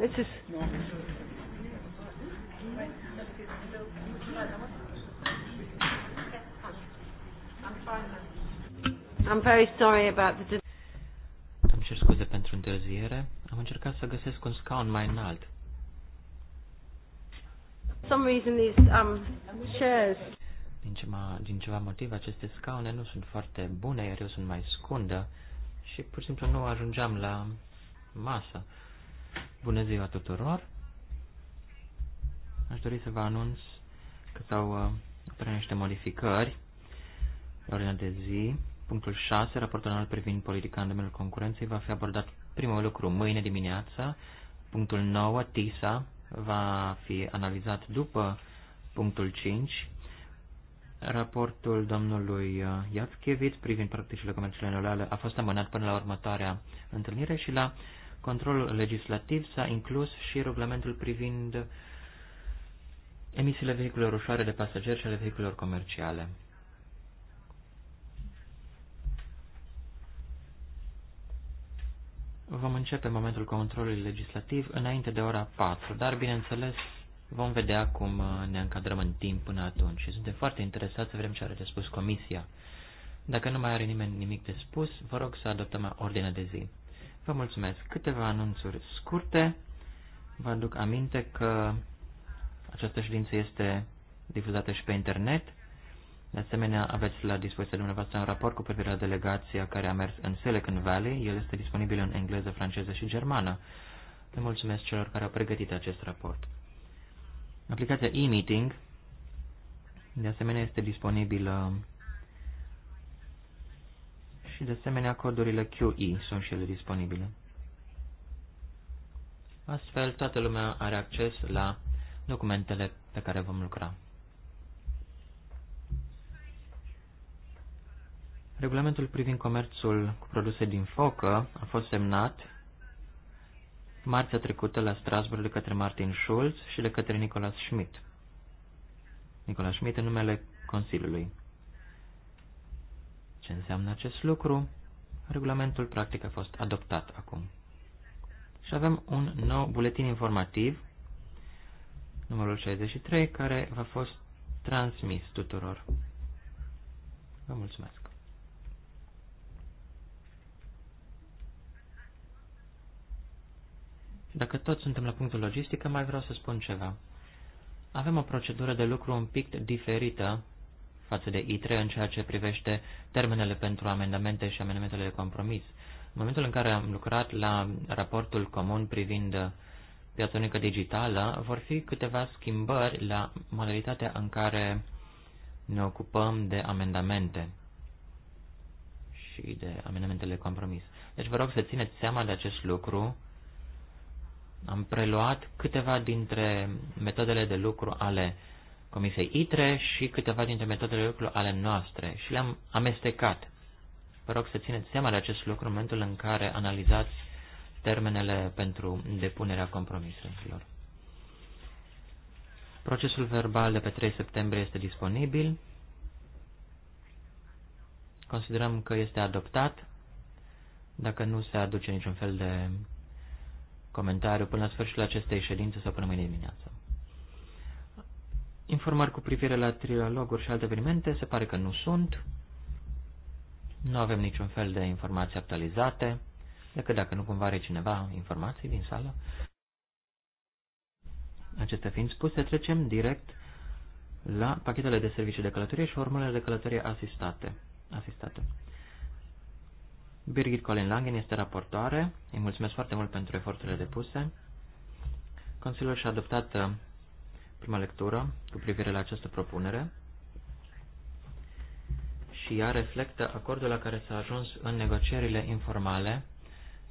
Am is. No. I'm very sorry about the. cer scuze pentru întârziere. Am încercat să găsesc un scaun mai înalt. Some reason these um, chairs. Din, ceva, din ceva motiv, aceste scaune nu sunt foarte bune, iar eu sunt mai scundă și pur și simplu nu ajungeam la masă. Bună ziua tuturor! Aș dori să vă anunț că s-au uh, apărut niște modificări la ordinea de zi. Punctul 6, raportul anual privind politica în domeniul concurenței, va fi abordat primul lucru mâine dimineața. Punctul 9, TISA, va fi analizat după punctul 5, Raportul domnului uh, Iațchevit privind practicile comerciale neloiale a fost amânat până la următoarea întâlnire și la controlul legislativ s-a inclus și regulamentul privind emisiile vehiculelor ușoare de pasageri și ale vehiculelor comerciale. Vom începe momentul controlului legislativ înainte de ora 4, dar bineînțeles vom vedea cum uh, ne încadrăm în timp până atunci și suntem foarte interesați să vedem ce are de spus comisia. Dacă nu mai are nimeni nimic de spus, vă rog să adoptăm ordinea de zi. Vă mulțumesc. Câteva anunțuri scurte. Vă aduc aminte că această ședință este difuzată și pe internet. De asemenea, aveți la dispoziția dumneavoastră un raport cu privire la delegația care a mers în Silicon Valley. El este disponibil în engleză, franceză și germană. Le mulțumesc celor care au pregătit acest raport. Aplicația e-meeting, de asemenea, este disponibilă și de asemenea codurile QE sunt și ele disponibile. Astfel, toată lumea are acces la documentele pe care vom lucra. Regulamentul privind comerțul cu produse din focă a fost semnat marțea trecută la Strasbourg de către Martin Schulz și de către Nicolas Schmidt. Nicolas Schmidt în numele Consiliului. Ce înseamnă acest lucru? Regulamentul practic a fost adoptat acum. Și avem un nou buletin informativ, numărul 63, care v-a fost transmis tuturor. Vă mulțumesc! Dacă tot suntem la punctul logistică, mai vreau să spun ceva. Avem o procedură de lucru un pic diferită față de ITRE în ceea ce privește termenele pentru amendamente și amendamentele de compromis. În momentul în care am lucrat la raportul comun privind piața unică digitală, vor fi câteva schimbări la modalitatea în care ne ocupăm de amendamente și de amendamentele de compromis. Deci vă rog să țineți seama de acest lucru. Am preluat câteva dintre metodele de lucru ale uh, Comisiei ITRE și câteva dintre metodele lucru ale noastre și le-am amestecat. Vă rog să țineți seama de acest lucru în momentul în care analizați termenele pentru depunerea compromisurilor. Procesul verbal de pe 3 septembrie este disponibil. Considerăm că este adoptat dacă nu se aduce niciun fel de comentariu până la sfârșitul acestei ședințe sau până mâine dimineață. Informări cu privire la triloguri și alte evenimente se pare că nu sunt. Nu avem niciun fel de informații actualizate, decât dacă nu cumva are cineva informații din sală. Acestea fiind spuse, trecem direct la pachetele de servicii de călătorie și formulele de călătorie asistate. asistate. Birgit Colin Langen este raportoare. Îi mulțumesc foarte mult pentru eforturile depuse. Consiliul și-a adoptat uh, prima lectură cu privire la această propunere și ea reflectă acordul la care s-a ajuns în negocierile informale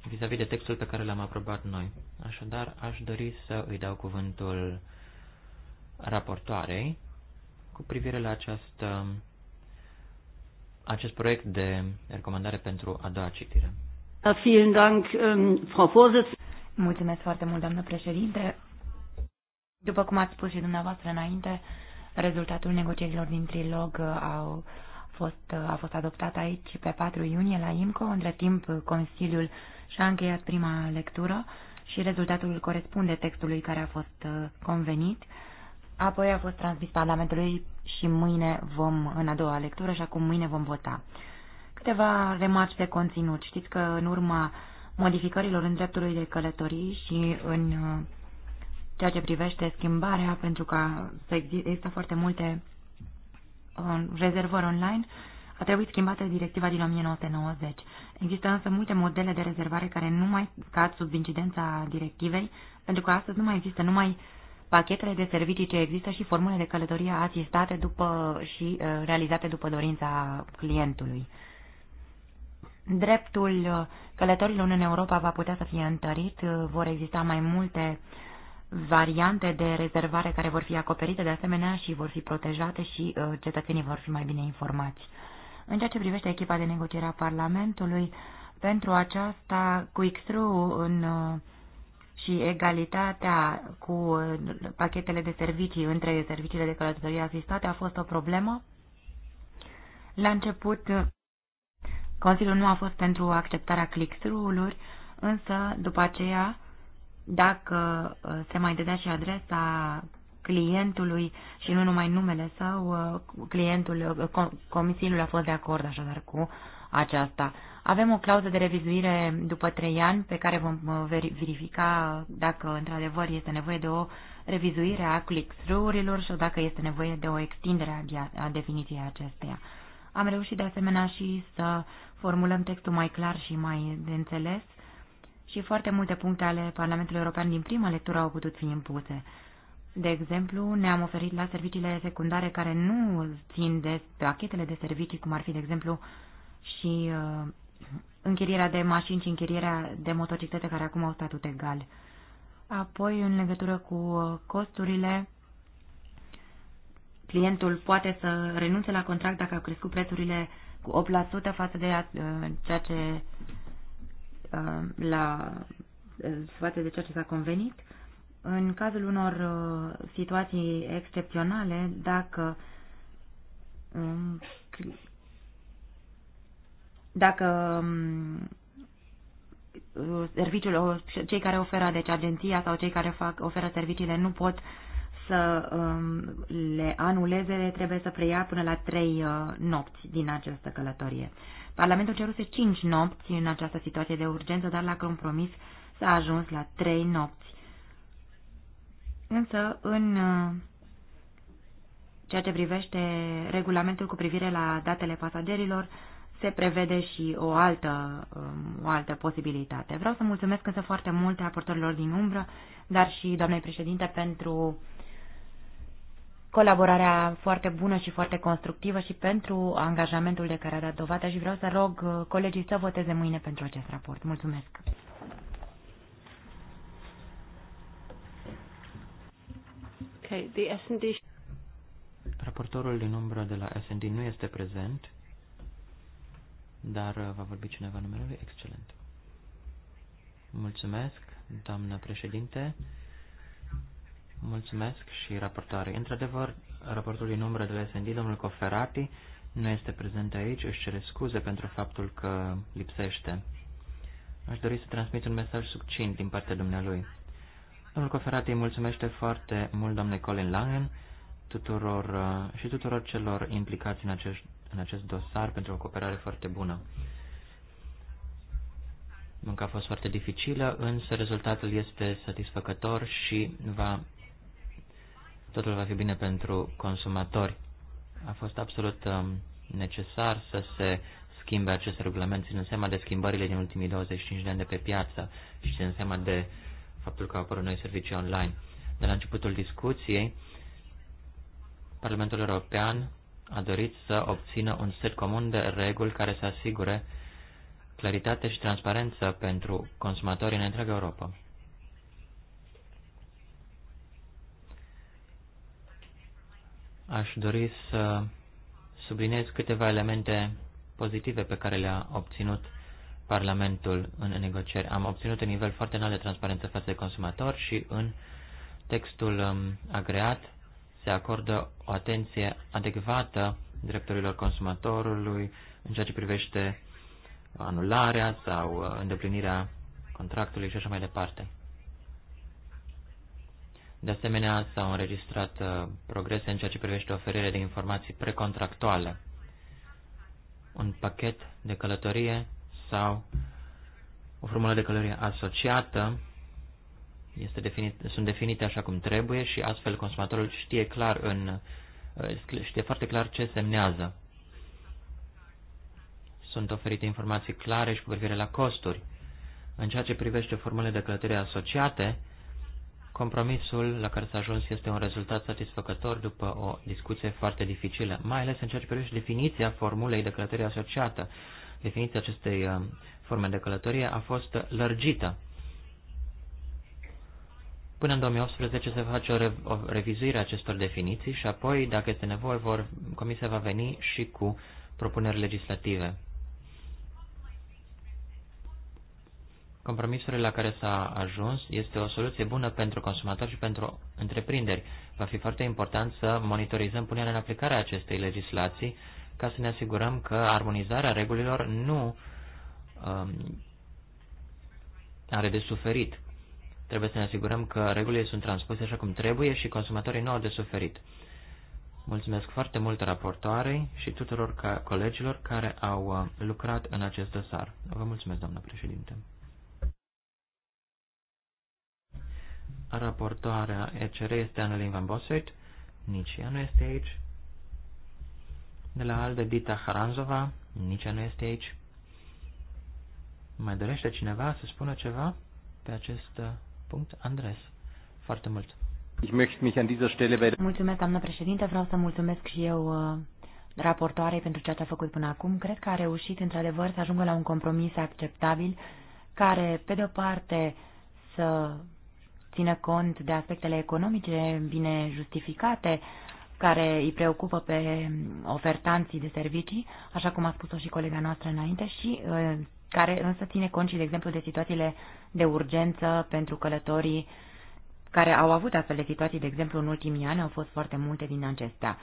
vis-a-vis -vis de textul pe care l-am aprobat noi. Așadar, aș dori să îi dau cuvântul raportoarei cu privire la această, acest proiect de recomandare pentru a doua citire. Ähm, Mulțumesc foarte mult, doamnă președinte. După cum ați spus și dumneavoastră înainte, rezultatul negocierilor din trilog uh, au fost, uh, a fost adoptat aici pe 4 iunie la IMCO. Între timp, uh, Consiliul și-a încheiat prima lectură și rezultatul corespunde textului care a fost convenit. Apoi a fost transmis Parlamentului și mâine vom, în a doua lectură, și acum mâine vom vota. Câteva remarci de conținut. Știți că în urma modificărilor în dreptului de călătorii și în ceea ce privește schimbarea, pentru că există foarte multe rezervări online, a trebuit schimbată directiva din 1990. Există însă multe modele de rezervare care nu mai cad sub incidența directivei, pentru că astăzi nu mai există numai pachetele de servicii ce există și formule de călătorie asistate după și uh, realizate după dorința clientului. Dreptul uh, călătorilor în Europa va putea să fie întărit, uh, vor exista mai multe uh, variante de rezervare care vor fi acoperite de asemenea și vor fi protejate și uh, cetățenii vor fi mai bine informați. În ceea ce privește echipa de negociere a Parlamentului, pentru aceasta, quick through în, uh, și egalitatea cu uh, pachetele de servicii între serviciile de călătorie asistate a fost o problemă. La început, uh, Consiliul nu a fost pentru acceptarea click-through-uri, însă după aceea dacă uh, se mai dădea și adresa clientului și nu numai numele sau uh, clientul, uh, comisiilul a fost de acord așadar cu aceasta. Avem o clauză de revizuire după trei ani pe care vom verifica dacă într-adevăr este nevoie de o revizuire a click-through-urilor și dacă este nevoie de o extindere a definiției acesteia. Am reușit de asemenea și să formulăm textul mai clar și mai de înțeles și foarte multe puncte ale Parlamentului European din prima lectură au putut fi impuse. De exemplu, ne-am oferit la serviciile secundare care nu țin de pachetele de servicii, cum ar fi, de exemplu, și uh, închirierea de mașini și închirierea de motociclete care acum au statut egal. Apoi, în legătură cu costurile, clientul poate să renunțe la contract dacă au crescut prețurile cu 8% față de uh, ceea ce Uh, la, uh, față de ceea ce s-a convenit. În cazul unor uh, situații excepționale, dacă um, dacă um, serviciul, cei care oferă, deci agenția sau cei care fac, oferă serviciile nu pot să um, le anuleze, trebuie să preia până la trei nopți din această călătorie. Parlamentul ceruse cinci nopți în această situație de urgență, dar la compromis s-a ajuns la trei nopți. Însă, în uh, ceea ce privește regulamentul cu privire la datele pasagerilor, se prevede și o altă, um, o altă posibilitate. Vreau să mulțumesc însă foarte mult raportorilor din umbră, dar și doamnei președinte pentru colaborarea foarte bună și foarte constructivă și pentru angajamentul de care a dat dovadă și vreau să rog uh, colegii să voteze mâine pentru acest raport. Mulțumesc! Okay, the S&D... Raportorul din umbră de la S&D nu este prezent, dar uh, va vorbi cineva numele lui. Excelent! Mulțumesc, doamnă președinte! Mulțumesc și raportoare. Într-adevăr, raportul din umbră de la SND, domnul Coferati, nu este prezent aici, își cere scuze pentru faptul că lipsește. Aș dori să transmit un mesaj succint din partea dumnealui. Domnul Coferati îi mulțumește foarte mult domnului Colin Langen tuturor, și tuturor celor implicați în acest, în acest dosar pentru o cooperare foarte bună. Munca a fost foarte dificilă, însă rezultatul este satisfăcător și va totul va fi bine pentru consumatori. A fost absolut um, necesar să se schimbe acest regulament, ținând seama de schimbările din ultimii 25 de ani de pe piață și ținând seama de faptul că au apărut noi servicii online. De la începutul discuției, Parlamentul European a dorit să obțină un set comun de reguli care să asigure claritate și transparență pentru consumatorii în întreaga Europa. aș dori să subliniez câteva elemente pozitive pe care le-a obținut Parlamentul în negocieri. Am obținut un nivel foarte înalt de transparență față de consumator și în textul um, agreat se acordă o atenție adecvată drepturilor consumatorului în ceea ce privește anularea sau uh, îndeplinirea contractului și așa mai departe. De asemenea, s-au înregistrat uh, progrese în ceea ce privește oferirea de informații precontractuale, un pachet de călătorie sau o formulă de călătorie asociată este definit, sunt definite așa cum trebuie și astfel consumatorul știe clar în uh, știe foarte clar ce semnează. Sunt oferite informații clare și cu privire la costuri. În ceea ce privește formulele de călătorie asociate, Compromisul la care s-a ajuns este un rezultat satisfăcător după o discuție foarte dificilă, mai ales în ceea ce privește definiția formulei de călătorie asociată. Definiția acestei uh, forme de călătorie a fost lărgită. Până în 2018 se face o, re o revizuire a acestor definiții și apoi, dacă este nevoie, vor, Comisia va veni și cu propuneri legislative. Compromisurile la care s-a ajuns este o soluție bună pentru consumatori și pentru întreprinderi. Va fi foarte important să monitorizăm punerea în aplicare a acestei legislații ca să ne asigurăm că armonizarea regulilor nu um, are de suferit. Trebuie să ne asigurăm că regulile sunt transpuse așa cum trebuie și consumatorii nu au de suferit. Mulțumesc foarte mult raportoarei și tuturor ca colegilor care au uh, lucrat în acest dosar. Vă mulțumesc, doamnă președinte. Raportoarea ECR este Annelien Van Bosuit. nici ea nu este aici. De la Alde Dita Haranzova, nici ea nu este aici. Mai dorește cineva să spună ceva pe acest uh, punct? Andres, foarte mult. Ich möchte mich an dieser Stelle bei Mulțumesc, doamnă președinte. Vreau să mulțumesc și eu uh, raportoarei pentru ceea ce a făcut până acum. Cred că a reușit, într-adevăr, să ajungă la un compromis acceptabil care, pe de-o parte, să țină cont de aspectele economice bine justificate care îi preocupă pe ofertanții de servicii, așa cum a spus-o și colega noastră înainte, și uh, care însă ține cont și, de exemplu, de situațiile de urgență pentru călătorii care au avut astfel de situații, de exemplu, în ultimii ani, au fost foarte multe din acestea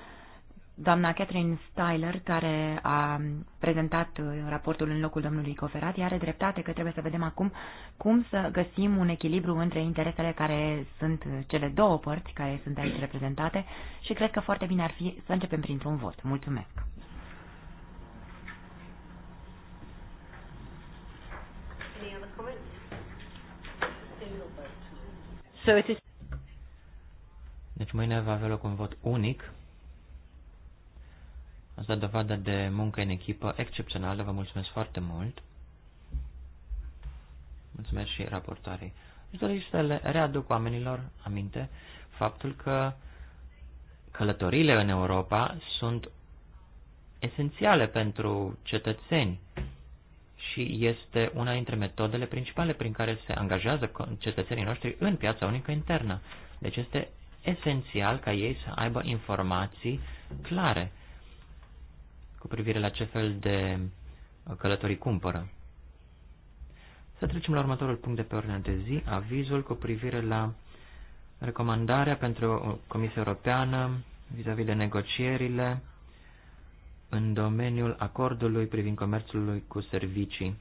doamna Catherine Styler, care a prezentat uh, raportul în locul domnului Coferat, are dreptate că trebuie să vedem acum cum să găsim un echilibru între interesele care sunt uh, cele două părți care sunt aici reprezentate și cred că foarte bine ar fi să începem printr-un vot. Mulțumesc! Deci mâine va avea loc un vot unic Ați dat dovadă de muncă în echipă excepțională, vă mulțumesc foarte mult. Mulțumesc și raportoarei. Aș dori să le readuc oamenilor aminte faptul că călătorile în Europa sunt esențiale pentru cetățeni și este una dintre metodele principale prin care se angajează cetățenii noștri în piața unică internă. Deci este esențial ca ei să aibă informații clare cu privire la ce fel de uh, călătorii cumpără. Să trecem la următorul punct de pe ordinea de zi, avizul cu privire la recomandarea pentru uh, Comisia Europeană vis-a-vis -vis de negocierile în domeniul acordului privind comerțul cu servicii.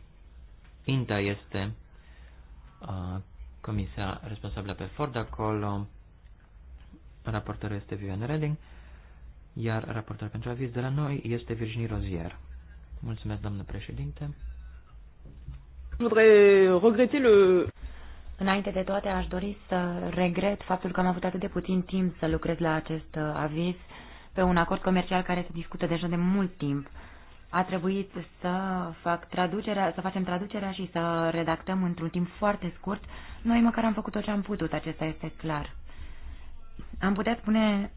INTA este uh, comisia responsabilă pe Ford acolo, raportorul este Vivian Redding. Uh, iar raportul pentru aviz de la noi este Virginie Rozier. Mulțumesc, doamnă președinte. Înainte de toate, aș dori să regret faptul că am avut atât de puțin timp să lucrez la acest uh, aviz pe un acord comercial care se discută deja de mult timp. A trebuit să, fac traducerea, să facem traducerea și să redactăm într-un timp foarte scurt. Noi măcar am făcut tot ce am putut, acesta este clar. Am putea spune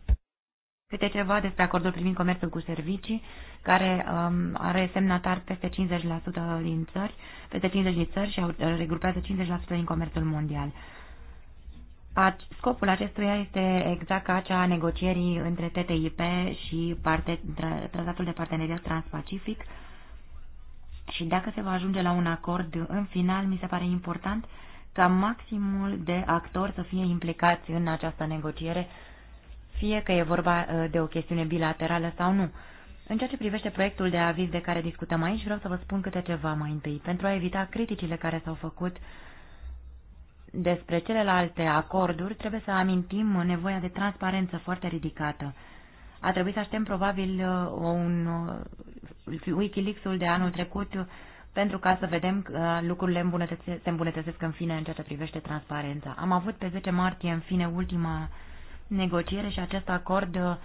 câte ceva despre acordul privind comerțul cu servicii, care um, are semnatar peste 50% din țări, peste 50 din țări și uh, regrupează 50% din comerțul mondial. Scopul acestuia este exact ca acea negocierii între TTIP și parte, Tratatul de Parteneriat Transpacific și dacă se va ajunge la un acord în final, mi se pare important ca maximul de actori să fie implicați în această negociere fie că e vorba uh, de o chestiune bilaterală sau nu. În ceea ce privește proiectul de aviz de care discutăm aici, vreau să vă spun câte ceva mai întâi, pentru a evita criticile care s-au făcut despre celelalte acorduri, trebuie să amintim nevoia de transparență foarte ridicată. A trebuit să așteptăm probabil uh, un uh, Wikileaks-ul de anul trecut pentru ca să vedem că lucrurile îmbunătățe, se îmbunătățesc în fine în ceea ce privește transparența. Am avut pe 10 martie, în fine, ultima negociere și acest acord uh,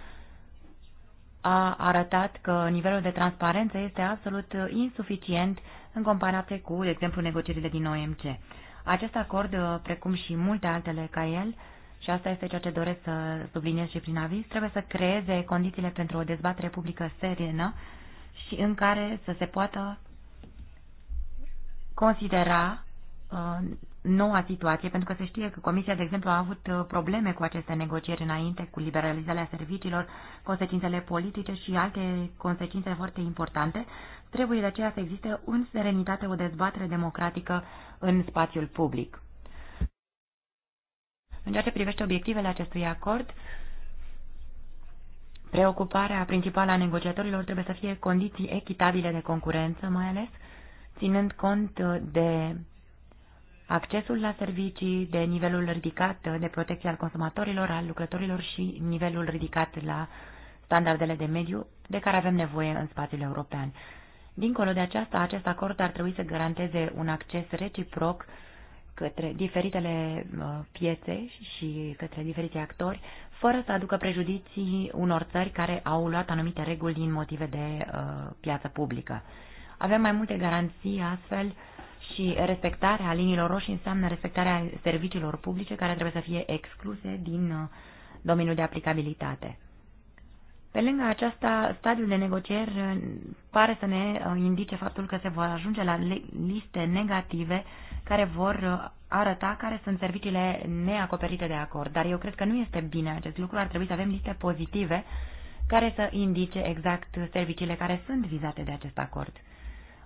a arătat că nivelul de transparență este absolut insuficient în comparație cu, de exemplu, negocierile din OMC. Acest acord, uh, precum și multe altele ca el, și asta este ceea ce doresc să subliniez și prin aviz, trebuie să creeze condițiile pentru o dezbatere publică serenă și în care să se poată considera uh, noua situație, pentru că se știe că Comisia, de exemplu, a avut uh, probleme cu aceste negocieri înainte, cu liberalizarea serviciilor, consecințele politice și alte consecințe foarte importante, trebuie de aceea să existe în serenitate o dezbatere democratică în spațiul public. În ceea ce privește obiectivele acestui acord, preocuparea principală a negociatorilor trebuie să fie condiții echitabile de concurență, mai ales, ținând cont uh, de accesul la servicii de nivelul ridicat de protecție al consumatorilor, al lucrătorilor și nivelul ridicat la standardele de mediu de care avem nevoie în spațiul european. Dincolo de aceasta, acest acord ar trebui să garanteze un acces reciproc către diferitele uh, piețe și către diferiți actori, fără să aducă prejudicii unor țări care au luat anumite reguli din motive de uh, piață publică. Avem mai multe garanții astfel și respectarea liniilor roșii înseamnă respectarea serviciilor publice care trebuie să fie excluse din uh, domeniul de aplicabilitate. Pe lângă aceasta, stadiul de negocieri uh, pare să ne uh, indice faptul că se vor ajunge la liste negative care vor arăta care sunt serviciile neacoperite de acord. Dar eu cred că nu este bine acest lucru, ar trebui să avem liste pozitive care să indice exact serviciile care sunt vizate de acest acord.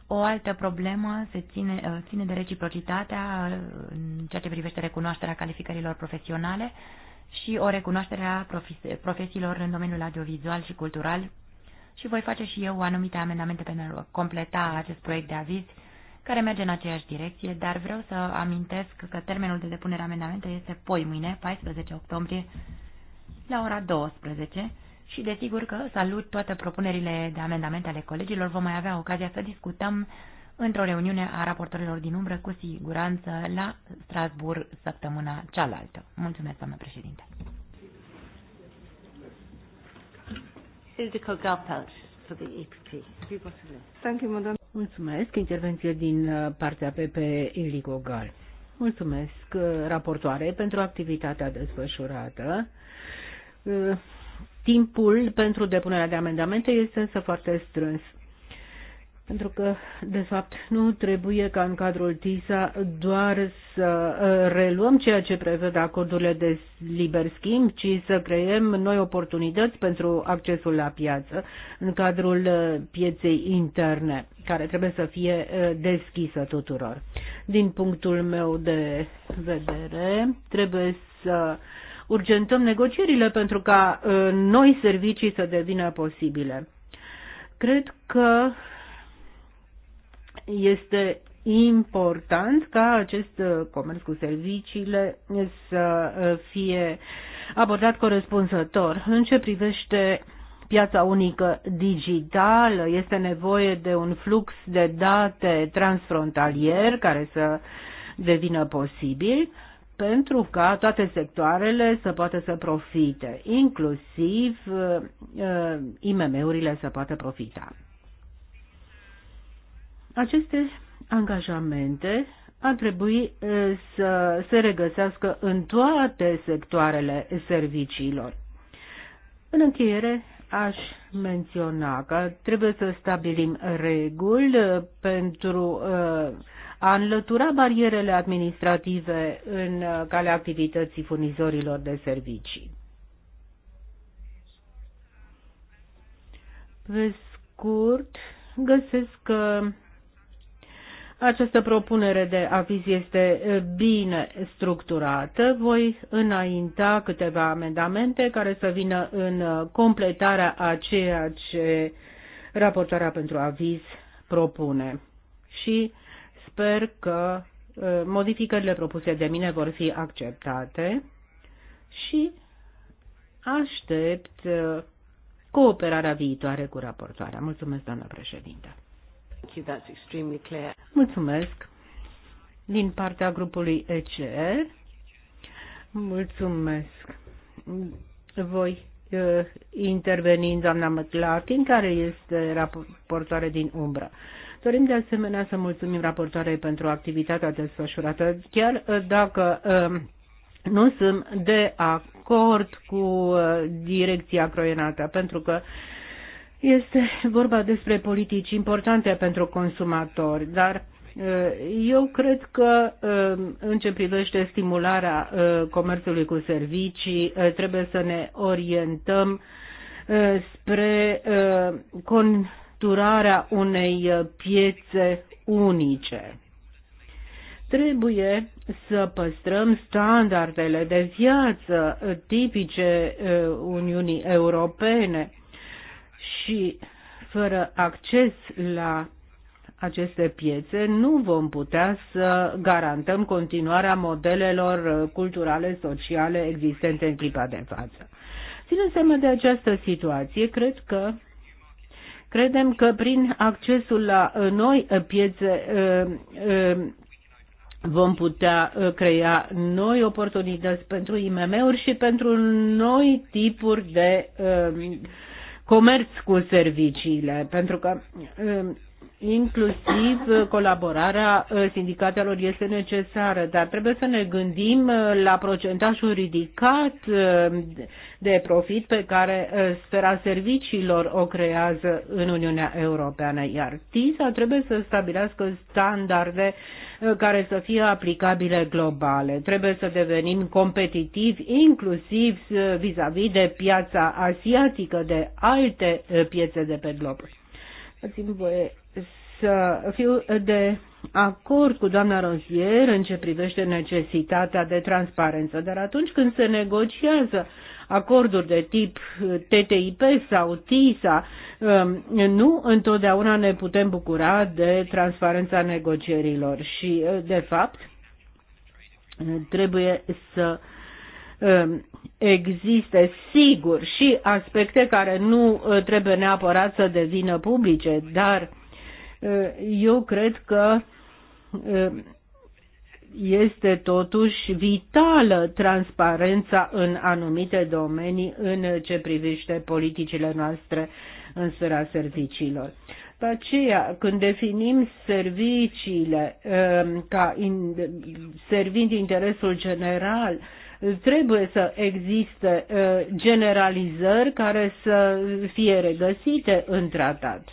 O altă problemă se ține, uh, ține de reciprocitatea uh, în ceea ce privește recunoașterea calificărilor profesionale și o recunoaștere a profesiilor în domeniul audiovizual și cultural și voi face și eu anumite amendamente pentru a completa acest proiect de aviz care merge în aceeași direcție, dar vreau să amintesc că termenul de depunere a amendamente este poi mâine, 14 octombrie, la ora 12 și desigur că salut toate propunerile de amendamente ale colegilor. Vom mai avea ocazia să discutăm într-o reuniune a raportorilor din umbră cu siguranță la Strasburg săptămâna cealaltă. Mulțumesc, doamnă președinte. Mulțumesc. Intervenție din uh, partea PP Ilico Gal. Mulțumesc, uh, raportoare, pentru activitatea desfășurată uh, timpul pentru depunerea de amendamente este însă foarte strâns. Pentru că, de fapt, nu trebuie ca în cadrul TISA doar să uh, reluăm ceea ce prevăd acordurile de liber schimb, ci să creăm noi oportunități pentru accesul la piață în cadrul uh, pieței interne, care trebuie să fie uh, deschisă tuturor. Din punctul meu de vedere, trebuie să urgentăm negocierile pentru ca ă, noi servicii să devină posibile. Cred că este important ca acest ă, comerț cu serviciile să ă, fie abordat corespunzător. În ce privește piața unică digitală, este nevoie de un flux de date transfrontalier care să devină posibil pentru ca toate sectoarele să poată să profite, inclusiv uh, uh, IMM-urile să poată profita. Aceste angajamente ar trebui uh, să se regăsească în toate sectoarele serviciilor. În încheiere, aș menționa că trebuie să stabilim reguli pentru a înlătura barierele administrative în uh, calea activității furnizorilor de servicii. Pe scurt, găsesc că această propunere de aviz este uh, bine structurată. Voi înainta câteva amendamente care să vină în uh, completarea a ceea ce raportarea pentru aviz propune. Și Sper că uh, modificările propuse de mine vor fi acceptate și aștept uh, cooperarea viitoare cu raportoarea. Mulțumesc, doamna președinte. Mulțumesc. Din partea grupului ECR, mulțumesc. Voi uh, intervenind doamna McLaughlin, care este raportoare din umbră. Dorim de asemenea să mulțumim raportoarei pentru activitatea desfășurată, chiar ă, dacă ă, nu sunt de acord cu ă, direcția croienată, pentru că este vorba despre politici importante pentru consumatori, dar eu cred că în ce privește stimularea comerțului cu servicii, trebuie să ne orientăm spre con- structurarea unei uh, piețe unice. Trebuie să păstrăm standardele de viață tipice uh, Uniunii Europene și fără acces la aceste piețe, nu vom putea să garantăm continuarea modelelor uh, culturale, sociale existente în clipa de față. Ținând seama de această situație, cred că Credem că prin accesul la uh, noi uh, piețe uh, vom putea crea noi oportunități pentru IMM-uri și pentru noi tipuri de comerț cu serviciile, pentru că inclusiv uh, colaborarea uh, sindicatelor este necesară, dar trebuie să ne gândim uh, la procentajul ridicat de profit pe care sfera serviciilor o creează în Uniunea Europeană, iar TISA trebuie să stabilească standarde care să fie aplicabile globale. Trebuie să devenim competitivi inclusiv vis-a-vis -vis de piața asiatică, de alte piețe de pe glob. ați mi voie să fiu de acord cu doamna Rozier în ce privește necesitatea de transparență, dar atunci când se negociază acorduri de tip uh, TTIP sau TISA, um, nu întotdeauna ne putem bucura de transparența negocierilor și, uh, de fapt, trebuie să um, existe sigur și aspecte care nu uh, trebuie neapărat să devină publice, dar uh, Eh, eu cred că eh, este totuși vitală transparența în anumite domenii în ce privește politicile noastre în sfera serviciilor. De aceea, când definim serviciile eh, ca servind interesul general, Trebuie să existe uh, generalizări care să fie regăsite în tratat.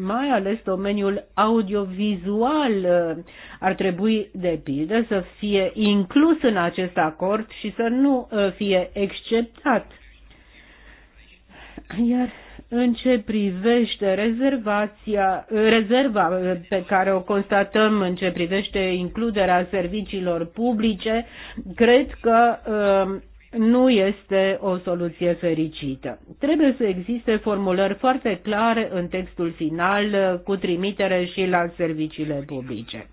Mai ales domeniul audiovizual uh, ar trebui, de pildă, să fie inclus în acest acord și să nu uh, fie exceptat. Iar în ce privește rezervația, rezerva pe care o constatăm în ce privește includerea serviciilor publice, cred că um, nu este o soluție fericită. Trebuie să existe formulări foarte clare în textul final uh, cu trimitere și la serviciile publice.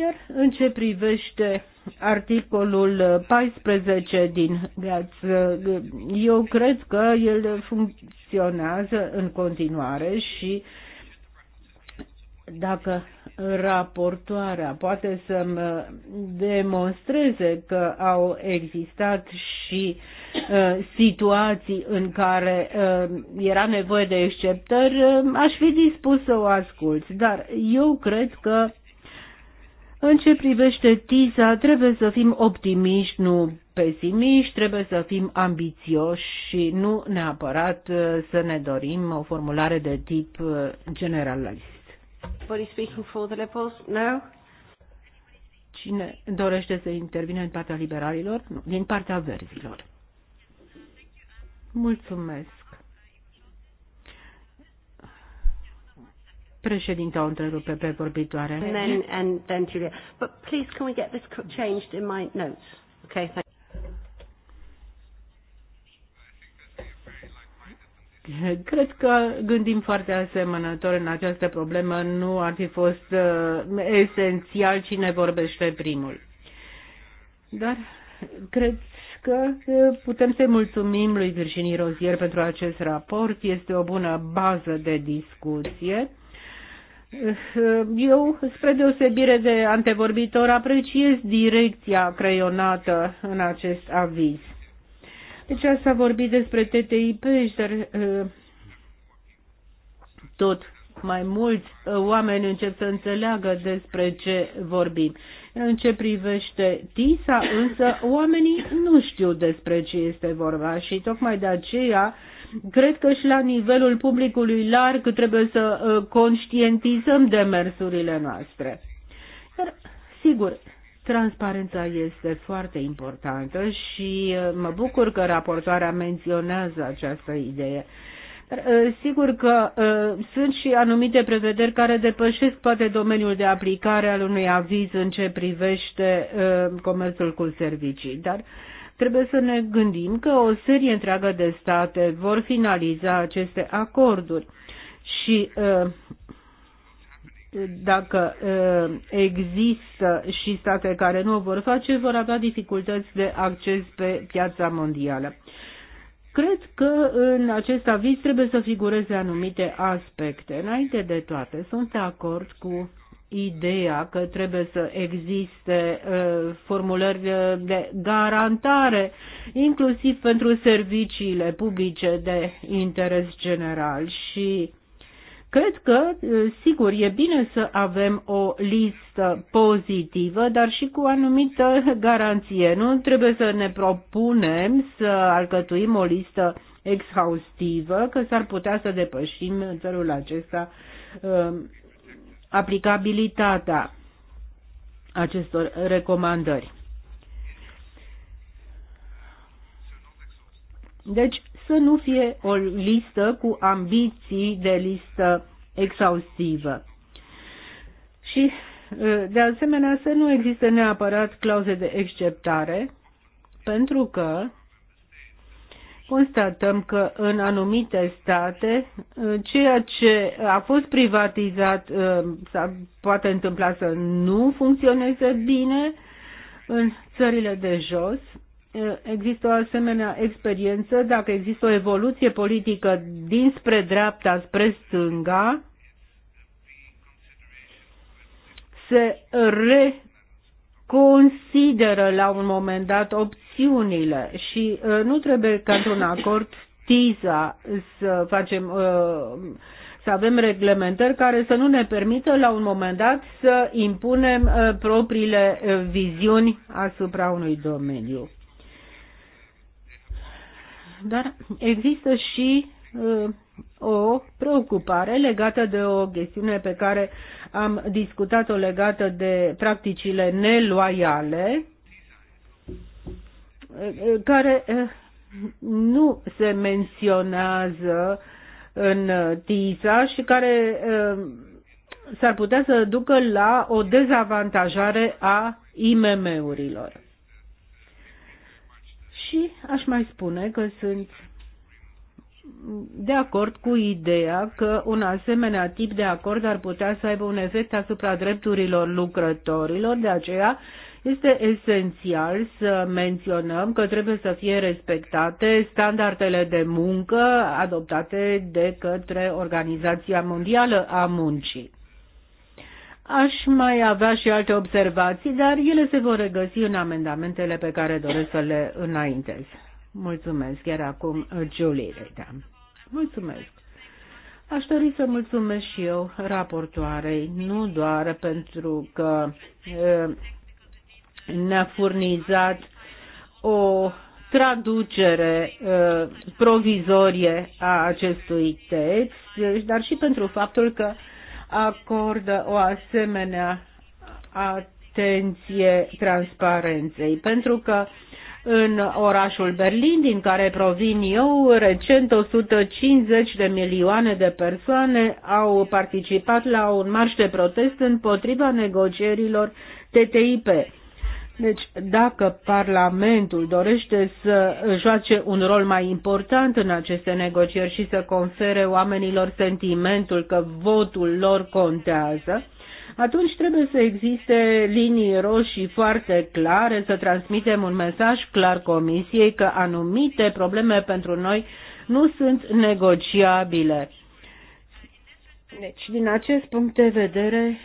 Iar în ce privește articolul 14 din Gaz, eu cred că el funcționează în continuare și dacă raportoarea poate să-mi demonstreze că au existat și uh, situații în care uh, era nevoie de exceptări, uh, aș fi dispus să o ascult. Dar eu cred că în ce privește TISA, trebuie să fim optimiști, nu pesimiști, trebuie să fim ambițioși și nu neapărat uh, să ne dorim o formulare de tip uh, generalist. Cine dorește să intervine în partea liberalilor? Nu, din partea verzilor. Mulțumesc. Președinte, o întrerupe pe vorbitoare. And then, and then Julia. But please, can we get this changed in my notes? Okay, thank Cred că gândim foarte asemănător în această problemă. Nu ar fi fost uh, esențial cine vorbește primul. Dar cred că uh, putem să-i mulțumim lui Virginie Rozier pentru acest raport. Este o bună bază de discuție eu, spre deosebire de antevorbitor, apreciez direcția creionată în acest aviz. Deci asta a vorbit despre TTIP, dar uh, tot mai mulți uh, oameni încep să înțeleagă despre ce vorbim. În ce privește TISA, însă, oamenii nu știu despre ce este vorba și tocmai de aceea Cred că și la nivelul publicului larg trebuie să uh, conștientizăm demersurile noastre. Dar, sigur, Transparența este foarte importantă și uh, mă bucur că raportoarea menționează această idee. Dar, uh, sigur că sunt și anumite prevederi care depășesc poate domeniul de aplicare al unui aviz în ce privește comerțul cu servicii, dar Trebuie să ne gândim că o serie întreagă de state vor finaliza aceste acorduri și uh, dacă uh, există și state care nu o vor face, vor avea dificultăți de acces pe piața mondială. Cred că în acest aviz trebuie să figureze anumite aspecte. Înainte de toate, sunt de acord cu ideea că trebuie să existe uh, formulări de garantare, inclusiv pentru serviciile publice de interes general și Cred că, uh, sigur, e bine să avem o listă pozitivă, dar și cu anumită garanție. Nu trebuie să ne propunem să alcătuim o listă exhaustivă, că s-ar putea să depășim în felul acesta uh, aplicabilitatea acestor recomandări. Deci să nu fie o listă cu ambiții de listă exhaustivă. Și de asemenea să nu existe neapărat clauze de exceptare, pentru că constatăm că în anumite state uh, ceea ce a fost privatizat uh, poate întâmpla să nu funcționeze bine în țările de jos. Uh, există o asemenea experiență, dacă există o evoluție politică dinspre dreapta, spre stânga, se reconsideră la un moment dat opțiunea sancțiunile și uh, nu trebuie ca într-un acord TISA să facem uh, să avem reglementări care să nu ne permită la un moment dat să impunem uh, propriile viziuni asupra unui domeniu. Dar există și o preocupare legată de o chestiune pe care am discutat-o legată de practicile neloiale care eh, nu se menționează în TISA și care eh, s-ar putea să ducă la o dezavantajare a IMM-urilor. Și aș mai spune că sunt de acord cu ideea că un asemenea tip de acord ar putea să aibă un efect asupra drepturilor lucrătorilor, de aceea este esențial să menționăm că trebuie să fie respectate standardele de muncă adoptate de către Organizația Mondială a Muncii. Aș mai avea și alte observații, dar ele se vor regăsi în amendamentele pe care doresc să le înaintez. Mulțumesc, iar acum Julie Reda. Mulțumesc. Aș dori să mulțumesc și eu raportoarei, nu doar pentru că ne-a furnizat o traducere uh, provizorie a acestui text, deci, dar și pentru faptul că acordă o asemenea atenție transparenței, pentru că în orașul Berlin, din care provin eu, recent 150 de milioane de persoane au participat la un marș de protest împotriva negocierilor TTIP. Deci, dacă Parlamentul dorește să joace un rol mai important în aceste negocieri și să confere oamenilor sentimentul că votul lor contează, atunci trebuie să existe linii roșii foarte clare, să transmitem un mesaj clar Comisiei că anumite probleme pentru noi nu sunt negociabile. Deci, din acest punct de vedere,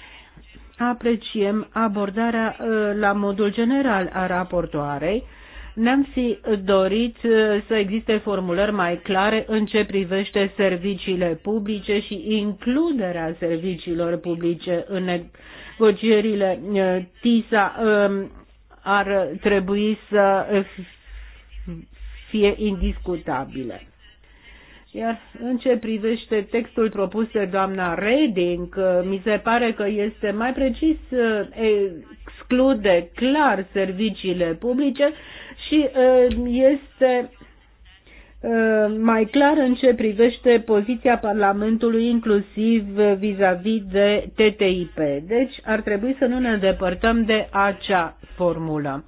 apreciem abordarea uh, la modul general a raportoarei. Ne-am fi dorit uh, să existe formulări mai clare în ce privește serviciile publice și includerea serviciilor publice în negocierile uh, TISA um, ar trebui să fie indiscutabile. Iar în ce privește textul propus de doamna Reding, uh, mi se pare că este mai precis uh, exclude clar serviciile publice și uh, este mai clar în ce privește poziția Parlamentului inclusiv vis-a-vis -vis de TTIP. Deci ar trebui să nu ne îndepărtăm de acea formulă.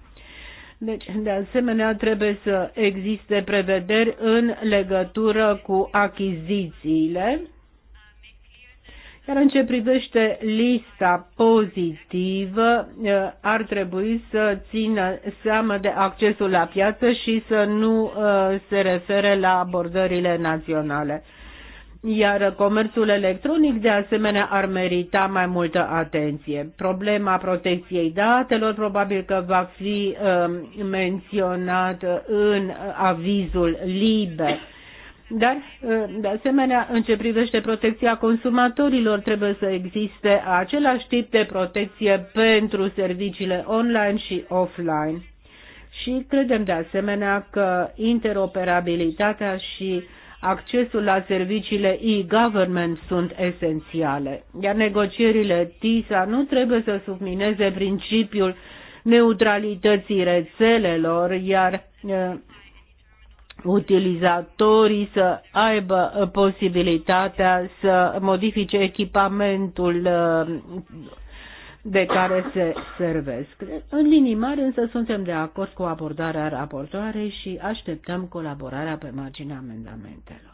Deci, de asemenea, trebuie să existe prevederi în legătură cu achizițiile. Iar în ce privește lista pozitivă, eh, ar trebui să țină seama de accesul la piață și să nu eh, se refere la abordările naționale iar comerțul electronic de asemenea ar merita mai multă atenție. Problema protecției datelor probabil că va fi uh, um, menționat în avizul liber. Dar, uh, de asemenea, în ce privește protecția consumatorilor, trebuie să existe același tip de protecție pentru serviciile online și offline. Și credem, de asemenea, că interoperabilitatea și uh, accesul la serviciile e-government sunt esențiale, iar negocierile TISA nu trebuie să submineze principiul neutralității rețelelor, iar utilizatorii să aibă posibilitatea să modifice echipamentul de care se servesc. În linii mari însă suntem de acord cu abordarea raportoarei și așteptăm colaborarea pe marginea amendamentelor.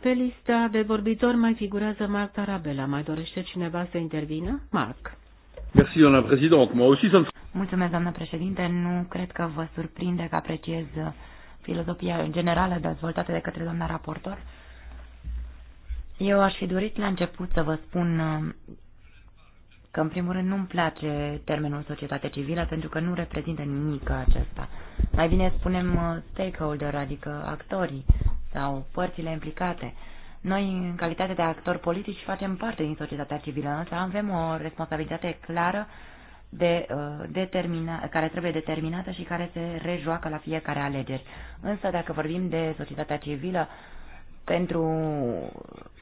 Pe lista de vorbitori mai figurează Marc Tarabella. Mai dorește cineva să intervină? Marc. Merci, doamna președinte. aussi, sunt... Mulțumesc, doamna președinte. Nu cred că vă surprinde că apreciez filozofia generală dezvoltată de către doamna raportor. Eu aș fi dorit la început să vă spun um, că, în primul rând, nu-mi place termenul societate civilă pentru că nu reprezintă nimic acesta. Mai bine spunem uh, stakeholder, adică actorii sau părțile implicate. Noi, în calitate de actori politici, facem parte din societatea civilă, însă avem o responsabilitate clară de, uh, determina, care trebuie determinată și care se rejoacă la fiecare alegeri. Însă, dacă vorbim de societatea civilă, pentru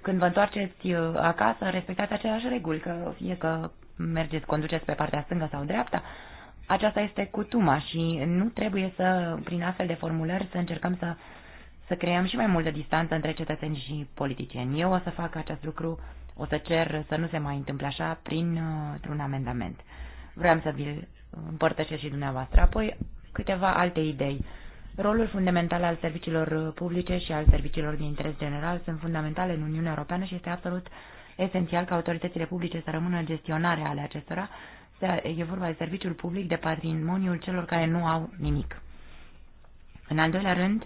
când vă întoarceți uh, acasă, respectați aceleași reguli, că fie că mergeți, conduceți pe partea stângă sau dreapta, aceasta este cutuma și nu trebuie să, prin astfel de formulări, să încercăm să, să creăm și mai multă distanță între cetățeni și politicieni. Eu o să fac acest lucru, o să cer să nu se mai întâmple așa prin uh, un amendament. Vreau să vi-l împărtășesc și dumneavoastră. Apoi, câteva alte idei Rolul fundamental al serviciilor publice și al serviciilor de interes general sunt fundamentale în Uniunea Europeană și este absolut esențial ca autoritățile publice să rămână gestionare ale acestora. E vorba de serviciul public, de patrimoniul celor care nu au nimic. În al doilea rând,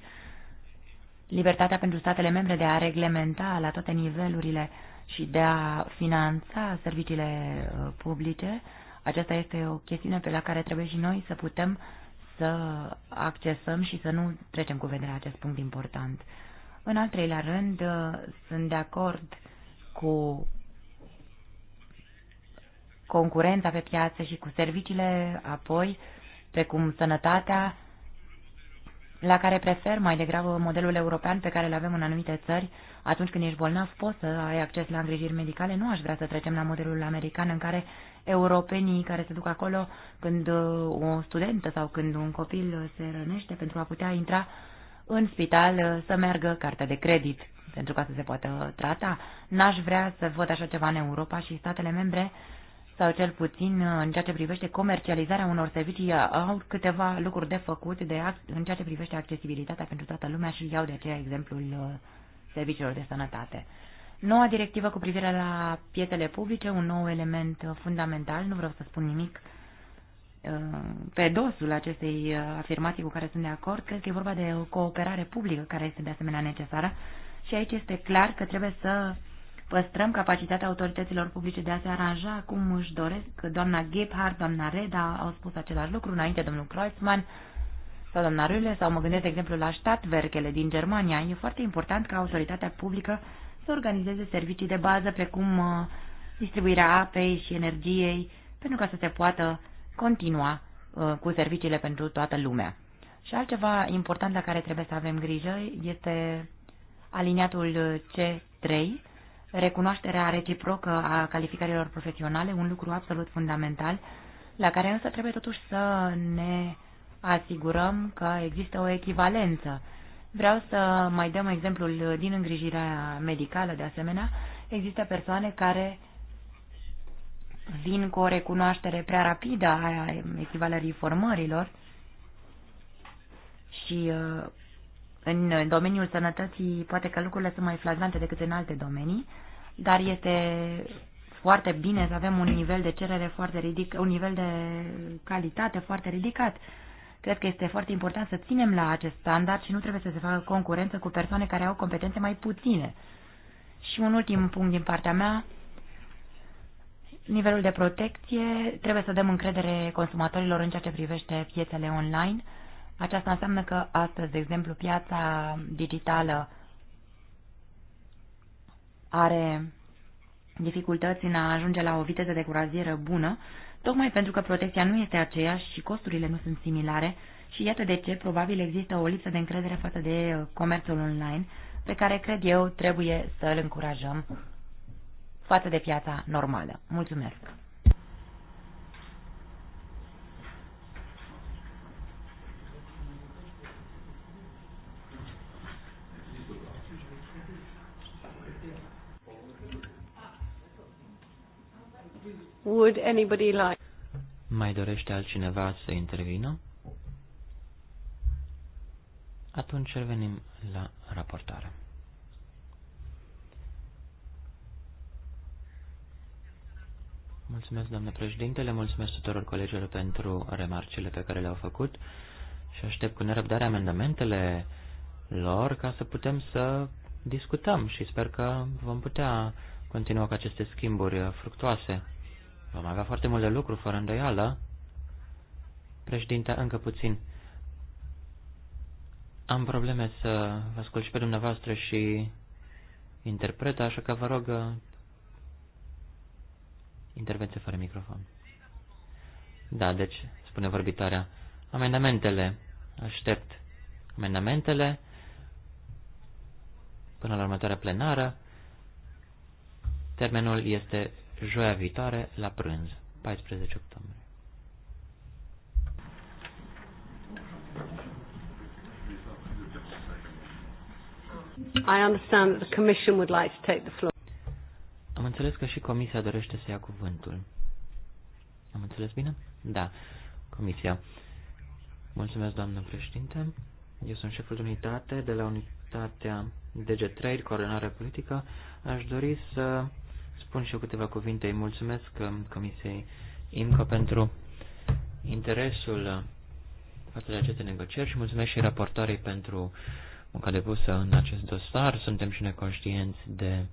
libertatea pentru statele membre de a reglementa la toate nivelurile și de a finanța serviciile uh, publice, aceasta este o chestiune pe la care trebuie și noi să putem uh, să accesăm și să nu trecem cu vederea acest punct important. În al treilea rând, uh, sunt de acord cu concurența pe piață și cu serviciile apoi, precum sănătatea, la care prefer mai degrabă modelul european pe care îl avem în anumite țări, atunci când ești bolnav poți să ai acces la îngrijiri medicale, nu aș vrea să trecem la modelul american în care europenii care se duc acolo când uh, o studentă sau când un copil se rănește pentru a putea intra în spital uh, să meargă cartea de credit pentru ca să se poată trata. N-aș vrea să văd așa ceva în Europa și statele membre sau cel puțin uh, în ceea ce privește comercializarea unor servicii, uh, au câteva lucruri de făcut de în ceea ce privește accesibilitatea pentru toată lumea și iau de aceea exemplul uh, serviciilor de sănătate. Noua directivă cu privire la pietele publice, un nou element fundamental, nu vreau să spun nimic pe dosul acestei afirmații cu care sunt de acord, cred că e vorba de o cooperare publică care este de asemenea necesară și aici este clar că trebuie să păstrăm capacitatea autorităților publice de a se aranja cum își doresc. Doamna Gebhardt, doamna Reda au spus același lucru înainte, domnul Kreuzmann sau doamna Rüle, sau mă gândesc, de exemplu, la Stadtwerkele din Germania. E foarte important ca autoritatea publică să organizeze servicii de bază, precum uh, distribuirea apei și energiei, pentru ca să se poată continua uh, cu serviciile pentru toată lumea. Și altceva important la care trebuie să avem grijă este aliniatul C3, recunoașterea reciprocă a calificărilor profesionale, un lucru absolut fundamental, la care însă trebuie totuși să ne asigurăm că există o echivalență. Vreau să mai dăm exemplul din îngrijirea medicală, de asemenea, există persoane care vin cu o recunoaștere prea rapidă a echivalării formărilor și uh, în domeniul sănătății poate că lucrurile sunt mai flagrante decât în alte domenii, dar este foarte bine să avem un nivel de cerere foarte ridicat, un nivel de calitate foarte ridicat. Cred că este foarte important să ținem la acest standard și nu trebuie să se facă concurență cu persoane care au competențe mai puține. Și un ultim punct din partea mea, nivelul de protecție, trebuie să dăm încredere consumatorilor în ceea ce privește piețele online aceasta înseamnă că astăzi, de exemplu, piața digitală are dificultăți în a ajunge la o viteză de curazieră bună, tocmai pentru că protecția nu este aceeași și costurile nu sunt similare și iată de ce probabil există o lipsă de încredere față de uh, comerțul online, pe care cred eu trebuie să îl încurajăm față de piața normală. Mulțumesc! Would anybody like? Mai dorește altcineva să intervină? Atunci revenim la raportare. Mulțumesc, președinte, le mulțumesc tuturor colegilor pentru remarcile pe care le-au făcut și aștept cu nerăbdare amendamentele lor ca să putem să discutăm și sper că vom putea continua cu aceste schimburi fructoase. Vom avea foarte multe lucruri, fără îndoială. Președinte, încă puțin. Am probleme să vă ascult și pe dumneavoastră și interpreta, așa că vă rog uh, intervenție fără microfon. Da, deci, spune vorbitoarea, amendamentele, aștept amendamentele până la următoarea plenară. Termenul este joia viitoare, la prânz, 14 octombrie. I understand that the Commission would like to take the floor. Am înțeles că și Comisia dorește să ia cuvântul. Am înțeles bine? Da. Comisia. Mulțumesc, doamnă președinte. Eu sunt șeful de unitate de la unitatea DG Trade, coordonare politică. Aș dori să spun și eu câteva cuvinte. Îi mulțumesc uh, Comisiei IMCO pentru interesul uh, față de aceste negocieri și mulțumesc și raportoarei pentru munca depusă în acest dosar. Suntem și neconștienți de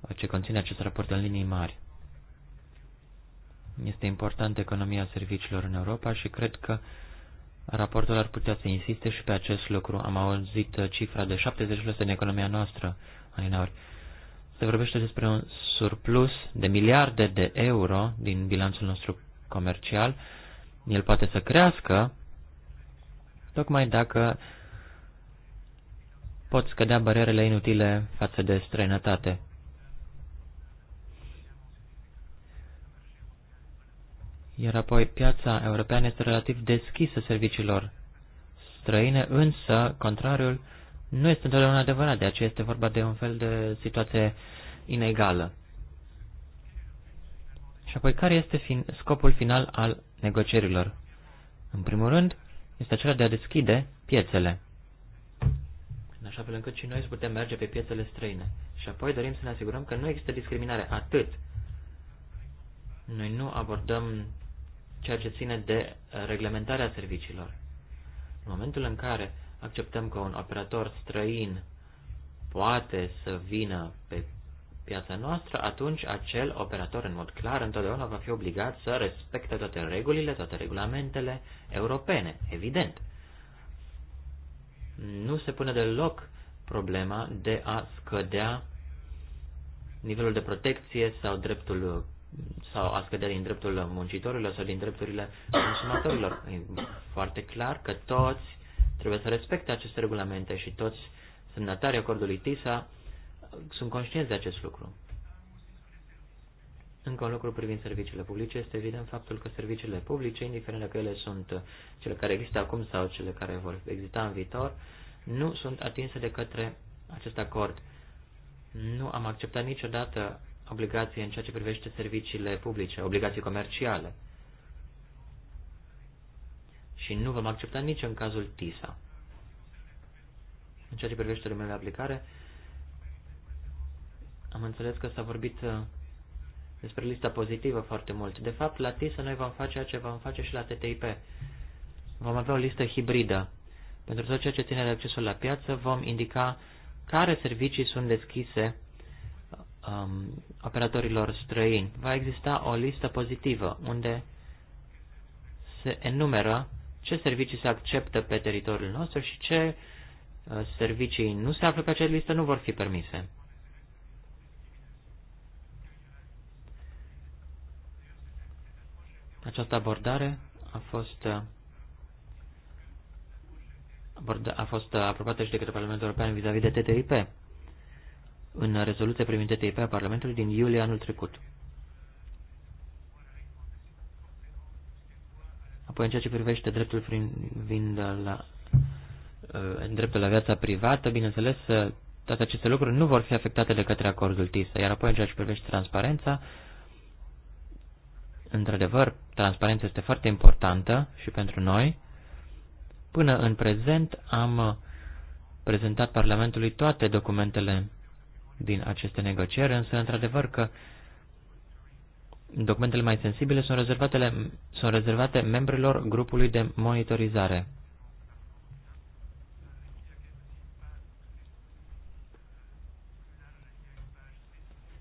uh, ce conține acest raport în linii mari. Este importantă economia serviciilor în Europa și cred că raportul ar putea să insiste și pe acest lucru. Am auzit cifra de 70% în economia noastră, Alinauri se vorbește despre un surplus de miliarde de euro din bilanțul nostru comercial. El poate să crească tocmai dacă pot scădea barierele inutile față de străinătate. Iar apoi piața europeană este relativ deschisă serviciilor străine, însă, contrariul nu este întotdeauna adevărat, de aceea este vorba de un fel de situație inegală. Și apoi, care este fin scopul final al negocierilor? În primul rând, este acela de a deschide piețele, în așa fel încât și noi să putem merge pe piețele străine. Și apoi dorim să ne asigurăm că nu există discriminare atât. Noi nu abordăm ceea ce ține de reglementarea serviciilor. În momentul în care acceptăm că un operator străin poate să vină pe piața noastră, atunci acel operator în mod clar întotdeauna va fi obligat să respecte toate regulile, toate regulamentele europene, evident. Nu se pune deloc problema de a scădea nivelul de protecție sau dreptul sau a scădea din dreptul muncitorilor sau din drepturile consumatorilor. E foarte clar că toți trebuie să respecte aceste regulamente și toți semnatarii acordului TISA sunt conștienți de acest lucru. Încă un lucru privind serviciile publice este evident faptul că serviciile publice, indiferent dacă ele sunt cele care există acum sau cele care vor exista în viitor, nu sunt atinse de către acest acord. Nu am acceptat niciodată obligații în ceea ce privește serviciile publice, obligații comerciale și nu vom accepta nici în cazul TISA. În ceea ce privește lumea de aplicare, am înțeles că s-a vorbit uh, despre lista pozitivă foarte mult. De fapt, la TISA noi vom face ceea ce vom face și la TTIP. Vom avea o listă hibridă. Pentru tot ceea ce ține de accesul la piață, vom indica care servicii sunt deschise um, operatorilor străini. Va exista o listă pozitivă unde se enumeră ce servicii se acceptă pe teritoriul nostru și ce uh, servicii nu se află pe această listă nu vor fi permise. Această abordare a fost uh, a fost uh, aprobată și de către Parlamentul European vis-a-vis -vis de TTIP în rezoluție privind TTIP a Parlamentului din iulie anul trecut. Apoi, în ceea ce privește dreptul vindă la uh, dreptul la viața privată, bineînțeles, uh, toate aceste lucruri nu vor fi afectate de către acordul TISA. Iar apoi, în ceea ce privește transparența, într-adevăr, transparența este foarte importantă și pentru noi. Până în prezent am uh, prezentat Parlamentului toate documentele din aceste negocieri, însă, într-adevăr, că Documentele mai sensibile sunt rezervate, sunt rezervate membrilor grupului de monitorizare.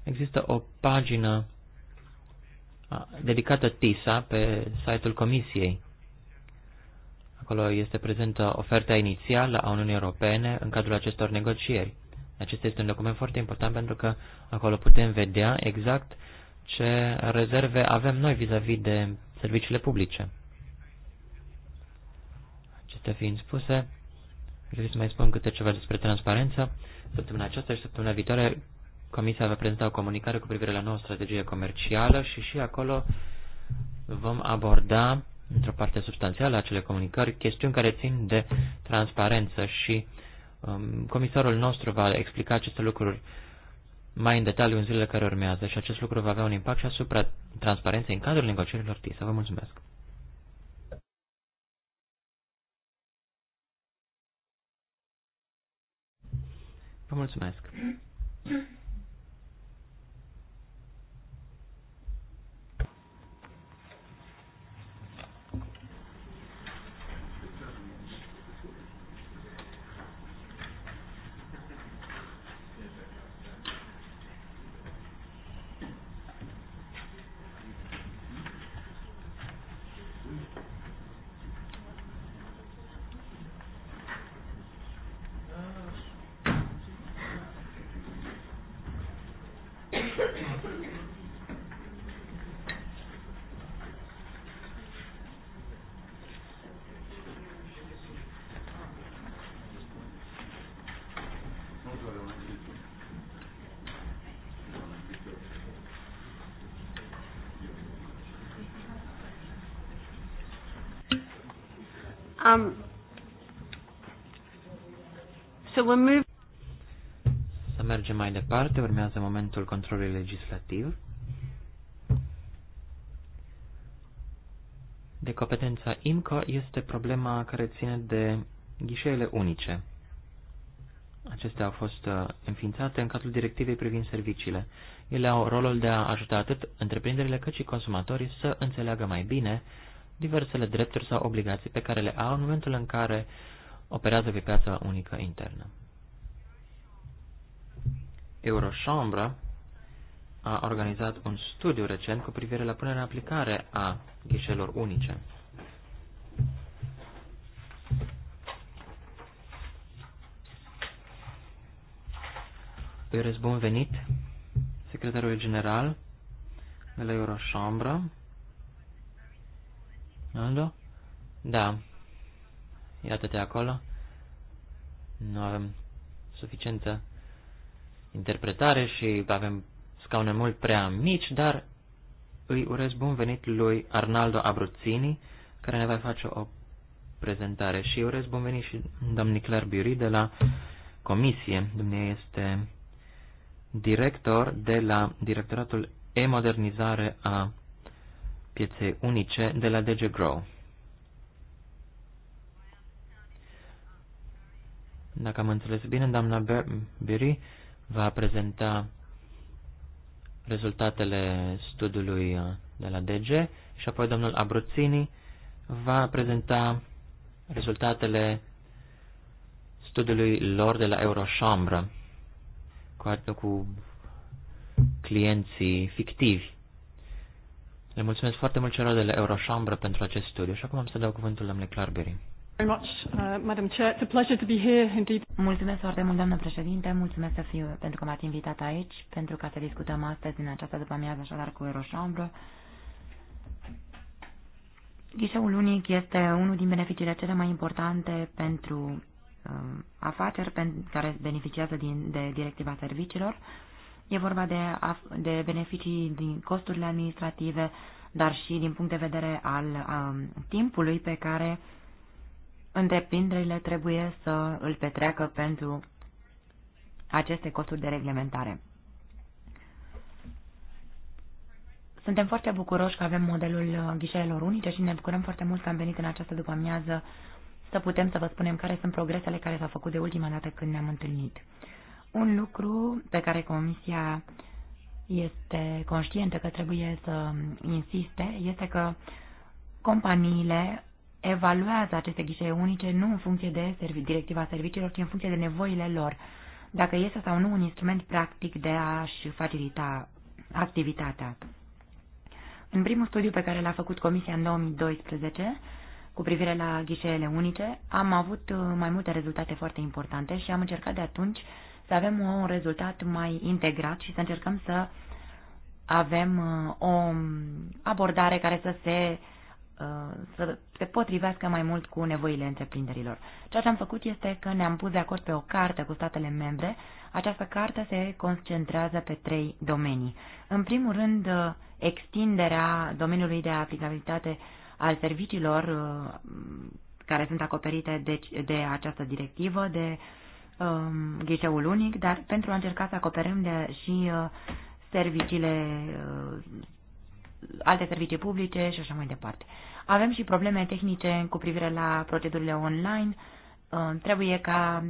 Există o pagină dedicată TISA pe site-ul Comisiei. Acolo este prezentă oferta inițială a Uniunii Europene în cadrul acestor negocieri. Acesta este un document foarte important pentru că acolo putem vedea exact uh, ce rezerve avem noi vis-a-vis -vis de serviciile publice. Acestea fiind spuse, vreau să mai spun câte ceva despre transparență. Săptămâna aceasta și săptămâna viitoare Comisia va prezenta o comunicare cu privire la noua strategie comercială și și acolo vom aborda, într-o parte substanțială a comunicări, chestiuni care țin de transparență și um, comisarul nostru va explica aceste lucruri mai în detaliu în zilele care urmează și acest lucru va avea un impact și asupra transparenței în cadrul negocierilor TISA. Vă mulțumesc! Vă mulțumesc! Um, so we'll move... Să mergem mai departe, urmează momentul controlului legislativ. De competența IMCO este problema care ține de ghișeele unice. Acestea au fost uh, înființate în cadrul directivei privind serviciile. Ele au rolul de a ajuta atât întreprinderile cât și consumatorii să înțeleagă mai bine diversele drepturi sau obligații pe care le au în momentul în care operează pe piața unică internă. Eurochambra a organizat un studiu recent cu privire la punerea în aplicare a ghișelor unice. Eu bun venit secretarul general de la Eurochambra, Alo? Da. Iată-te acolo. Nu avem suficientă interpretare și avem scaune mult prea mici, dar îi urez bun venit lui Arnaldo Abruzzini, care ne va face o prezentare și urez bun venit și domnului Claire Biuri de la Comisie. Dumnezeu este director de la Directoratul E-Modernizare a Piețe unice de la DG Grow. Dacă am înțeles bine, doamna Berry va prezenta rezultatele studiului uh, de la DG și apoi domnul Abruzzini va prezenta rezultatele studiului lor de la Euroșambră cu, cu clienții fictivi. Le mulțumesc foarte mult celor de la Euroșambră pentru acest studiu și acum am să dau cuvântul domnului Clarberry. Uh, mulțumesc foarte mult, doamnă președinte, mulțumesc să fiu, pentru că m-ați invitat aici, pentru ca să discutăm astăzi, în această după-amiază, așadar, cu Euroșambră. Ghișeul unic este unul din beneficiile cele mai importante pentru um, afaceri care beneficiază din, de directiva serviciilor. E vorba de, de beneficii din costurile administrative, dar și din punct de vedere al um, timpului pe care întreprinderile trebuie să îl petreacă pentru aceste costuri de reglementare. Suntem foarte bucuroși că avem modelul uh, ghișeelor unice și ne bucurăm foarte mult că am venit în această după-amiază să putem să vă spunem care sunt progresele care s-au făcut de ultima dată când ne-am întâlnit. Un lucru pe care Comisia este conștientă că trebuie să insiste este că companiile evaluează aceste ghișee unice nu în funcție de servi- directiva serviciilor, ci în funcție de nevoile lor, dacă este sau nu un instrument practic de a-și facilita activitatea. În primul studiu pe care l-a făcut Comisia în 2012, cu privire la ghișeele unice, am avut uh, mai multe rezultate foarte importante și am încercat de atunci uh, să avem uh, un rezultat mai integrat și să încercăm să avem uh, o abordare care să se, uh, să se potrivească mai mult cu nevoile întreprinderilor. Ceea ce am făcut este că ne-am pus de acord pe o carte cu statele membre. Această carte se concentrează pe trei domenii. În primul rând, extinderea domeniului de aplicabilitate al serviciilor care sunt acoperite de, deci, de această directivă, de um, unic, dar pentru a încerca să acoperim de, și uh, serviciile, uh, alte servicii publice și așa mai departe. Avem și probleme tehnice cu privire la procedurile online. Uh, trebuie ca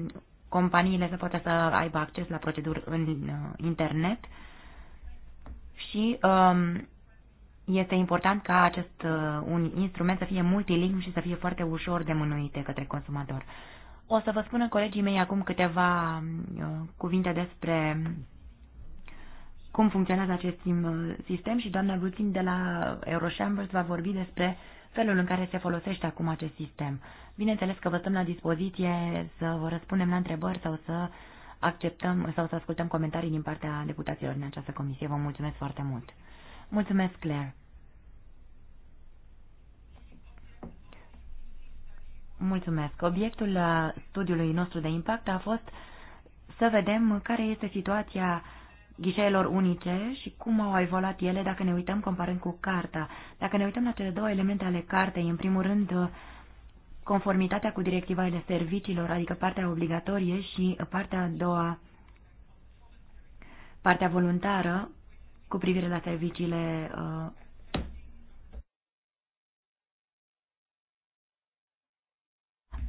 companiile să poată să aibă acces la proceduri în internet și um, este important ca acest un instrument să fie multilingv și să fie foarte ușor de mânuite către consumator. O să vă spună colegii mei acum câteva uh, cuvinte despre cum funcționează acest uh, sistem și doamna Buțin de la Euroshambles va vorbi despre felul în care se folosește acum acest sistem. Bineînțeles că vă stăm la dispoziție să vă răspundem la întrebări sau să acceptăm sau să ascultăm comentarii din partea deputaților din această comisie. Vă mulțumesc foarte mult. Mulțumesc, Claire. Mulțumesc. Obiectul uh, studiului nostru de impact a fost să vedem care este situația ghișeelor unice și cum au evoluat ele dacă ne uităm comparând cu carta. Dacă ne uităm la cele două elemente ale cartei, în primul rând uh, conformitatea cu directiva ale serviciilor, adică partea obligatorie și partea a doua, partea voluntară cu privire la serviciile uh,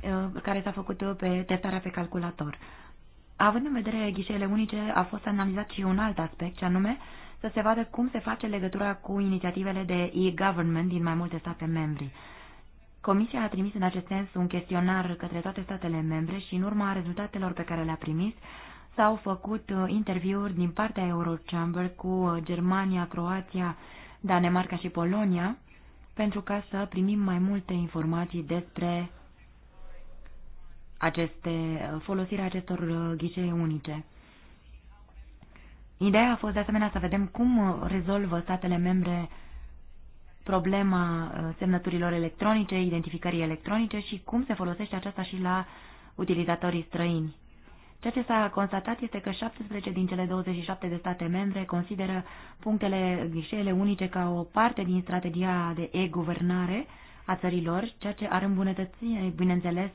Uh, care s-a făcut uh, pe testarea pe calculator. Având în vedere ghișeele unice, a fost analizat și un alt aspect, ce anume să se vadă cum se face legătura cu inițiativele de e-government din mai multe state membri. Comisia a trimis în acest sens un chestionar către toate statele membre și în urma rezultatelor pe care le-a primit, s-au făcut uh, interviuri din partea Eurochamber cu Germania, Croația, Danemarca și Polonia pentru ca să primim mai multe informații despre aceste, folosirea acestor uh, ghișee unice. Ideea a fost de asemenea să vedem cum uh, rezolvă statele membre problema uh, semnăturilor electronice, identificării electronice și cum se folosește aceasta și la utilizatorii străini. Ceea ce s-a constatat este că 17 din cele 27 de state membre consideră punctele ghișeele unice ca o parte din strategia de e-guvernare a țărilor, ceea ce ar îmbunătăți, bineînțeles,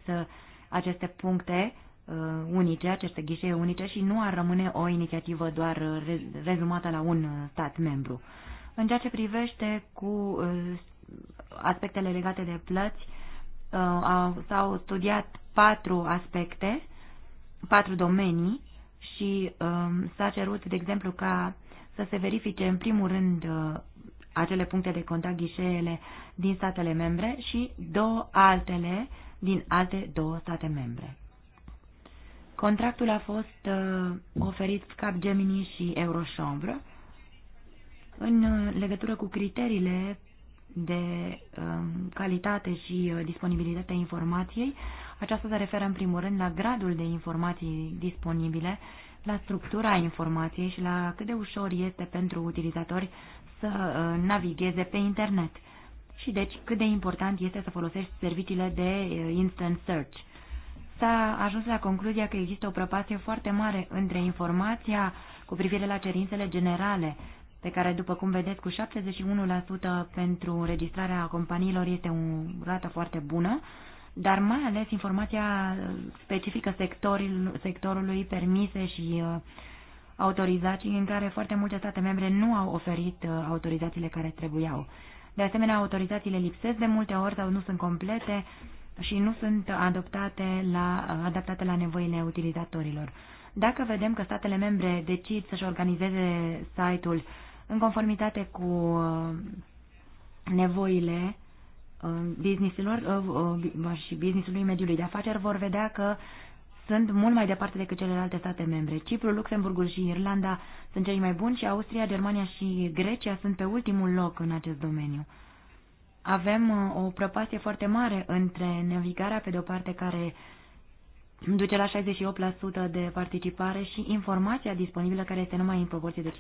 aceste puncte uh, unice, aceste ghișee unice și nu ar rămâne o inițiativă doar uh, rezumată la un uh, stat membru. În ceea ce privește cu aspectele legate de plăți, s-au studiat patru aspecte, patru domenii și um, s-a cerut, de exemplu, ca să se verifice în primul rând acele puncte de contact ghișeele din statele membre și două altele din alte două state membre. Contractul a fost uh, oferit Capgemini și Eurochambre în uh, legătură cu criteriile de uh, calitate și uh, disponibilitatea informației. Aceasta se referă în primul rând la gradul de informații disponibile, la structura informației și la cât de ușor este pentru utilizatori să uh, navigheze pe internet și deci cât de important este să folosești serviciile de uh, instant search. S-a ajuns la concluzia că există o prăpastie foarte mare între informația cu privire la cerințele generale, pe care, după cum vedeți, cu 71% pentru registrarea companiilor este o rată foarte bună, dar mai ales informația specifică sectorului, sectorului permise și uh, autorizații în care foarte multe state membre nu au oferit uh, autorizațiile care trebuiau. De asemenea, autorizațiile lipsesc de multe ori sau nu sunt complete și nu sunt adoptate la, adaptate la nevoile utilizatorilor. Dacă vedem că statele membre decid să-și organizeze site-ul în conformitate cu uh, nevoile uh, businessilor uh, și businessului mediului de afaceri, vor vedea că sunt mult mai departe decât celelalte state membre. Cipru, Luxemburgul și Irlanda sunt cei mai buni și Austria, Germania și Grecia sunt pe ultimul loc în acest domeniu. Avem uh, o prăpastie foarte mare între navigarea, pe de-o parte, care duce la 68% de participare și informația disponibilă, care este numai în proporție de 53%.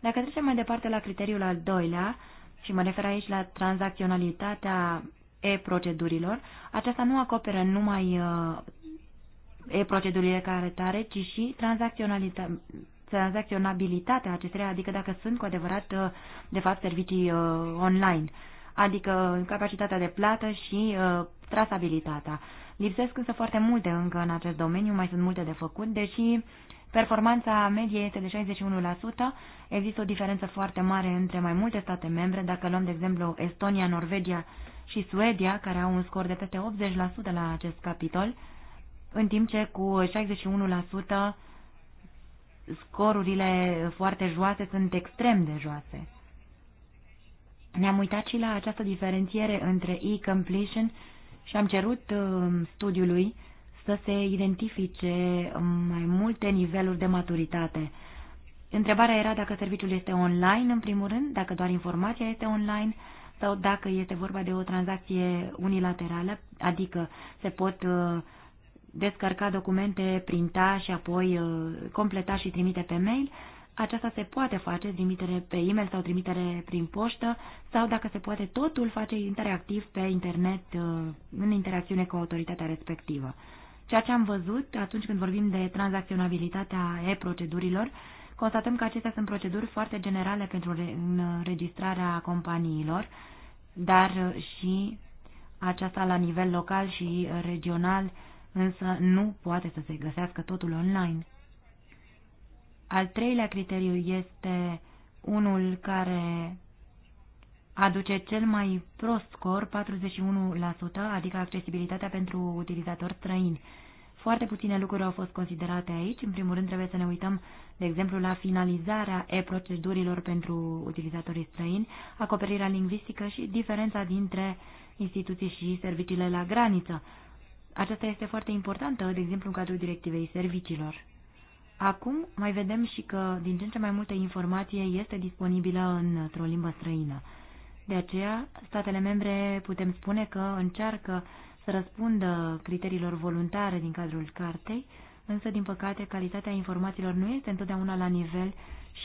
Dacă trecem mai departe la criteriul al doilea, și mă refer aici la tranzacționalitatea e-procedurilor, aceasta nu acoperă numai uh, e procedurile care tare, ci și tranzacționabilitatea acestea, adică dacă sunt cu adevărat, uh, de fapt, servicii uh, online, adică capacitatea de plată și uh, trasabilitatea. Lipsesc însă foarte multe încă în acest domeniu, mai sunt multe de făcut, deși performanța medie este de 61%, există o diferență foarte mare între mai multe state membre, dacă luăm, de exemplu, Estonia, Norvegia și Suedia, care au un scor de peste 80% la acest capitol, în timp ce cu 61% scorurile foarte joase sunt extrem de joase. Ne-am uitat și la această diferențiere între e-completion și am cerut um, studiului să se identifice um, mai multe niveluri de maturitate. Întrebarea era dacă serviciul este online, în primul rând, dacă doar informația este online sau dacă este vorba de o tranzacție unilaterală, adică se pot uh, descărca documente, printa și apoi uh, completa și trimite pe mail, aceasta se poate face, trimitere pe e-mail sau trimitere prin poștă, sau dacă se poate, totul face interactiv pe internet, uh, în interacțiune cu autoritatea respectivă. Ceea ce am văzut atunci când vorbim de tranzacționabilitatea e-procedurilor, constatăm că acestea sunt proceduri foarte generale pentru înregistrarea companiilor, dar uh, și aceasta la nivel local și regional însă nu poate să se găsească totul online. Al treilea criteriu este unul care aduce cel mai prost scor, 41%, adică accesibilitatea pentru utilizatori străini. Foarte puține lucruri au fost considerate aici. În primul rând trebuie să ne uităm, de exemplu, la finalizarea e-procedurilor pentru utilizatorii străini, acoperirea lingvistică și diferența dintre instituții și serviciile la graniță. Aceasta este foarte importantă, de exemplu, în cadrul directivei serviciilor. Acum mai vedem și că din ce în ce mai multă informație este disponibilă într-o limbă străină. De aceea, statele membre putem spune că încearcă să răspundă criteriilor voluntare din cadrul cartei, însă, din păcate, calitatea informațiilor nu este întotdeauna la nivel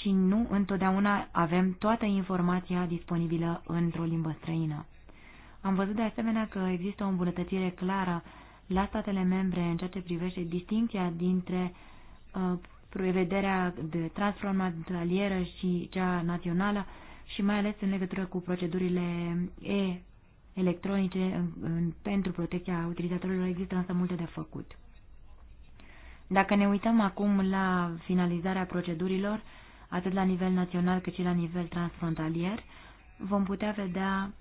și nu întotdeauna avem toată informația disponibilă într-o limbă străină. Am văzut de asemenea că există o îmbunătățire clară la statele membre în ceea ce privește distinția dintre uh, prevederea de transfrontalieră și cea națională și mai ales în legătură cu procedurile e electronice în, în, pentru protecția utilizatorilor există însă multe de făcut. Dacă ne uităm acum la finalizarea procedurilor, atât la nivel național cât și la nivel transfrontalier, vom putea vedea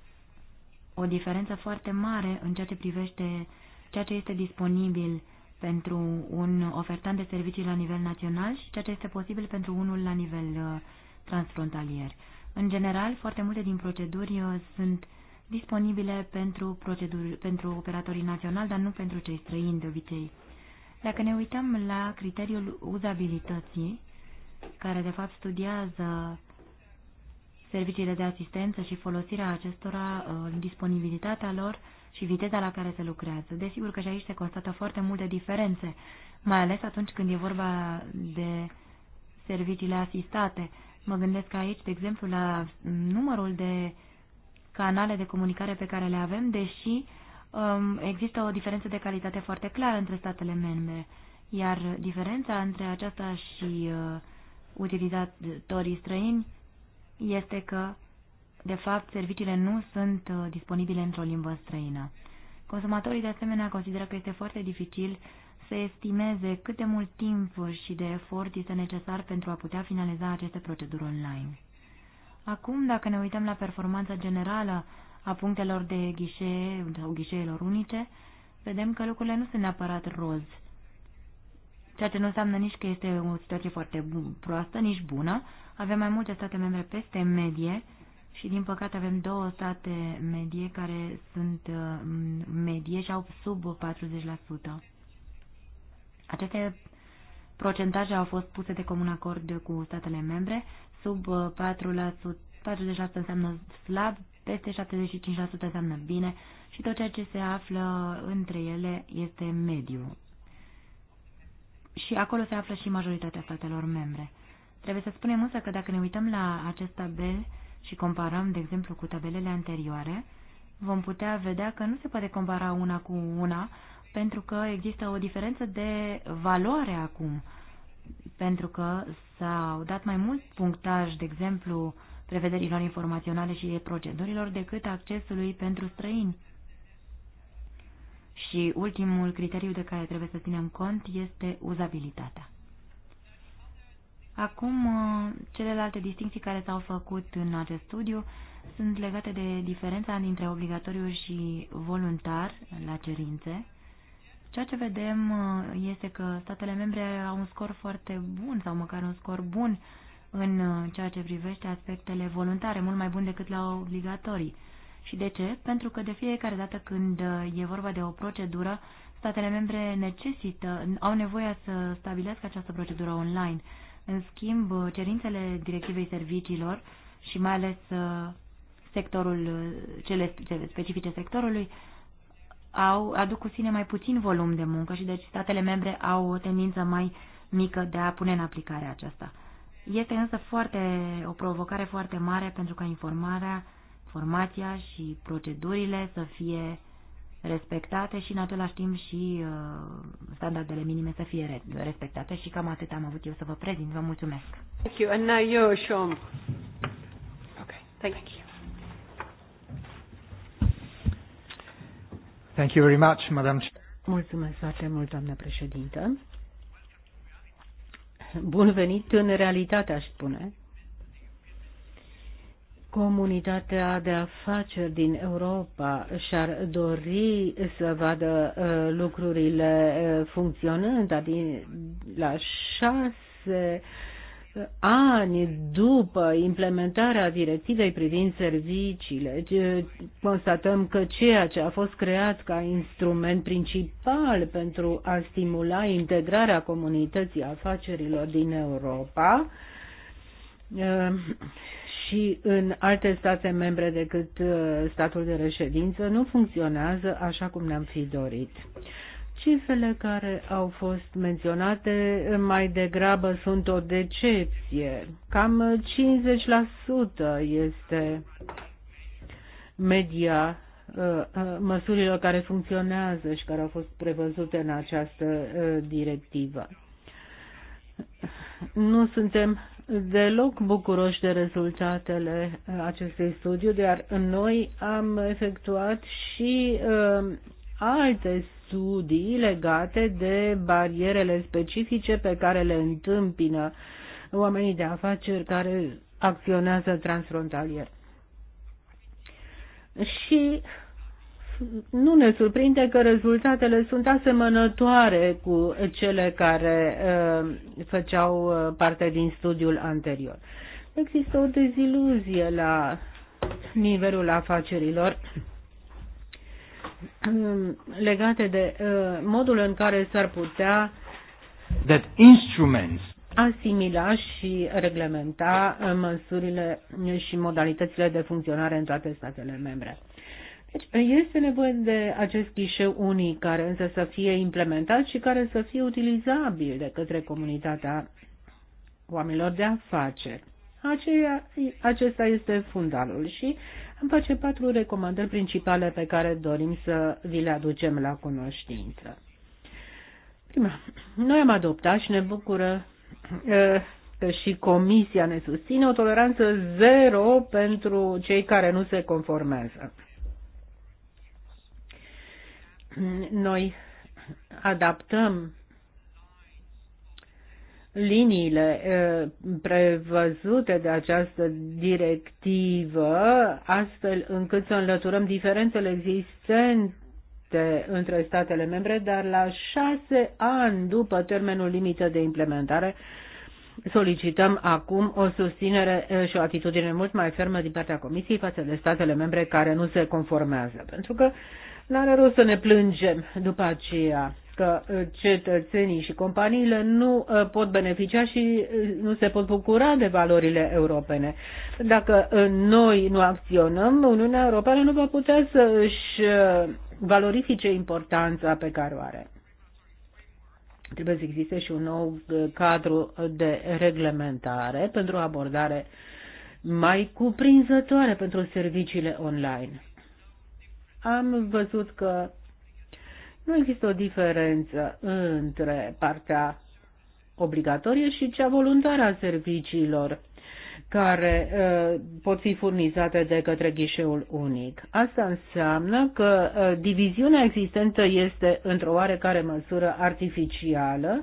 o diferență foarte mare în ceea ce privește ceea ce este disponibil pentru un ofertant de servicii la nivel național și ceea ce este posibil pentru unul la nivel uh, transfrontalier. În general, foarte multe din proceduri uh, sunt disponibile pentru, proceduri, pentru operatorii naționali, dar nu pentru cei străini de obicei. Dacă ne uităm la criteriul uzabilității, care de fapt studiază serviciile de asistență și folosirea acestora, uh, disponibilitatea lor, și viteza la care se lucrează. Desigur că și aici se constată foarte multe diferențe, mai ales atunci când e vorba de serviciile asistate. Mă gândesc aici, de exemplu, la numărul de canale de comunicare pe care le avem, deși um, există o diferență de calitate foarte clară între statele membre, iar diferența între aceasta și uh, utilizatorii străini este că de fapt, serviciile nu sunt uh, disponibile într-o limbă străină. Consumatorii, de asemenea, consideră că este foarte dificil să estimeze cât de mult timp și de efort este necesar pentru a putea finaliza aceste proceduri online. Acum, dacă ne uităm la performanța generală a punctelor de ghișee sau ghișeelor unice, vedem că lucrurile nu sunt neapărat roz, ceea ce nu înseamnă nici că este o situație foarte proastă, nici bună. Avem mai multe state membre peste medie, și din păcate avem două state medie care sunt uh, medie și au sub 40%. Aceste procentaje au fost puse de comun acord cu statele membre. Sub 4%, uh, 40% înseamnă slab, peste 75% înseamnă bine și tot ceea ce se află între ele este mediu. Și acolo se află și majoritatea statelor membre. Trebuie să spunem însă că dacă ne uităm la acest tabel, și comparăm, de exemplu, cu tabelele anterioare, vom putea vedea că nu se poate compara una cu una, pentru că există o diferență de valoare acum, pentru că s-au dat mai mult punctaj, de exemplu, prevederilor informaționale și procedurilor decât accesului pentru străini. Și ultimul criteriu de care trebuie să ținem cont este uzabilitatea. Acum, uh, celelalte distinții care s-au făcut în acest studiu sunt legate de diferența dintre obligatoriu și voluntar la cerințe. Ceea ce vedem uh, este că statele membre au un scor foarte bun sau măcar un scor bun în uh, ceea ce privește aspectele voluntare, mult mai bun decât la obligatorii. Și de ce? Pentru că de fiecare dată când e vorba de o procedură, statele membre necesită, au nevoie să stabilească această procedură online în schimb, cerințele directivei serviciilor și mai ales uh, sectorul, uh, cele specifice sectorului, au, aduc cu sine mai puțin volum de muncă și deci statele membre au o tendință mai mică de a pune în aplicare aceasta. Este însă foarte, o provocare foarte mare pentru ca informarea, formația și procedurile să fie respectate și în același timp și uh, standardele minime să fie respectate și cam atât am avut eu să vă prezint. Vă mulțumesc. Thank you. And now you, Sean. Okay. Thank you. Thank you very much, Madam. Mulțumesc foarte mult, doamnă președintă. Bun venit în realitate, aș spune comunitatea de afaceri din Europa și-ar dori să vadă uh, lucrurile uh, funcționând, adică la șase uh, ani după implementarea directivei privind serviciile, constatăm că ceea ce a fost creat ca instrument principal pentru a stimula integrarea comunității afacerilor din Europa și în alte state membre decât uh, statul de reședință nu funcționează așa cum ne-am fi dorit. Cifrele care au fost menționate mai degrabă sunt o decepție. Cam 50% este media uh, uh, măsurilor care funcționează și care au fost prevăzute în această directivă. Nu suntem deloc bucuroși de rezultatele uh, acestui studiu, dar noi am efectuat și uh, alte studii legate de barierele specifice pe care le întâmpină oamenii de afaceri care acționează transfrontalier. Și nu ne surprinde că rezultatele sunt asemănătoare cu cele care uh, făceau uh, parte din studiul anterior. Există o deziluzie la nivelul afacerilor um, legate de uh, modul în care s-ar putea that instruments asimila și reglementa măsurile și modalitățile de funcționare în toate statele membre. Deci este nevoie de acest ghișeu unic care însă să fie implementat și care să fie utilizabil de către comunitatea oamenilor de afaceri. Aceea, acesta este fundalul și am face patru recomandări principale pe care dorim să vi le aducem la cunoștință. Prima, noi am adoptat și ne bucură eh, că și Comisia ne susține o toleranță zero pentru cei care nu se conformează. Noi adaptăm liniile prevăzute de această directivă astfel încât să înlăturăm diferențele existente între statele membre, dar la șase ani după termenul limită de implementare solicităm acum o susținere și o atitudine mult mai fermă din partea Comisiei față de statele membre care nu se conformează. Pentru că uh, N-are rost să ne plângem după aceea că uh, cetățenii și companiile nu uh, pot beneficia și uh, nu se pot bucura de valorile europene. Dacă noi nu acționăm, Uniunea Europeană nu va putea să își valorifice importanța pe care o are. Trebuie să existe și un nou cadru de reglementare pentru o abordare mai cuprinzătoare pentru serviciile online am văzut că nu există o diferență între partea obligatorie și cea voluntară a serviciilor care uh, pot fi furnizate de către ghișeul unic. Asta înseamnă că uh, diviziunea existentă este într-o oarecare măsură artificială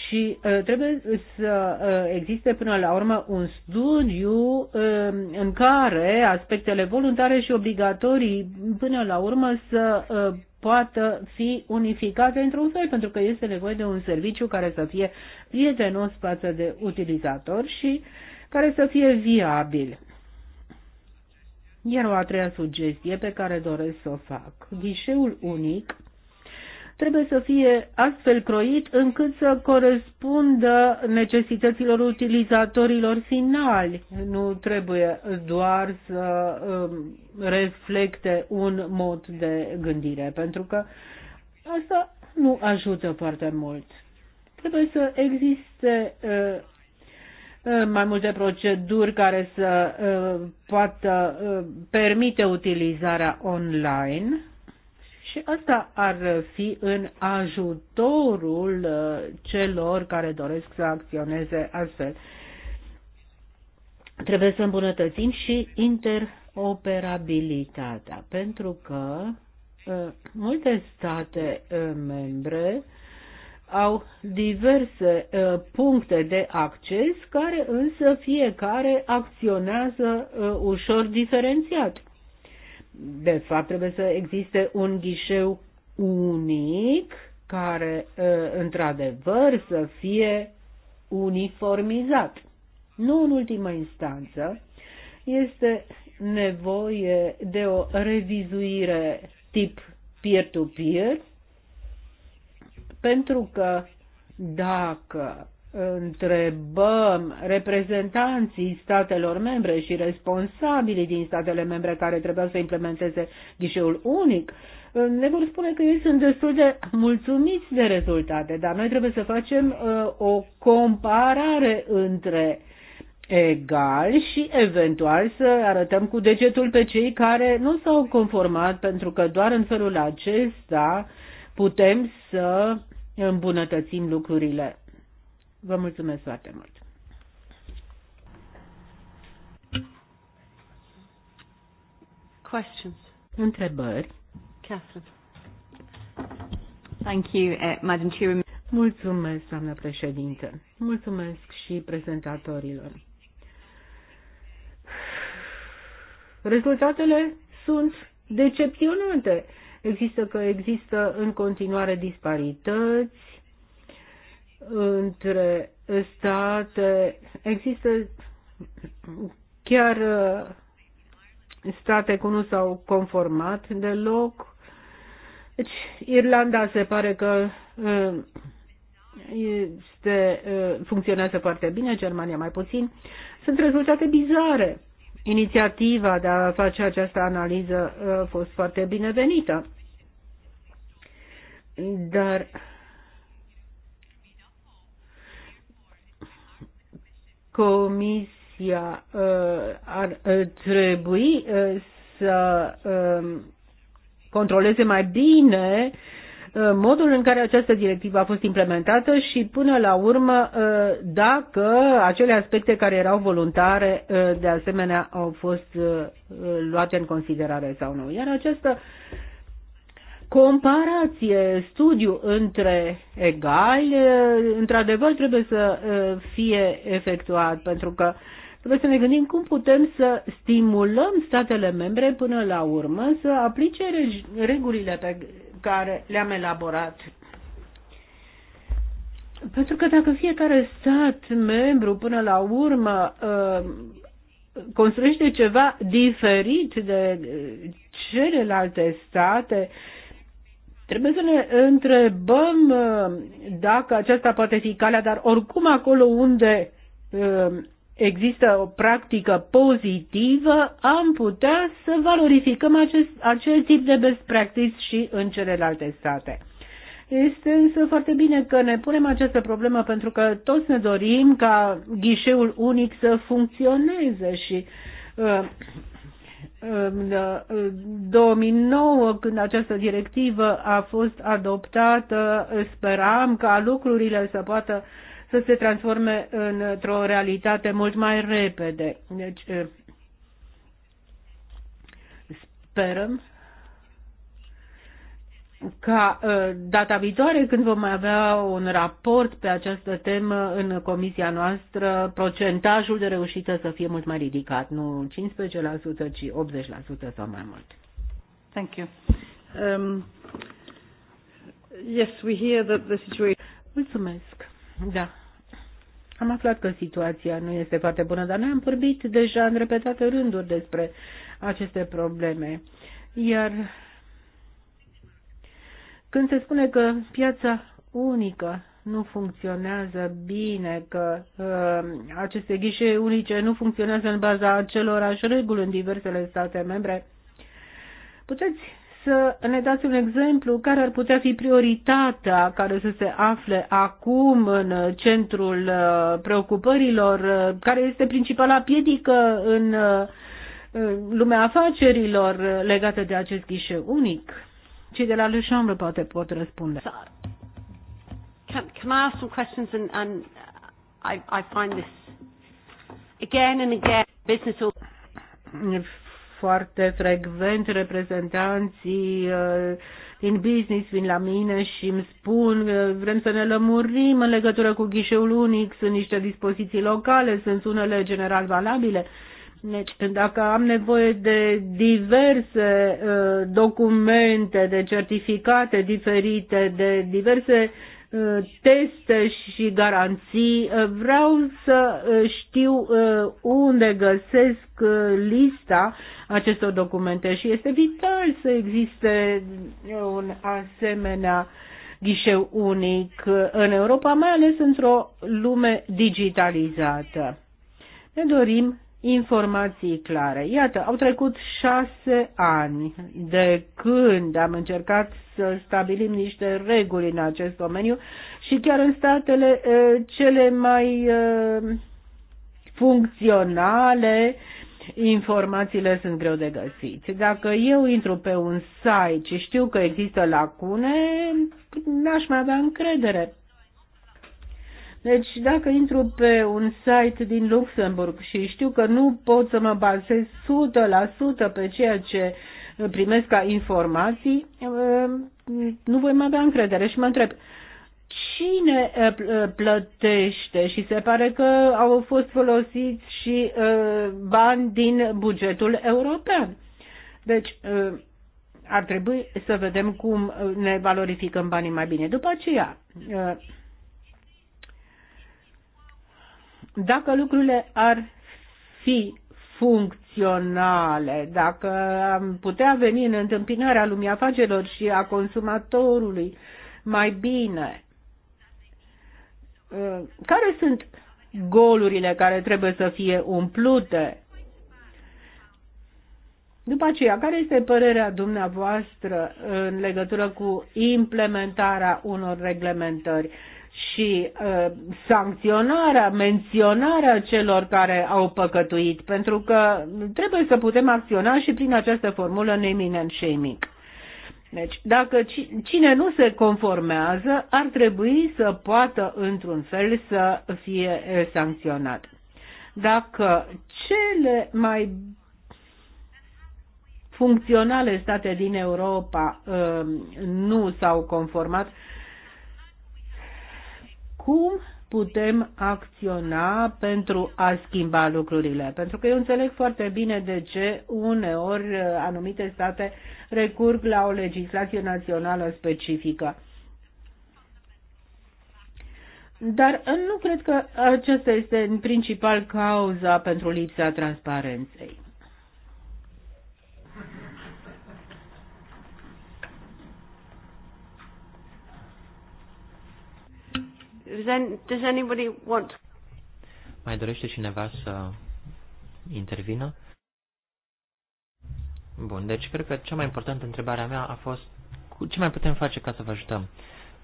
și uh, trebuie să uh, existe până la urmă un studiu uh, în care aspectele voluntare și obligatorii până la urmă să poată fi unificate într-un fel, pentru că este nevoie de un serviciu care să fie prietenos față de utilizator și care să fie viabil. Iar o a treia sugestie pe care doresc să o fac. Ghișeul unic trebuie să fie astfel croit încât să corespundă necesităților utilizatorilor finali. Nu trebuie doar să um, reflecte un mod de gândire, pentru că asta nu ajută foarte mult. Trebuie să existe uh, uh, mai multe proceduri care să uh, poată permite utilizarea online și asta ar fi în ajutorul uh, celor care doresc să acționeze astfel. Trebuie să îmbunătățim și interoperabilitatea, pentru că uh, multe state uh, membre au diverse puncte de acces, care însă fiecare acționează ușor diferențiat de fapt trebuie să existe un ghișeu unic care ă, într-adevăr să fie uniformizat. Nu în ultima instanță, este nevoie de o revizuire tip peer-to-peer, -peer, pentru că dacă întrebăm reprezentanții statelor membre și responsabilii din statele membre care trebuiau să implementeze ghișeul unic, ne vor spune că ei sunt destul de mulțumiți de rezultate, dar noi trebuie să facem uh, o comparare între egali și eventual să arătăm cu degetul pe cei care nu s-au conformat, pentru că doar în felul acesta putem să îmbunătățim lucrurile. Vă mulțumesc foarte mult! Questions? Întrebări? Catherine. Thank you, uh, Madam Chair. Mulțumesc, doamnă președinte. Mulțumesc și prezentatorilor. Rezultatele sunt decepționante. Există că există în continuare disparități între state. Există chiar uh, state care nu s-au conformat deloc. Deci, Irlanda se pare că uh, este, uh, funcționează foarte bine, Germania mai puțin. Sunt rezultate bizare. Inițiativa de a face această analiză a fost foarte binevenită. Dar Comisia uh, ar uh, trebui uh, să um, controleze mai bine modul în care această directivă a fost implementată și până la urmă dacă acele aspecte care erau voluntare de asemenea au fost luate în considerare sau nu. Iar această comparație, studiu între egali, într-adevăr trebuie să fie efectuat, pentru că trebuie să ne gândim cum putem să stimulăm statele membre până la urmă să aplice regulile pe care le-am elaborat. Pentru că dacă fiecare stat membru până la urmă construiește ceva diferit de celelalte state, Trebuie să ne întrebăm uh, dacă aceasta poate fi calea, dar oricum acolo unde uh, există o practică pozitivă, am putea să valorificăm acest, acel tip de best practice și în celelalte state. Este însă foarte bine că ne punem această problemă pentru că toți ne dorim ca ghișeul unic să funcționeze și uh, 2009, uh, când această directivă a fost adoptată, speram ca lucrurile să poată să se transforme într-o realitate mult mai repede. Deci, uh, sperăm ca ă, data viitoare, când vom mai avea un raport pe această temă în comisia noastră, procentajul de reușită să fie mult mai ridicat, nu 15%, ci 80% sau mai mult. Thank you. Um, yes, we hear that the situation... Mulțumesc. Da. Am aflat că situația nu este foarte bună, dar noi am vorbit deja în repetate rânduri despre aceste probleme. Iar când se spune că piața unică nu funcționează bine, că uh, aceste ghișe unice nu funcționează în baza acelorași reguli în diversele state membre, puteți să ne dați un exemplu care ar putea fi prioritatea care să se afle acum în centrul uh, preocupărilor, uh, care este principala piedică în uh, lumea afacerilor legată de acest ghișe unic. Cei de la Chambre poate pot răspunde. Can, can I ask some questions and, and I, I find this again and again business foarte frecvent reprezentanții uh, din business vin la mine și îmi spun uh, vrem să ne lămurim în legătură cu ghișeul unic, sunt niște dispoziții locale, sunt unele general valabile deci, dacă am nevoie de diverse uh, documente, de certificate diferite, de diverse uh, teste și garanții, uh, vreau să uh, știu uh, unde găsesc uh, lista acestor documente și este vital să existe uh, un asemenea ghișeu unic uh, în Europa, mai ales într-o lume digitalizată. Ne dorim informații clare. Iată, au trecut șase ani de când am încercat să stabilim niște reguli în acest domeniu și chiar în statele eh, cele mai eh, funcționale informațiile sunt greu de găsit. Dacă eu intru pe un site și știu că există lacune, n-aș mai avea încredere deci dacă intru pe un site din Luxemburg și știu că nu pot să mă bazez 100% pe ceea ce primesc ca informații, ehm, nu voi mai avea încredere și mă întreb cine eh, eh, plătește și se pare că au fost folosiți și eh, bani din bugetul european. Deci ar trebui să vedem cum ne valorificăm banii mai bine. După aceea, Dacă lucrurile ar fi funcționale, dacă am putea veni în întâmpinarea lumii afacerilor și a consumatorului mai bine, ă, care sunt golurile care trebuie să fie umplute? După aceea, care este părerea dumneavoastră în legătură cu implementarea unor reglementări? și uh, sancționarea, menționarea celor care au păcătuit, pentru că trebuie să putem acționa și prin această formulă naming and shaming. Deci, dacă cine nu se conformează, ar trebui să poată, într-un fel, să fie sancționat. Dacă cele mai funcționale state din Europa ă, nu s-au conformat, cum putem acționa pentru a schimba lucrurile. Pentru că eu înțeleg foarte bine de ce uneori uh, anumite state recurg la o legislație națională specifică. Dar uh, nu cred că aceasta este în principal cauza pentru lipsa transparenței. Does anybody want? Mai dorește cineva să intervină? Bun, deci cred că cea mai importantă întrebare a mea a fost ce mai putem face ca să vă ajutăm?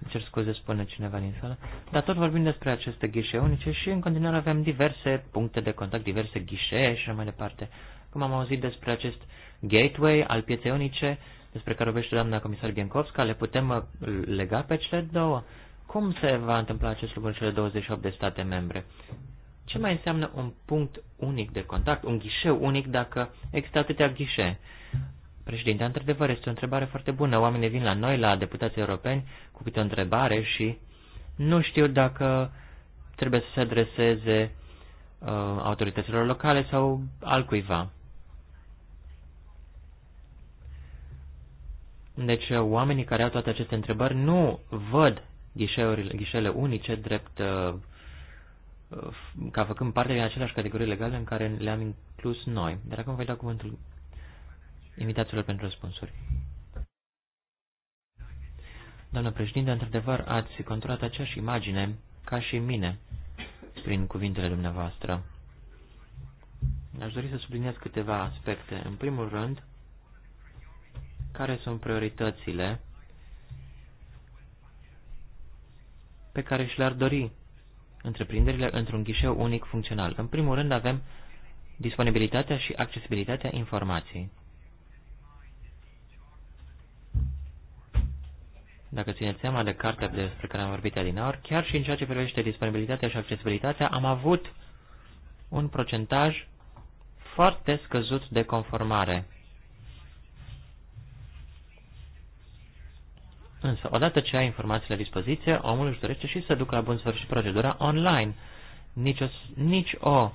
Îmi cer scuze, spune cineva din sală. Dar tot vorbim despre aceste ghișe unice și în continuare avem diverse puncte de contact, diverse ghișe și așa mai departe. Cum am auzit despre acest gateway al pieței unice, despre care vorbește doamna comisar Biencovska, le putem uh, lega pe cele două. Cum se va întâmpla acest lucru în cele 28 de state membre? Ce mai înseamnă un punct unic de contact, un ghișeu unic, dacă există atâtea ghișe? Președinte, într-adevăr, este o întrebare foarte bună. Oamenii vin la noi, la deputații europeni, cu câte o întrebare și nu știu dacă trebuie să se adreseze uh, autorităților locale sau altcuiva. Deci uh, oamenii care au toate aceste întrebări nu văd ghișeurile, ghișele unice drept uh, ca făcând parte din aceleași categorii legale în care le-am inclus noi. Dar acum voi da cuvântul invitațiilor pentru răspunsuri. Doamnă președinte, într-adevăr ați conturat aceeași imagine ca și mine prin cuvintele dumneavoastră. Aș dori să subliniez câteva aspecte. În primul rând, care sunt prioritățile pe care și le-ar dori întreprinderile într-un ghișeu unic funcțional. În primul rând avem disponibilitatea și accesibilitatea informației. Dacă țineți seama de cartea despre care am vorbit adineori, chiar și în ceea ce privește disponibilitatea și accesibilitatea, am avut un procentaj foarte scăzut de conformare. Însă, odată ce ai informațiile la dispoziție, omul își dorește și să ducă la bun sfârșit procedura online. Nici o, nici o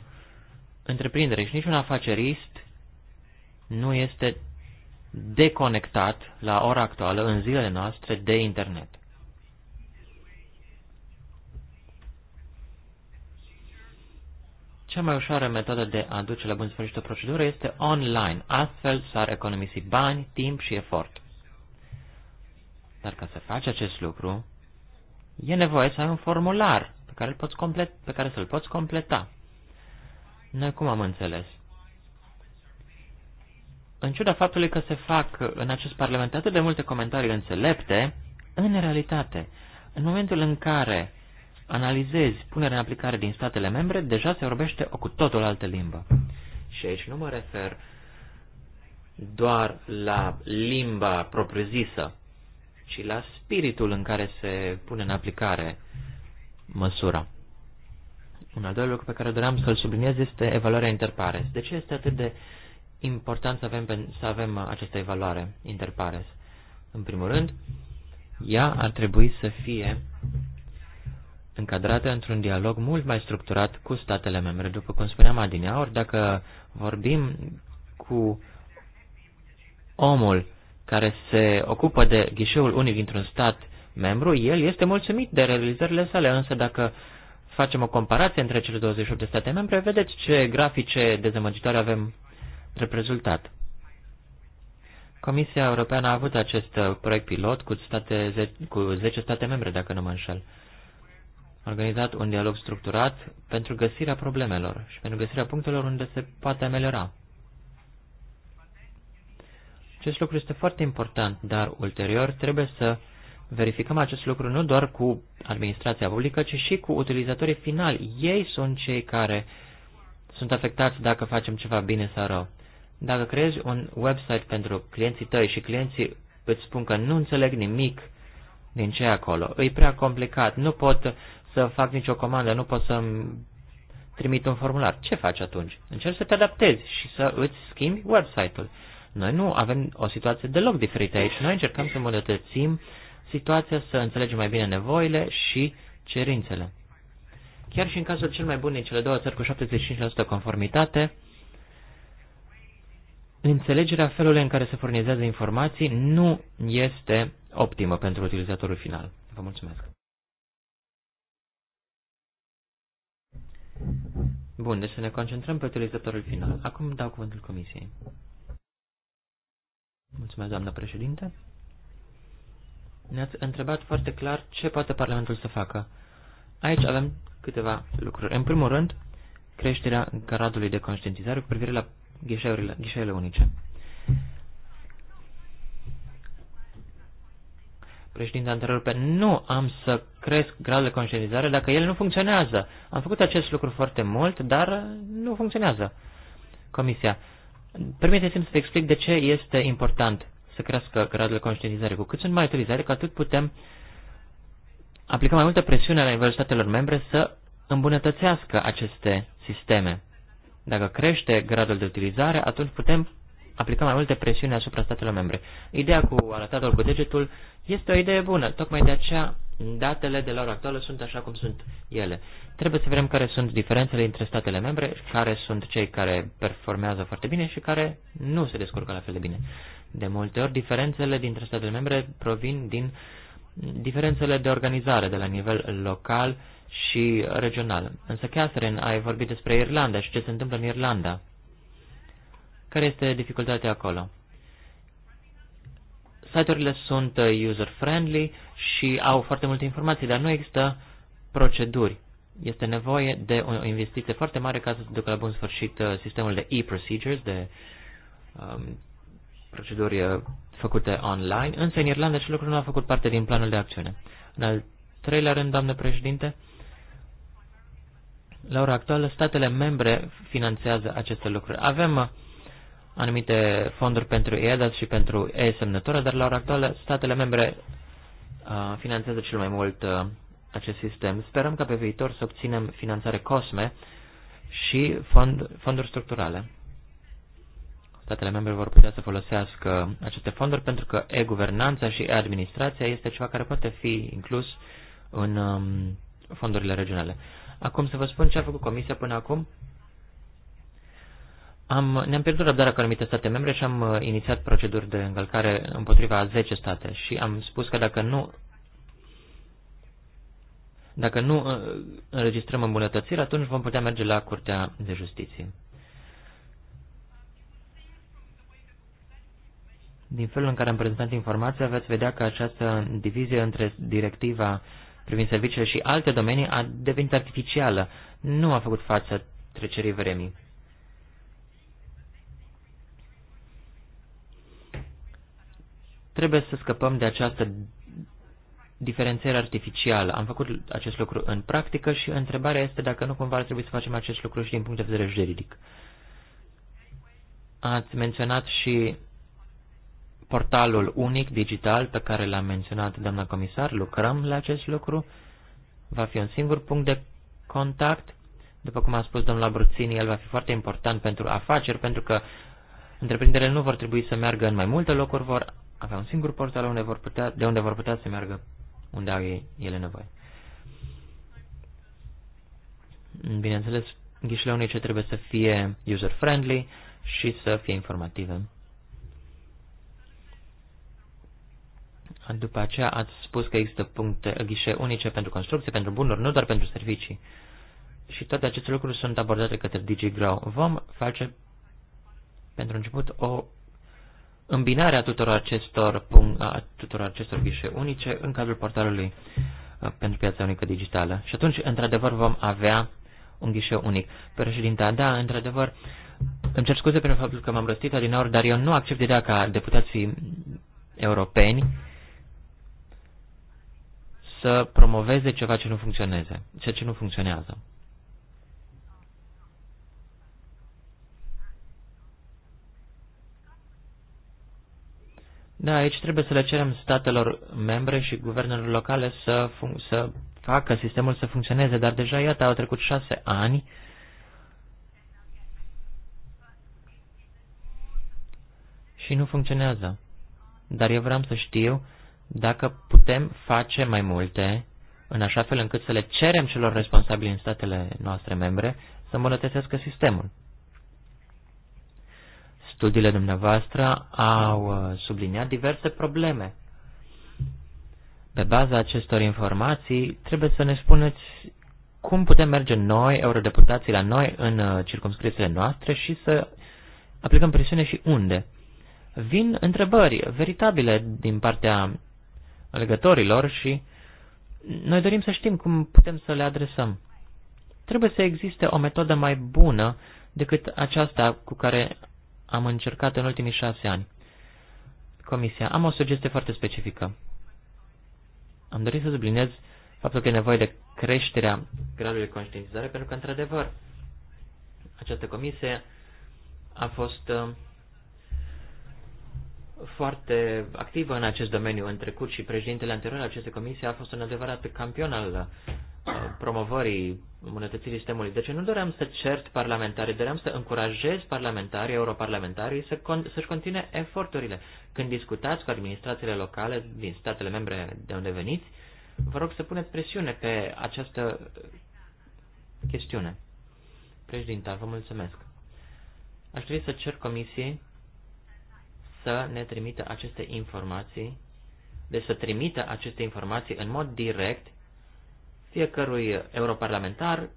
întreprindere și nici un afacerist nu este deconectat la ora actuală, în zilele noastre, de internet. Cea mai ușoară metodă de a duce la bun sfârșit o procedură este online. Astfel s-ar economisi bani, timp și efort. Dar ca să faci acest lucru, e nevoie să ai un formular pe care, îl poți complet, pe care să-l poți completa. Noi cum am înțeles? În ciuda faptului că se fac în acest parlament atât de multe comentarii înțelepte, în realitate, în momentul în care analizezi punerea în aplicare din statele membre, deja se vorbește o cu totul altă limbă. Și aici nu mă refer doar la limba propriu-zisă, și la spiritul în care se pune în aplicare măsura. Un al doilea lucru pe care doream să-l subliniez este evaluarea interpares. De ce este atât de important să avem, să avem această evaluare interpares? În primul rând, ea ar trebui să fie încadrată într-un dialog mult mai structurat cu statele membre. După cum spuneam adineaori, dacă vorbim cu omul care se ocupă de ghișeul unic dintr-un stat membru, el este mulțumit de realizările sale, însă dacă facem o comparație între cele 28 de state membre, vedeți ce grafice dezamăgitoare avem reprezentat. Comisia Europeană a avut acest uh, proiect pilot cu, state, cu 10 state membre, dacă nu mă înșel. A organizat un dialog structurat pentru găsirea problemelor și pentru găsirea punctelor unde se poate ameliora. Acest lucru este foarte important, dar ulterior trebuie să verificăm acest lucru nu doar cu administrația publică, ci și cu utilizatorii finali. Ei sunt cei care sunt afectați dacă facem ceva bine sau rău. Dacă creezi un website pentru clienții tăi și clienții îți spun că nu înțeleg nimic din ce acolo, e prea complicat, nu pot să fac nicio comandă, nu pot să mi trimit un formular. Ce faci atunci? Încerci să te adaptezi și să îți schimbi website-ul. Noi nu avem o situație deloc diferită aici. Noi încercăm să îmbunătățim situația, să înțelegem mai bine nevoile și cerințele. Chiar și în cazul cel mai bun din cele două țări cu 75% conformitate, înțelegerea felului în care se furnizează informații nu este optimă pentru utilizatorul final. Vă mulțumesc. Bun, deci să ne concentrăm pe utilizatorul final. Acum dau cuvântul comisiei. Mulțumesc, doamnă președinte. Ne-ați întrebat foarte clar ce poate Parlamentul să facă. Aici avem câteva lucruri. În primul rând, creșterea gradului de conștientizare cu privire la ghișeurile, unice. Președinte pe nu am să cresc gradul de conștientizare dacă el nu funcționează. Am făcut acest lucru foarte mult, dar nu funcționează. Comisia, Permiteți-mi să vă explic de ce este important să crească gradul de conștientizare. Cu cât sunt mai utilizare, cu atât putem aplica mai multă presiune la nivelul statelor membre să îmbunătățească aceste sisteme. Dacă crește gradul de utilizare, atunci putem aplica mai multe presiuni asupra statelor membre. Ideea cu arătatul cu degetul este o idee bună, tocmai de aceea Datele de la ora actuală sunt așa cum sunt ele. Trebuie să vedem care sunt diferențele între statele membre, care sunt cei care performează foarte bine și care nu se descurcă la fel de bine. De multe ori, diferențele dintre statele membre provin din diferențele de organizare de la nivel local și regional. Însă, Catherine, ai vorbit despre Irlanda și ce se întâmplă în Irlanda. Care este dificultatea acolo? Site-urile sunt uh, user-friendly și au foarte multe informații, dar nu există proceduri. Este nevoie de o investiție foarte mare ca să se ducă la bun sfârșit uh, sistemul de e-procedures, de um, proceduri uh, făcute online, însă în Irlanda acest lucru nu a făcut parte din planul de acțiune. În al treilea rând, doamne președinte, la ora actuală, statele membre finanțează aceste lucruri. Avem anumite fonduri pentru EADAS și pentru e-semnătură, dar la ora actuală statele membre uh, finanțează cel mai mult uh, acest sistem. Sperăm ca pe viitor să obținem finanțare COSME și fond, fonduri structurale. Statele membre vor putea să folosească aceste fonduri pentru că e-guvernanța și e-administrația este ceva care poate fi inclus în um, fondurile regionale. Acum să vă spun ce a făcut Comisia până acum. Am, ne-am pierdut răbdarea cu anumite state membre și am uh, inițiat proceduri de încălcare împotriva a 10 state și am spus că dacă nu dacă nu uh, înregistrăm îmbunătățiri, atunci vom putea merge la Curtea de Justiție. Din felul în care am prezentat informația, veți vedea că această divizie între directiva privind serviciile și alte domenii a devenit artificială. Nu a făcut față trecerii vremii. Trebuie să scăpăm de această diferențiere artificială. Am făcut acest lucru în practică și întrebarea este dacă nu cumva ar trebui să facem acest lucru și din punct de vedere juridic. Ați menționat și portalul unic digital pe care l-a menționat doamna comisar. Lucrăm la acest lucru. Va fi un singur punct de contact. După cum a spus domnul Abruțini, el va fi foarte important pentru afaceri, pentru că întreprinderile nu vor trebui să meargă în mai multe locuri, vor avea un singur portal unde vor putea, de unde vor putea să meargă unde au ei, ele nevoie. Bineînțeles, ghișele unice trebuie să fie user-friendly și să fie informative. După aceea ați spus că există puncte, ghișe unice pentru construcție, pentru bunuri, nu doar pentru servicii. Și toate aceste lucruri sunt abordate către DigiGrow. Vom face pentru început o îmbinarea tuturor acestor, punct, a tuturor acestor ghișe unice în cadrul portalului uh, pentru piața unică digitală. Și atunci, într-adevăr, vom avea un ghișeu unic. Președinte, da, într-adevăr, îmi cer scuze pentru faptul că m-am răstit adineori, dar eu nu accept ideea ca deputații europeni să promoveze ceva ce nu funcționează, ceea ce nu funcționează. Da, aici trebuie să le cerem statelor membre și guvernelor locale să, să facă sistemul să funcționeze, dar deja, iată, au trecut șase ani și nu funcționează. Dar eu vreau să știu dacă putem face mai multe în așa fel încât să le cerem celor responsabili în statele noastre membre să îmbunătățească sistemul. Studiile dumneavoastră au uh, subliniat diverse probleme. Pe baza acestor informații, trebuie să ne spuneți cum putem merge noi, eurodeputații, la noi în uh, circumscripțiile noastre și să aplicăm presiune și unde. Vin întrebări veritabile din partea alegătorilor și noi dorim să știm cum putem să le adresăm. Trebuie să existe o metodă mai bună decât aceasta cu care am încercat în ultimii șase ani. Comisia, am o sugestie foarte specifică. Am dorit să subliniez faptul că e nevoie de creșterea gradului de conștientizare, pentru că, într-adevăr, această comisie a fost uh, foarte activă în acest domeniu în trecut și președintele anterior al acestei comisii a fost un adevărat campion al promovării îmbunătățirii sistemului. Deci nu doream să cert parlamentarii, doream să încurajez parlamentarii, europarlamentarii să con- să-și continue eforturile. Când discutați cu administrațiile locale din statele membre de unde veniți, vă rog să puneți presiune pe această chestiune. Președinte, vă mulțumesc. Aș trebui să cer comisiei să ne trimită aceste informații, de deci să trimită aceste informații în mod direct fiecărui europarlamentar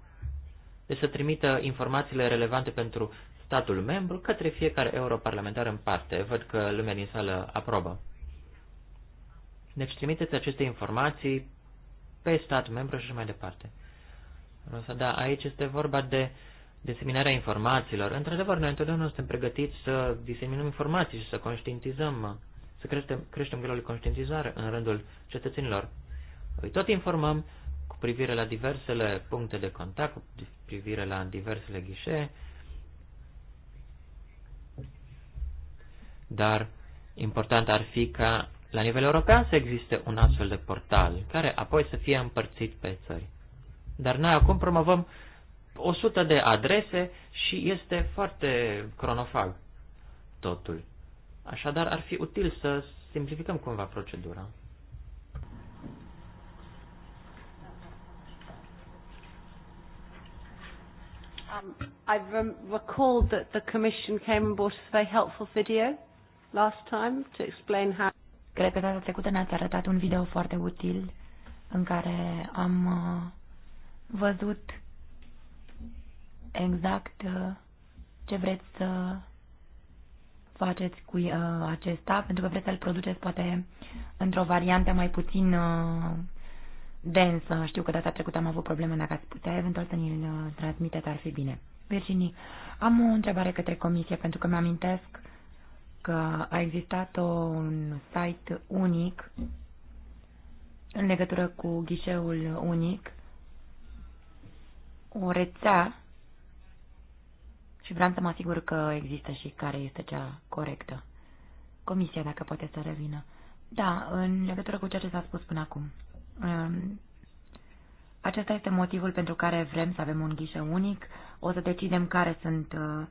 de să trimită informațiile relevante pentru statul membru către fiecare europarlamentar în parte. Văd că lumea din sală aprobă. Deci trimiteți aceste informații pe stat membru și mai departe. Să da, aici este vorba de diseminarea informațiilor. Într-adevăr, noi întotdeauna suntem pregătiți să diseminăm informații și să conștientizăm, să creștem, creștem gradul de conștientizare în rândul cetățenilor. Îi tot informăm, cu privire la diversele puncte de contact, cu privire la diversele ghișee, dar important ar fi ca la nivel european să existe un astfel de portal, care apoi să fie împărțit pe țări. Dar noi acum promovăm 100 de adrese și este foarte cronofag totul. Așadar, ar fi util să simplificăm cumva procedura. Um, I um, recalled that the Commission came and brought us a very helpful video last time to explain how. Cred că data trecută ne-ați arătat un video foarte util în care am uh, văzut exact uh, ce vreți să faceți cu uh, acesta, pentru că vreți să-l produceți poate într-o variantă mai puțin uh, densă. Știu că data trecută am avut probleme, dacă ați putea eventual să ni-l uh, transmiteți, ar fi bine. Virginie, am o întrebare către comisie, pentru că mi-amintesc că a existat un site unic în legătură cu ghișeul unic, o rețea și vreau să mă asigur că există și care este cea corectă. Comisia, dacă poate să revină. Da, în legătură cu ceea ce s-a spus până acum. Um, acesta este motivul pentru care vrem să avem un ghișe unic. O să decidem care sunt uh,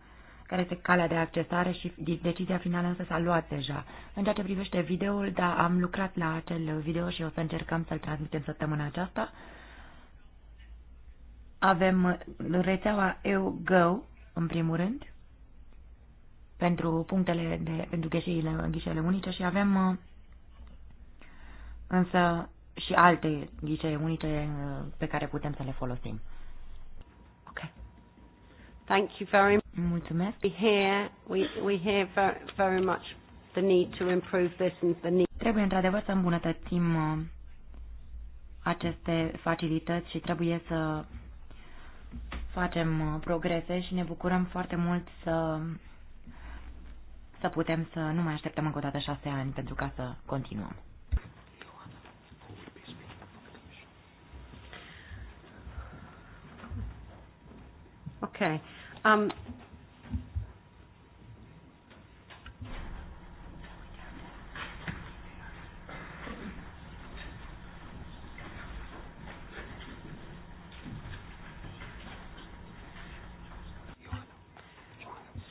care este calea de accesare și decizia finală însă s-a luat deja. În ceea ce privește videoul, da, am lucrat la acel video și o să încercăm să-l transmitem săptămâna aceasta. Avem uh, rețeaua EUGO, în primul rând, pentru punctele de, pentru ghișeile, ghișele unice și avem uh, însă și alte ghișee unice uh, pe care putem să le folosim. Ok. Thank you very much. Mulțumesc. We hear, we, we hear very, very much the need to improve this and the need. Trebuie într-adevăr să îmbunătățim uh, aceste facilități și trebuie să facem uh, progrese și ne bucurăm foarte mult să să putem să nu mai așteptăm încă o dată șase ani pentru ca să continuăm. Okay. Um,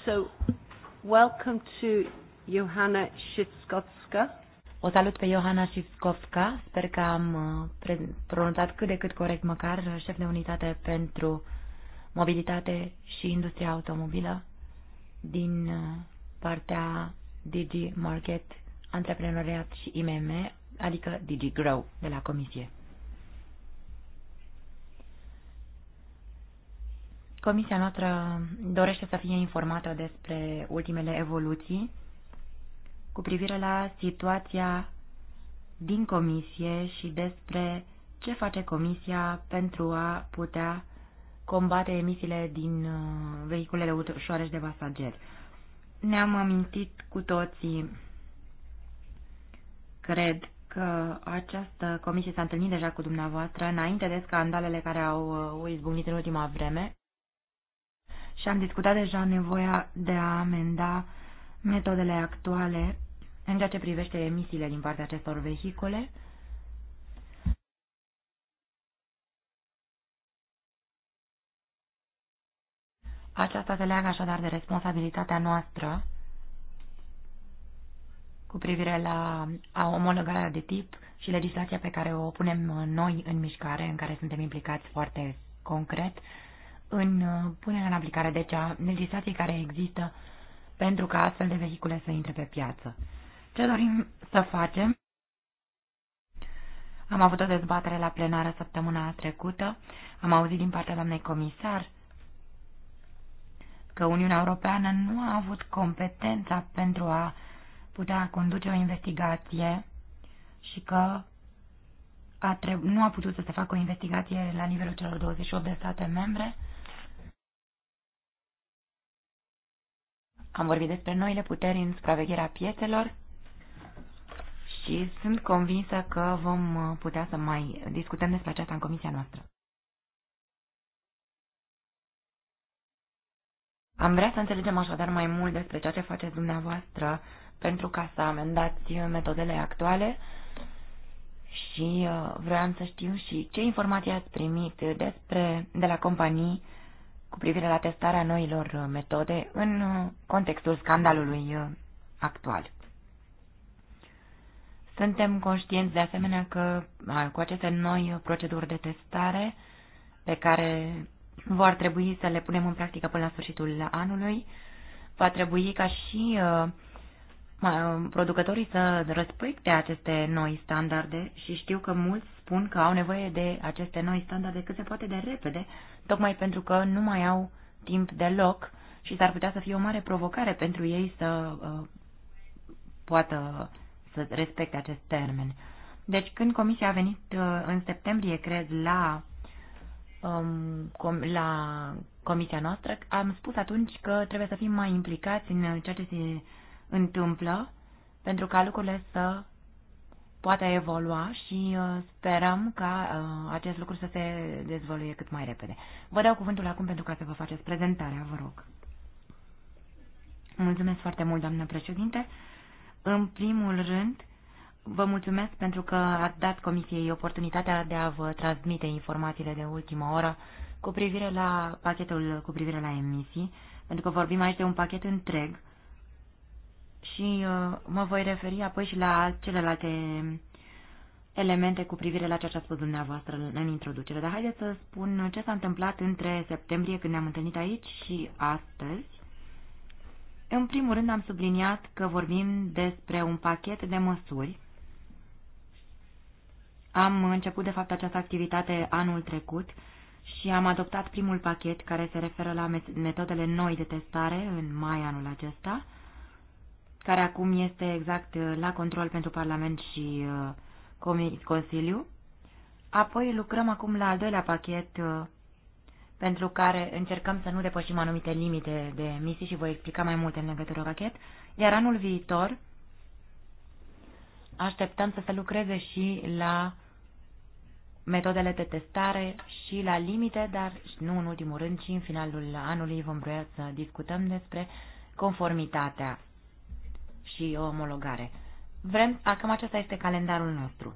So, welcome to Johanna Shitskotska. O salut pe Johanna Shitskotska. Sper că am uh, pronunțat cât de cât corect măcar, șef de unitate pentru mobilitate și industria automobilă din uh, partea Digi Market, Antreprenoriat și IMM, adică Digi Grow de la Comisie. Comisia noastră dorește să fie informată despre ultimele evoluții cu privire la situația din comisie și despre ce face comisia pentru a putea combate emisiile din uh, vehiculele ușoare și de pasageri. Ne-am amintit cu toții, cred, că această comisie s-a întâlnit deja cu dumneavoastră înainte de scandalele care uh, au izbucnit în ultima vreme și am discutat deja nevoia de a amenda metodele actuale în ceea ce privește emisiile din partea acestor vehicule, Aceasta se leagă așadar de responsabilitatea noastră cu privire la omologarea de tip și legislația pe care o punem noi în mișcare, în care suntem implicați foarte concret, în punerea în aplicare, deci a legislației care există pentru ca astfel de vehicule să intre pe piață. Ce dorim să facem? Am avut o dezbatere la plenară săptămâna trecută, am auzit din partea doamnei comisar că Uniunea Europeană nu a avut competența pentru a putea conduce o investigație și că a treb- nu a putut să se facă o investigație la nivelul celor 28 de state membre. Am vorbit despre noile puteri în supravegherea piețelor și sunt convinsă că vom putea să mai discutăm despre aceasta în comisia noastră. Am vrea să înțelegem așadar mai mult despre ceea ce faceți dumneavoastră pentru ca să amendați metodele actuale și uh, vreau să știu și ce informații ați primit despre, de la companii cu privire la testarea noilor metode în uh, contextul scandalului uh, actual. Suntem conștienți de asemenea că cu aceste noi proceduri de testare pe care vor trebui să le punem în practică până la sfârșitul anului. Va trebui ca și uh, uh, producătorii să respecte aceste noi standarde și știu că mulți spun că au nevoie de aceste noi standarde cât se poate de repede, tocmai pentru că nu mai au timp deloc și s-ar putea să fie o mare provocare pentru ei să uh, poată să respecte acest termen. Deci când comisia a venit uh, în septembrie, cred, la um, com, la comisia noastră, am spus atunci că trebuie să fim mai implicați în ceea ce se întâmplă pentru ca lucrurile să poată evolua și uh, sperăm ca uh, acest lucru să se dezvăluie cât mai repede. Vă dau cuvântul acum pentru ca să vă faceți prezentarea, vă rog. Mulțumesc foarte mult, doamnă președinte. În primul rând, Vă mulțumesc pentru că ați dat Comisiei oportunitatea de a vă transmite informațiile de ultimă oră cu privire la pachetul cu privire la emisii, pentru că vorbim aici de un pachet întreg și uh, mă voi referi apoi și la celelalte elemente cu privire la ceea ce a spus dumneavoastră în introducere. Dar haideți să spun ce s-a întâmplat între septembrie, când ne-am întâlnit aici, și astăzi. În primul rând am subliniat că vorbim despre un pachet de măsuri am început, de fapt, această activitate anul trecut și am adoptat primul pachet care se referă la metodele noi de testare în mai anul acesta, care acum este exact uh, la control pentru Parlament și uh, Consiliu. Apoi lucrăm acum la al doilea pachet uh, pentru care încercăm să nu depășim anumite limite de emisii și voi explica mai multe în legătură pachet, iar anul viitor așteptăm să se lucreze și la metodele de testare și la limite, dar nu în ultimul rând, ci în finalul anului vom vrea să discutăm despre conformitatea și omologare. Vrem, acum acesta este calendarul nostru.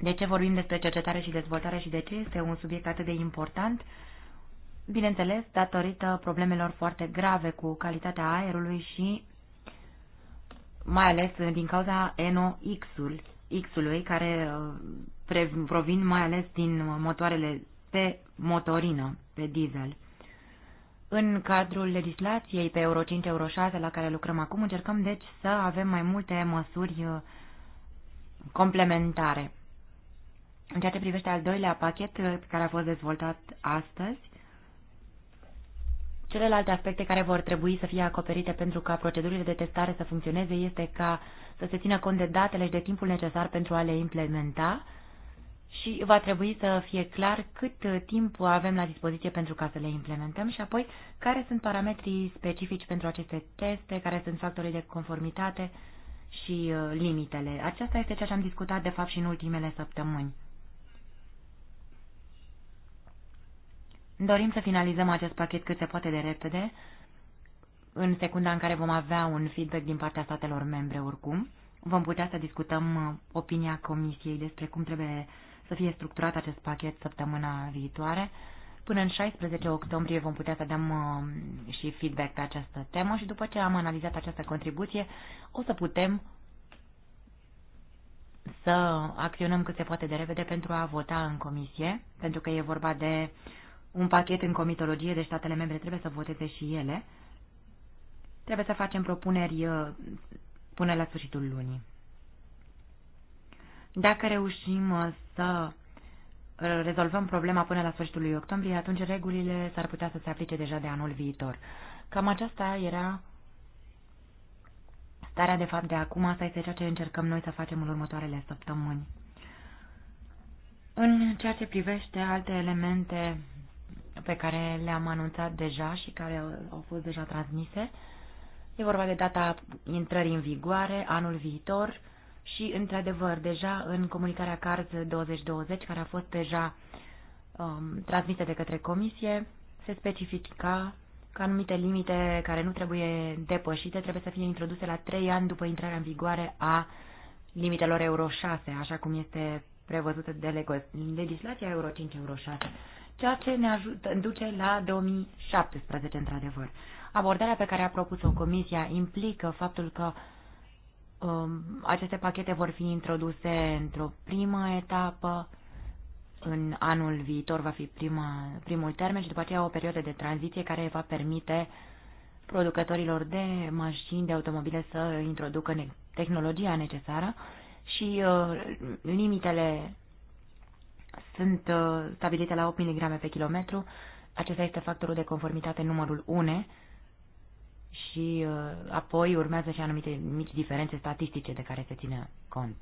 De ce vorbim despre cercetare și dezvoltare și de ce este un subiect atât de important? Bineînțeles, datorită problemelor foarte grave cu calitatea aerului și mai ales din cauza NOx-ul, X-ului, care uh, provin mai ales din motoarele pe motorină, pe diesel. În cadrul legislației pe Euro 5, Euro 6, la care lucrăm acum, încercăm deci să avem mai multe măsuri uh, complementare. În ceea ce privește al doilea pachet uh, care a fost dezvoltat astăzi, Celelalte aspecte care vor trebui să fie acoperite pentru ca procedurile de testare să funcționeze este ca să se țină cont de datele și de timpul necesar pentru a le implementa și va trebui să fie clar cât timp avem la dispoziție pentru ca să le implementăm și apoi care sunt parametrii specifici pentru aceste teste, care sunt factorii de conformitate și uh, limitele. Aceasta este ceea ce am discutat de fapt și în ultimele săptămâni. Dorim să finalizăm acest pachet cât se poate de repede, în secunda în care vom avea un feedback din partea statelor membre oricum. Vom putea să discutăm uh, opinia Comisiei despre cum trebuie să fie structurat acest pachet săptămâna viitoare. Până în 16 octombrie vom putea să dăm uh, și feedback pe această temă și după ce am analizat această contribuție o să putem să acționăm cât se poate de repede pentru a vota în comisie, pentru că e vorba de un pachet în comitologie, de deci statele membre trebuie să voteze și ele. Trebuie să facem propuneri uh, până la sfârșitul lunii. Dacă reușim uh, să uh, rezolvăm problema până la sfârșitul lui octombrie, atunci regulile s-ar putea să se aplice deja de anul viitor. Cam aceasta era starea de fapt de acum, asta este ceea ce încercăm noi să facem în următoarele săptămâni. În ceea ce privește alte elemente pe care le-am anunțat deja și care au fost deja transmise. E vorba de data intrării în vigoare, anul viitor și, într-adevăr, deja în comunicarea CARS 2020, care a fost deja um, transmisă de către Comisie, se specifica că anumite limite care nu trebuie depășite trebuie să fie introduse la trei ani după intrarea în vigoare a limitelor Euro 6, așa cum este prevăzută de legislația Euro 5, Euro 6 ceea ce ne ajută, duce la 2017, într-adevăr. Abordarea pe care a propus-o Comisia implică faptul că um, aceste pachete vor fi introduse într-o primă etapă, în anul viitor va fi prima, primul termen și după aceea o perioadă de tranziție care va permite producătorilor de mașini, de automobile să introducă tehnologia necesară și uh, limitele sunt uh, stabilite la 8 mg pe kilometru. Acesta este factorul de conformitate numărul 1 și uh, apoi urmează și anumite mici diferențe statistice de care se ține cont.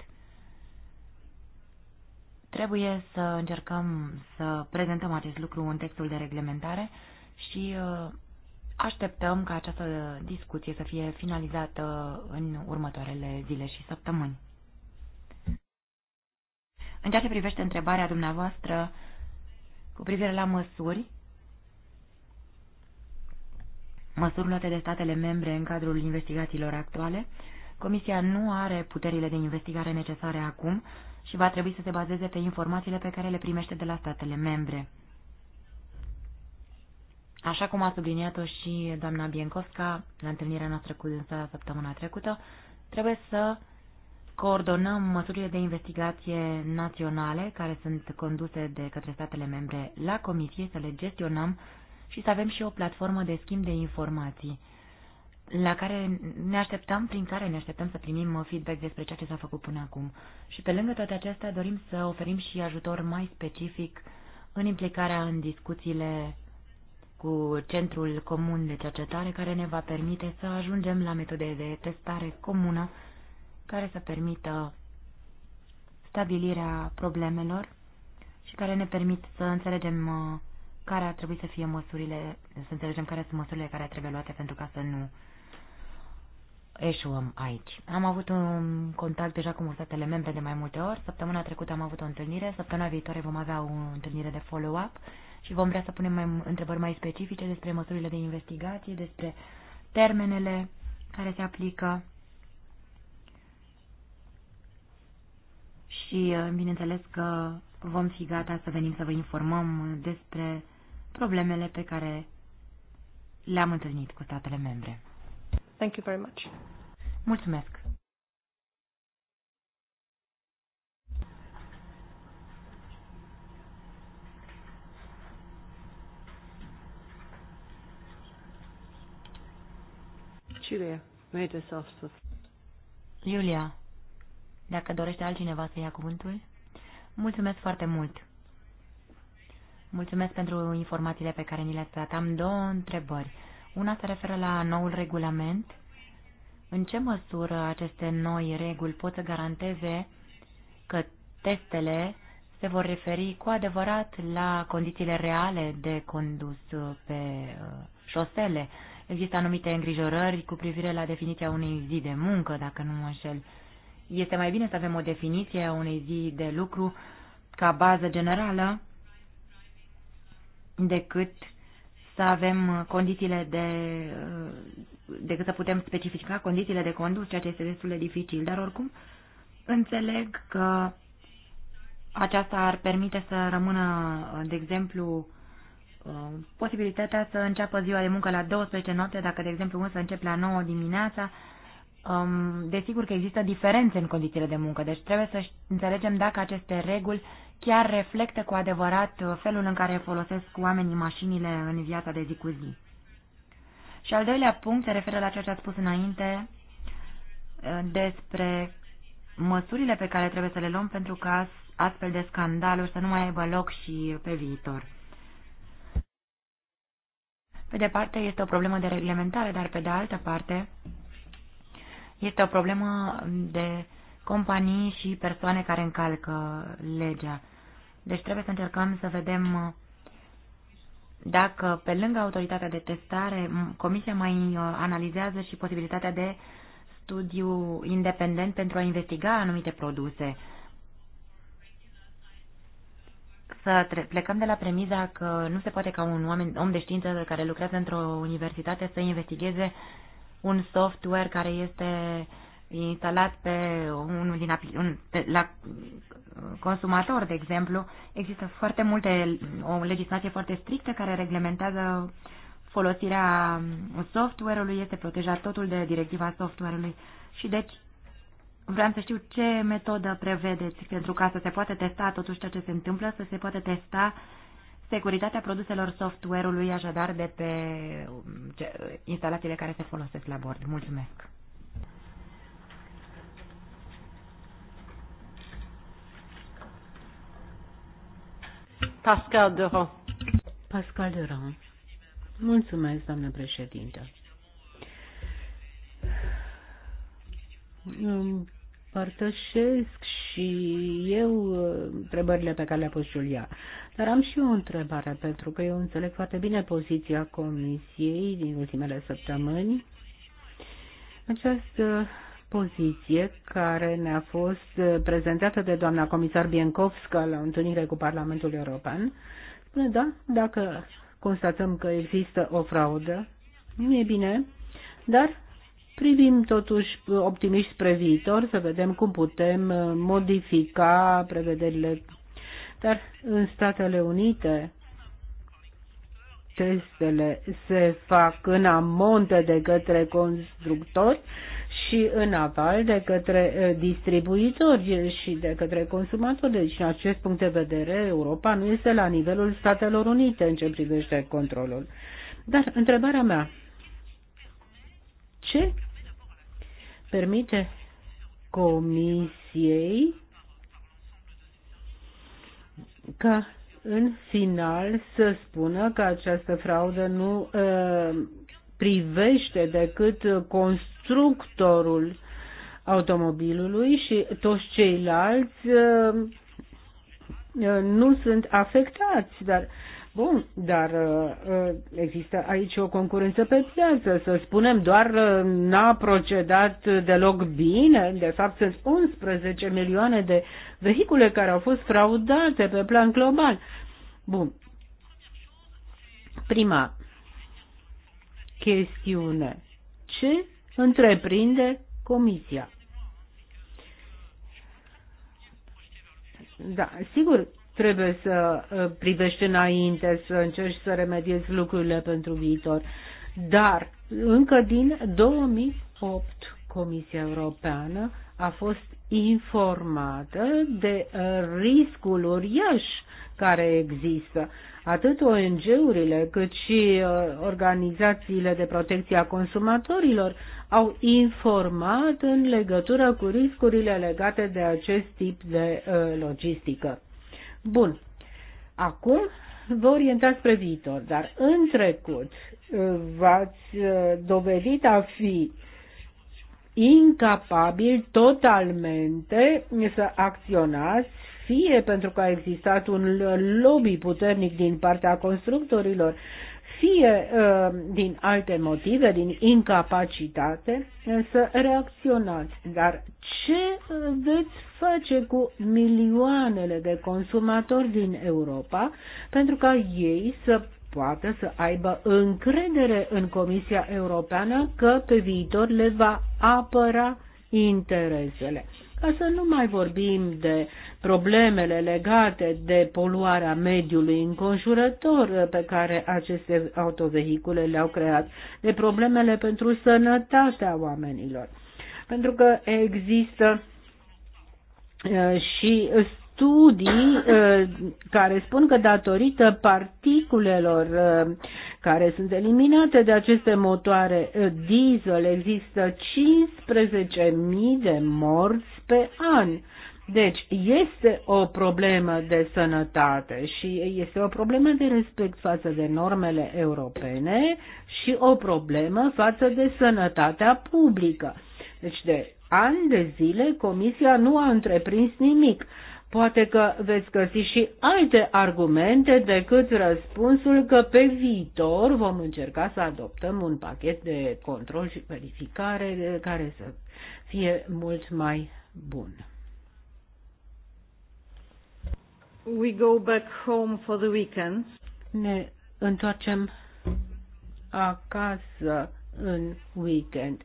Trebuie să încercăm să prezentăm acest lucru în textul de reglementare și uh, așteptăm ca această discuție să fie finalizată în următoarele zile și săptămâni. În ceea ce privește întrebarea dumneavoastră cu privire la măsuri, măsuri luate de statele membre în cadrul investigațiilor actuale, Comisia nu are puterile de investigare necesare acum și va trebui să se bazeze pe informațiile pe care le primește de la statele membre. Așa cum a subliniat-o și doamna Biencosca la întâlnirea noastră cu dânsa săptămâna trecută, trebuie să coordonăm măsurile de investigație naționale care sunt conduse de către statele membre la comisie, să le gestionăm și să avem și o platformă de schimb de informații la care ne așteptăm, prin care ne așteptăm să primim feedback despre ceea ce s-a făcut până acum. Și pe lângă toate acestea dorim să oferim și ajutor mai specific în implicarea în discuțiile cu Centrul Comun de Cercetare, care ne va permite să ajungem la metode de testare comună care să permită stabilirea problemelor și care ne permit să înțelegem uh, care ar trebui să fie măsurile, să înțelegem care sunt măsurile care trebuie luate pentru ca să nu eșuăm aici. Am avut un contact deja cu statele membre de mai multe ori. Săptămâna trecută am avut o întâlnire, săptămâna viitoare vom avea o întâlnire de follow-up și vom vrea să punem mai, întrebări mai specifice despre măsurile de investigație, despre termenele care se aplică și uh, bineînțeles că vom fi gata să venim să vă informăm despre problemele pe care le-am întâlnit cu statele membre. Thank you very much. Mulțumesc. Julia made herself Julia dacă dorește altcineva să ia cuvântul. Mulțumesc foarte mult! Mulțumesc pentru informațiile pe care ni le-ați dat. Am două întrebări. Una se referă la noul regulament. În ce măsură aceste noi reguli pot să garanteze că testele se vor referi cu adevărat la condițiile reale de condus pe uh, șosele? Există anumite îngrijorări cu privire la definiția unei zi de muncă, dacă nu mă înșel este mai bine să avem o definiție a unei zi de lucru ca bază generală decât să avem condițiile de decât să putem specifica condițiile de condus, ceea ce este destul de dificil, dar oricum înțeleg că aceasta ar permite să rămână, de exemplu, posibilitatea să înceapă ziua de muncă la 12 noapte, dacă, de exemplu, însă începe la 9 dimineața, um, desigur că există diferențe în condițiile de muncă, deci trebuie să înțelegem dacă aceste reguli chiar reflectă cu adevărat uh, felul în care folosesc oamenii mașinile în viața de zi cu zi. Și al doilea punct se referă la ceea ce a spus înainte uh, despre măsurile pe care trebuie să le luăm pentru ca astfel de scandaluri să nu mai aibă loc și pe viitor. Pe de parte este o problemă de reglementare, dar pe de altă parte este o problemă de companii și persoane care încalcă legea. Deci trebuie să încercăm să vedem dacă pe lângă autoritatea de testare, comisia mai uh, analizează și posibilitatea de studiu independent pentru a investiga anumite produse. Să plecăm de la premiza că nu se poate ca un om de știință care lucrează într-o universitate să investigheze un software care este instalat pe unul din un, pe, la consumator, de exemplu, există foarte multe, o legislație foarte strictă care reglementează folosirea software-ului, este protejat totul de directiva software-ului și deci vreau să știu ce metodă prevedeți pentru ca să se poată testa totuși ceea ce se întâmplă, să se poată testa uh, securitatea produselor software-ului așadar de pe um, instalațiile care se folosesc la bord. Mulțumesc! Pascal Durand. Pascal Durand. Mulțumesc, doamnă președintă împărtășesc și eu uh, întrebările pe care le-a pus Julia. Dar am și eu o întrebare, pentru că eu înțeleg foarte bine poziția Comisiei din ultimele săptămâni. Această poziție care ne-a fost uh, prezentată de doamna comisar Biencovska la întâlnire cu Parlamentul European spune, da, dacă constatăm că există o fraudă, nu e bine, dar Privim totuși optimiști spre viitor, să vedem cum putem uh, modifica prevederile. Dar în Statele Unite testele se fac în amonte de către constructori și în aval de către uh, distribuitori și de către consumatori. Deci, în acest punct de vedere, Europa nu este la nivelul Statelor Unite în ce privește controlul. Dar întrebarea mea ce permite Comisiei ca în final să spună că această fraudă nu uh, privește decât constructorul automobilului și toți ceilalți uh, uh nu sunt afectați, dar Bun, dar uh, există aici o concurență pe piață, să spunem, doar uh, n-a procedat deloc bine. De fapt, sunt 11 milioane de vehicule care au fost fraudate pe plan global. Bun. Prima chestiune. Ce întreprinde Comisia? Da, sigur, trebuie să uh, privești înainte, să încerci să remediezi lucrurile pentru viitor. Dar încă din 2008 Comisia Europeană a fost informată de uh, riscul uriaș care există. Atât ONG-urile cât și uh, organizațiile de protecție a consumatorilor au informat în legătură cu riscurile legate de acest tip de logistică. Bun. Acum vă orientați spre viitor, dar în trecut uh, v-ați uh, dovedit a fi incapabil totalmente să acționați fie pentru că a existat un lobby puternic din partea constructorilor, fie uh, din alte motive, din incapacitate, să reacționați. Dar ce veți face cu milioanele de consumatori din Europa pentru ca ei să poată să aibă încredere în Comisia Europeană că pe viitor le va apăra interesele. Ca să nu mai vorbim de problemele legate de poluarea mediului înconjurător pe care aceste autovehicule le-au creat, de problemele pentru sănătatea oamenilor. Pentru că există Uh, și studii uh, care spun că datorită particulelor uh, care sunt eliminate de aceste motoare diesel există 15.000 de morți pe an. Deci este o problemă de sănătate și este o problemă de respect față de normele europene și o problemă față de sănătatea publică. Deci de ani de zile Comisia nu a întreprins nimic. Poate că veți găsi și alte argumente decât răspunsul că pe viitor vom încerca să adoptăm un pachet de control și verificare care să fie mult mai bun. We go back home for the weekend. Ne întoarcem acasă în weekend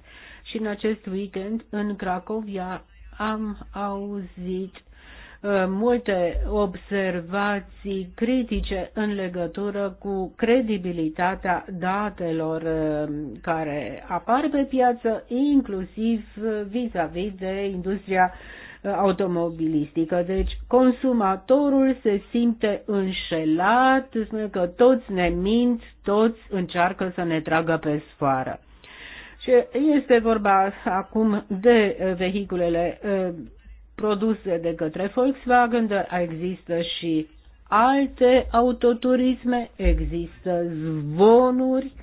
și în acest weekend în Cracovia am auzit uh, multe observații critice în legătură cu credibilitatea datelor uh, care apar pe piață, inclusiv uh, vis-a-vis -vis de industria automobilistică. Deci consumatorul se simte înșelat, spune că toți ne mint, toți încearcă să ne tragă pe sfoară. Deci, este vorba acum de eh, vehiculele eh, produse de către Volkswagen, dar există și alte autoturisme, există zvonuri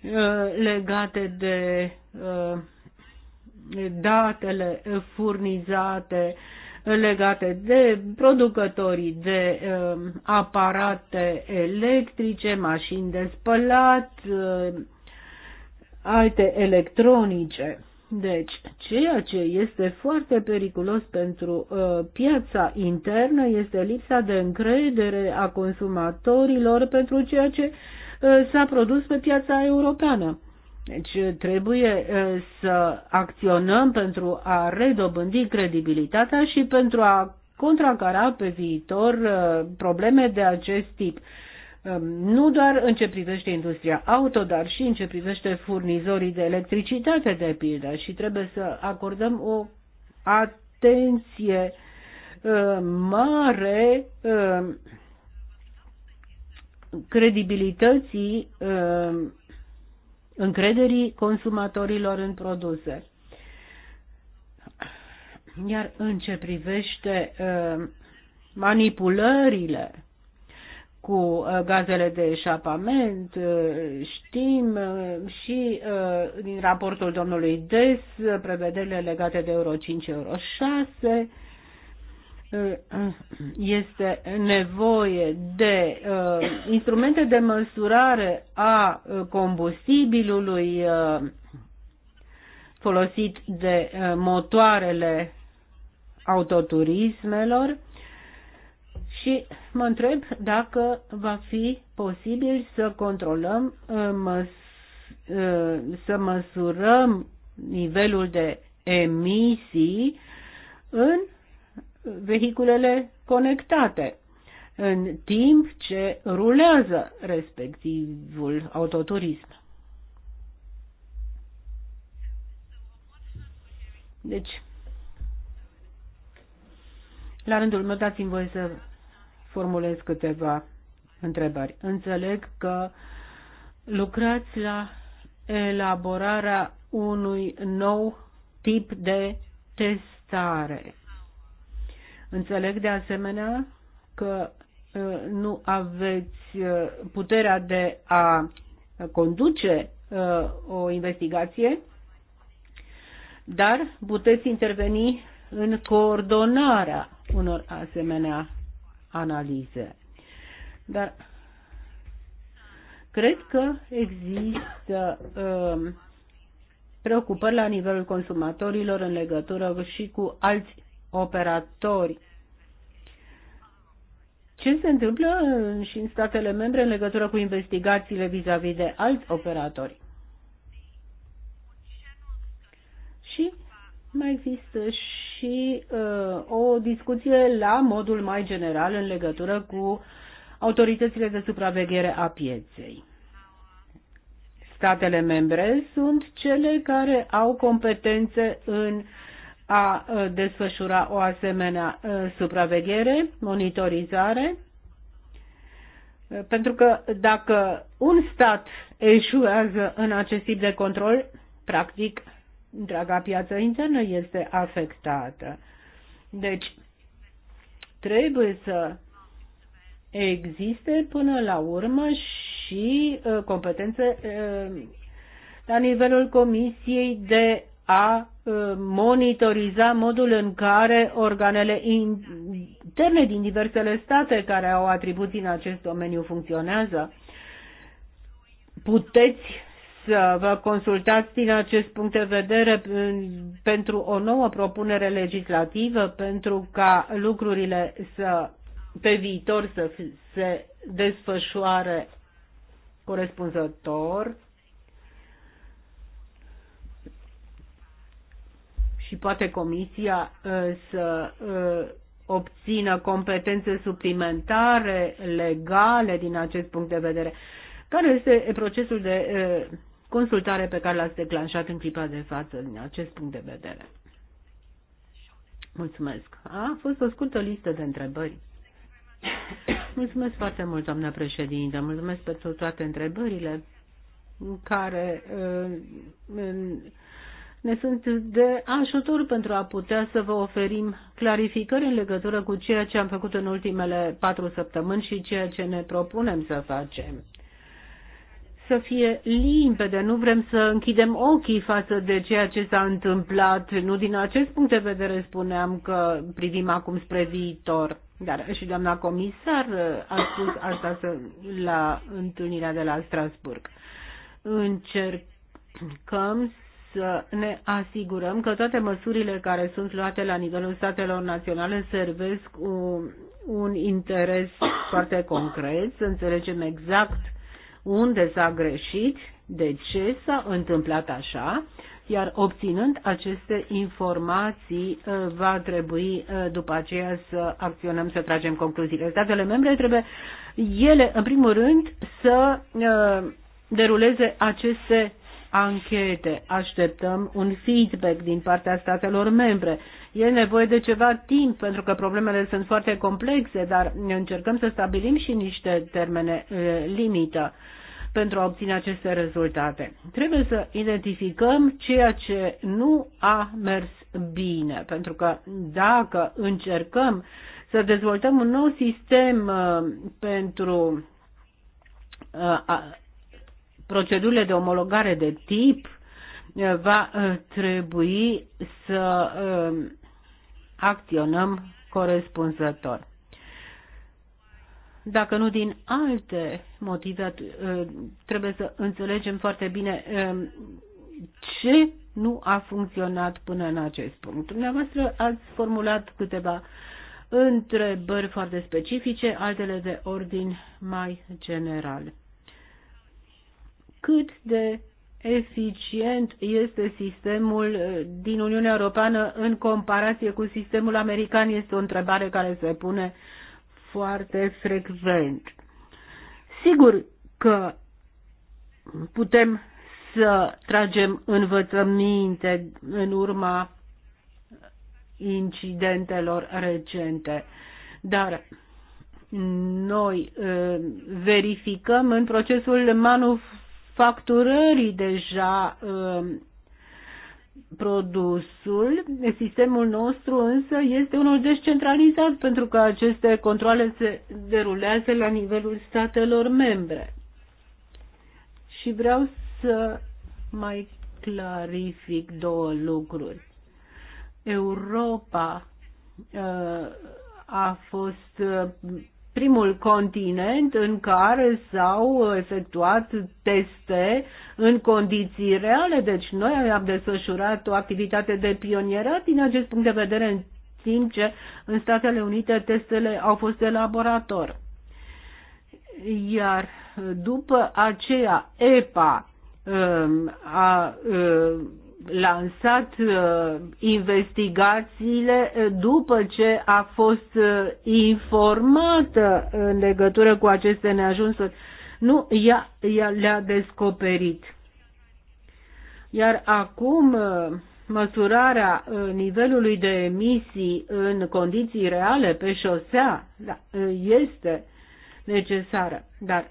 eh, legate de datele furnizate, legate de producătorii de aparate electrice, mașini de spălat, alte electronice. Deci, ceea ce este foarte periculos pentru uh, piața internă este lipsa de încredere a consumatorilor pentru ceea ce uh, s-a produs pe piața europeană. Deci trebuie uh, să acționăm pentru a redobândi credibilitatea și pentru a contracara pe viitor uh, probleme de acest tip. Um, nu doar în ce privește industria auto, dar și în ce privește furnizorii de electricitate, de pildă, și trebuie să acordăm o atenție um, mare um, credibilității încrederii consumatorilor în produse. Iar în ce privește manipulările cu uh, gazele de eșapament, uh, știm uh, și din raportul domnului Des, prevederile legate de Euro 5, Euro 6, este nevoie de instrumente de măsurare a combustibilului folosit de motoarele autoturismelor și mă întreb dacă va fi posibil să controlăm, uh, uh, să măsurăm nivelul de emisii în vehiculele conectate în timp ce rulează respectivul autoturism. Deci, la rândul meu, dați-mi voie să formulez câteva întrebări. Înțeleg că lucrați la elaborarea unui nou tip de testare. Înțeleg de asemenea că uh, nu aveți uh, puterea de a conduce uh, o investigație, dar puteți interveni în coordonarea unor asemenea analize. Dar cred că există um, preocupări la nivelul consumatorilor în legătură și cu alți operatori. Ce se întâmplă și în statele membre în legătură cu investigațiile vis-a-vis -vis de alți operatori? Și mai există și uh, o discuție la modul mai general în legătură cu autoritățile de supraveghere a pieței. Statele membre sunt cele care au competențe în a uh, desfășura o asemenea uh, supraveghere, monitorizare, pentru că dacă un stat eșuează în acest tip de control, practic întreaga piață internă este afectată. Deci, trebuie să existe până la urmă și uh, competențe uh, la nivelul Comisiei de a uh, monitoriza modul în care organele interne din diversele state care au atribuții în acest domeniu funcționează. Puteți să vă consultați din acest punct de vedere pentru o nouă propunere legislativă, pentru ca lucrurile să pe viitor să se desfășoare corespunzător și poate comisia ă, să ă, obțină competențe suplimentare legale din acest punct de vedere. Care este procesul de ă, consultare pe care l-ați declanșat în clipa de față din acest punct de vedere. Mulțumesc. A fost o scurtă listă de întrebări. Mulțumesc foarte mult, doamna președintă. Mulțumesc pentru toate întrebările care uh, ne sunt de ajutor pentru a putea să vă oferim clarificări în legătură cu ceea ce am făcut în ultimele patru săptămâni și ceea ce ne propunem să facem să fie limpede, nu vrem să închidem ochii față de ceea ce s-a întâmplat. Nu din acest punct de vedere spuneam că privim acum spre viitor. Dar și doamna comisar uh, a spus asta să, la întâlnirea de la Strasburg. Încercăm să ne asigurăm că toate măsurile care sunt luate la nivelul statelor naționale servesc un, un interes foarte concret, să înțelegem exact unde s-a greșit, de ce s-a întâmplat așa, iar obținând aceste informații uh, va trebui uh, după aceea să acționăm, să tragem concluziile. Statele membre trebuie ele, în primul rând, să uh, deruleze aceste anchete, așteptăm un feedback din partea statelor membre. E nevoie de ceva timp pentru că problemele sunt foarte complexe, dar încercăm să stabilim și niște termene limită pentru a obține aceste rezultate. Trebuie să identificăm ceea ce nu a mers bine, pentru că dacă încercăm să dezvoltăm un nou sistem pentru procedurile de omologare de tip, eh, va eh, trebui să eh, acționăm corespunzător. Dacă nu din alte motive, trebuie să înțelegem foarte bine ce nu a funcționat până în acest punct. Dumneavoastră ați formulat câteva întrebări foarte specifice, altele de ordin mai general cât de eficient este sistemul uh, din Uniunea Europeană în comparație cu sistemul american este o întrebare care se pune foarte frecvent. Sigur că putem să tragem învățăminte în urma incidentelor recente, dar noi uh, verificăm în procesul manuf facturării deja um, produsul. Sistemul nostru însă este unul descentralizat pentru că aceste controle se derulează la nivelul statelor membre. Și vreau să mai clarific două lucruri. Europa uh, a fost uh, primul continent în care s-au efectuat teste în condiții reale. Deci noi am desfășurat o activitate de pionierat din acest punct de vedere în timp ce în Statele Unite testele au fost de laborator. Iar după aceea EPA um, a um, lansat uh, investigațiile uh, după ce a fost uh, informată în legătură cu aceste neajunsuri. Nu, ea, ea le-a descoperit. Iar acum măsurarea nivelului de emisii în condiții reale pe șosea da, este necesară, dar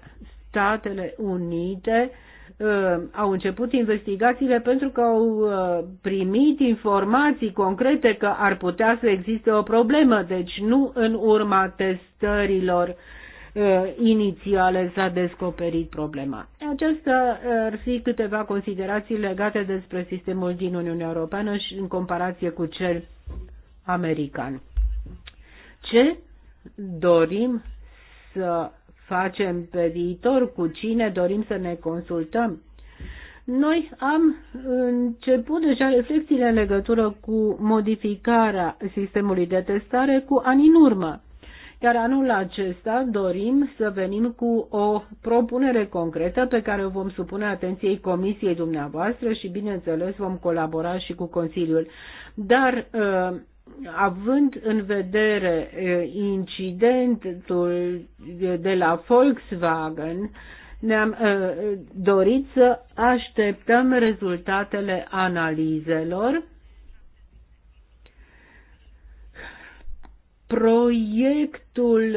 Statele Unite uh, Uh, au început investigațiile pentru că au uh, primit informații concrete că ar putea să existe o problemă, deci nu în urma testărilor uh, inițiale s-a descoperit problema. Acestea ar fi câteva considerații legate despre sistemul din Uniunea Europeană și în comparație cu cel american. Ce dorim să facem pe viitor, cu cine dorim să ne consultăm. Noi am început deja reflexiile în legătură cu modificarea sistemului de testare cu ani în urmă. Iar anul acesta dorim să venim cu o propunere concretă pe care o vom supune atenției Comisiei dumneavoastră și, bineînțeles, vom colabora și cu Consiliul. Dar uh, având în vedere incidentul de la Volkswagen, ne-am dorit să așteptăm rezultatele analizelor. Proiectul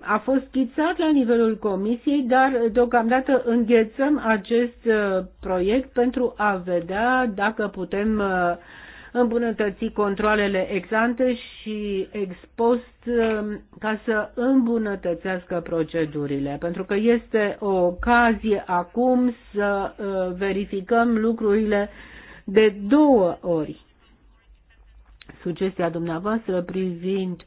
a fost schițat la nivelul comisiei, dar deocamdată înghețăm acest proiect pentru a vedea dacă putem uh, îmbunătăți controlele ex-ante și ex-post um, ca să îmbunătățească procedurile, pentru că este o ocazie acum să uh, verificăm lucrurile de două ori. Sugestia dumneavoastră privind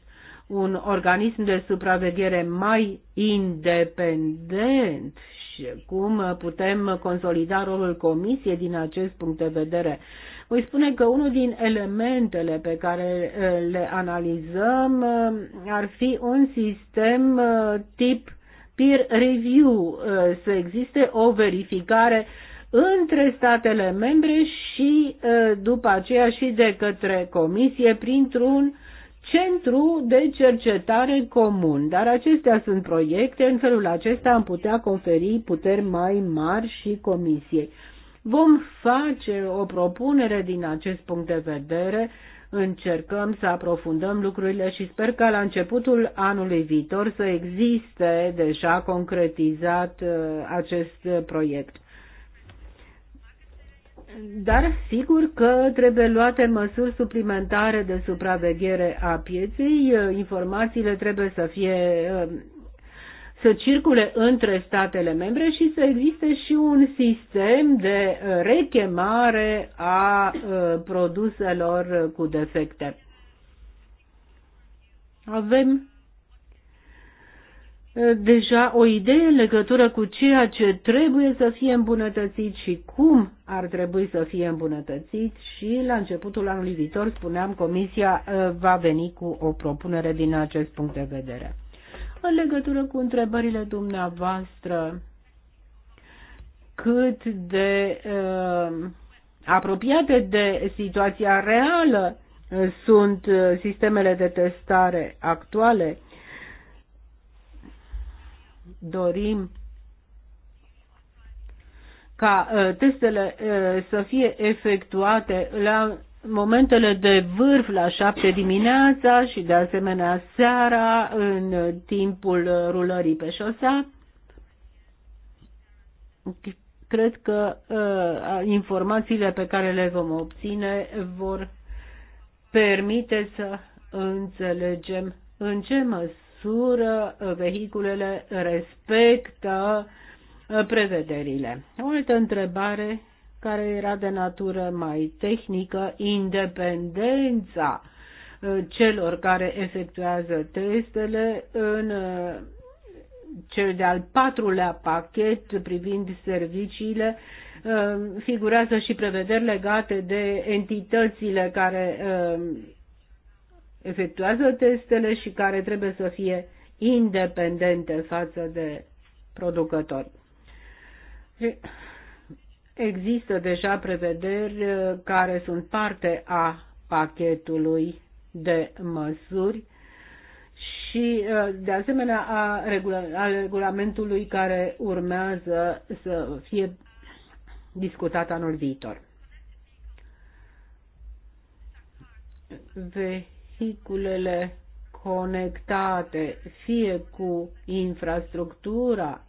un organism de supraveghere mai independent și cum putem consolida rolul comisiei din acest punct de vedere voi spune că unul din elementele pe care uh, le analizăm uh, ar fi un sistem uh, tip peer review, să existe o verificare între statele membre și după aceea și de către comisie printr-un centru de cercetare comun. Dar acestea sunt proiecte, în felul acesta am putea conferi puteri mai mari și comisiei. Vom face o propunere din acest punct de vedere, încercăm să aprofundăm lucrurile și sper că la începutul anului viitor să existe deja concretizat uh, acest proiect dar sigur că trebuie luate măsuri suplimentare de supraveghere a pieței, informațiile trebuie să fie uh, să circule între statele membre și să existe și un sistem de rechemare a produselor cu defecte. Avem deja o idee în legătură cu ceea ce trebuie să fie îmbunătățit și cum ar trebui să fie îmbunătățit și la începutul anului viitor, spuneam, Comisia va veni cu o propunere din acest punct de vedere. În legătură cu întrebările dumneavoastră, cât de uh, apropiate de situația reală uh, sunt uh, sistemele de testare actuale, dorim ca uh, testele să fie efectuate la momentele de vârf la șapte dimineața și de asemenea seara în timpul rulării pe șosea. Cred că uh, informațiile pe care le vom obține vor permite să înțelegem în ce măsură vehiculele respectă uh, prevederile. O altă întrebare care era de natură mai tehnică, independența uh, celor care efectuează testele în uh, cel de-al patrulea pachet privind serviciile uh, figurează și prevederi legate de entitățile care efectuează testele și care trebuie să fie independente față de producători. Există deja prevederi uh, care sunt parte a pachetului de măsuri și, uh, de asemenea, a, regula a regulamentului care urmează să fie discutat anul viitor. Vehiculele conectate, fie cu infrastructura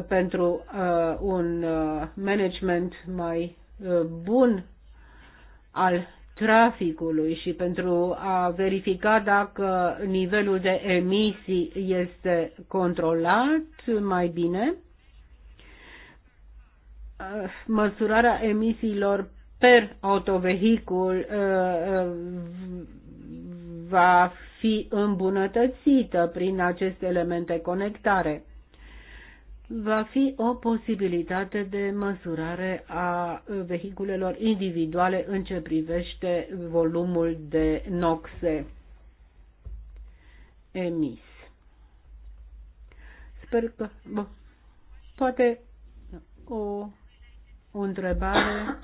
pentru uh, un uh, management mai uh, bun al traficului și pentru a verifica dacă nivelul de emisii este controlat mai bine. Măsurarea emisiilor per autovehicul va fi îmbunătățită prin aceste elemente conectare va fi o posibilitate de măsurare a vehiculelor individuale în ce privește volumul de noxe emis. Sper că... Bă, poate o, o întrebare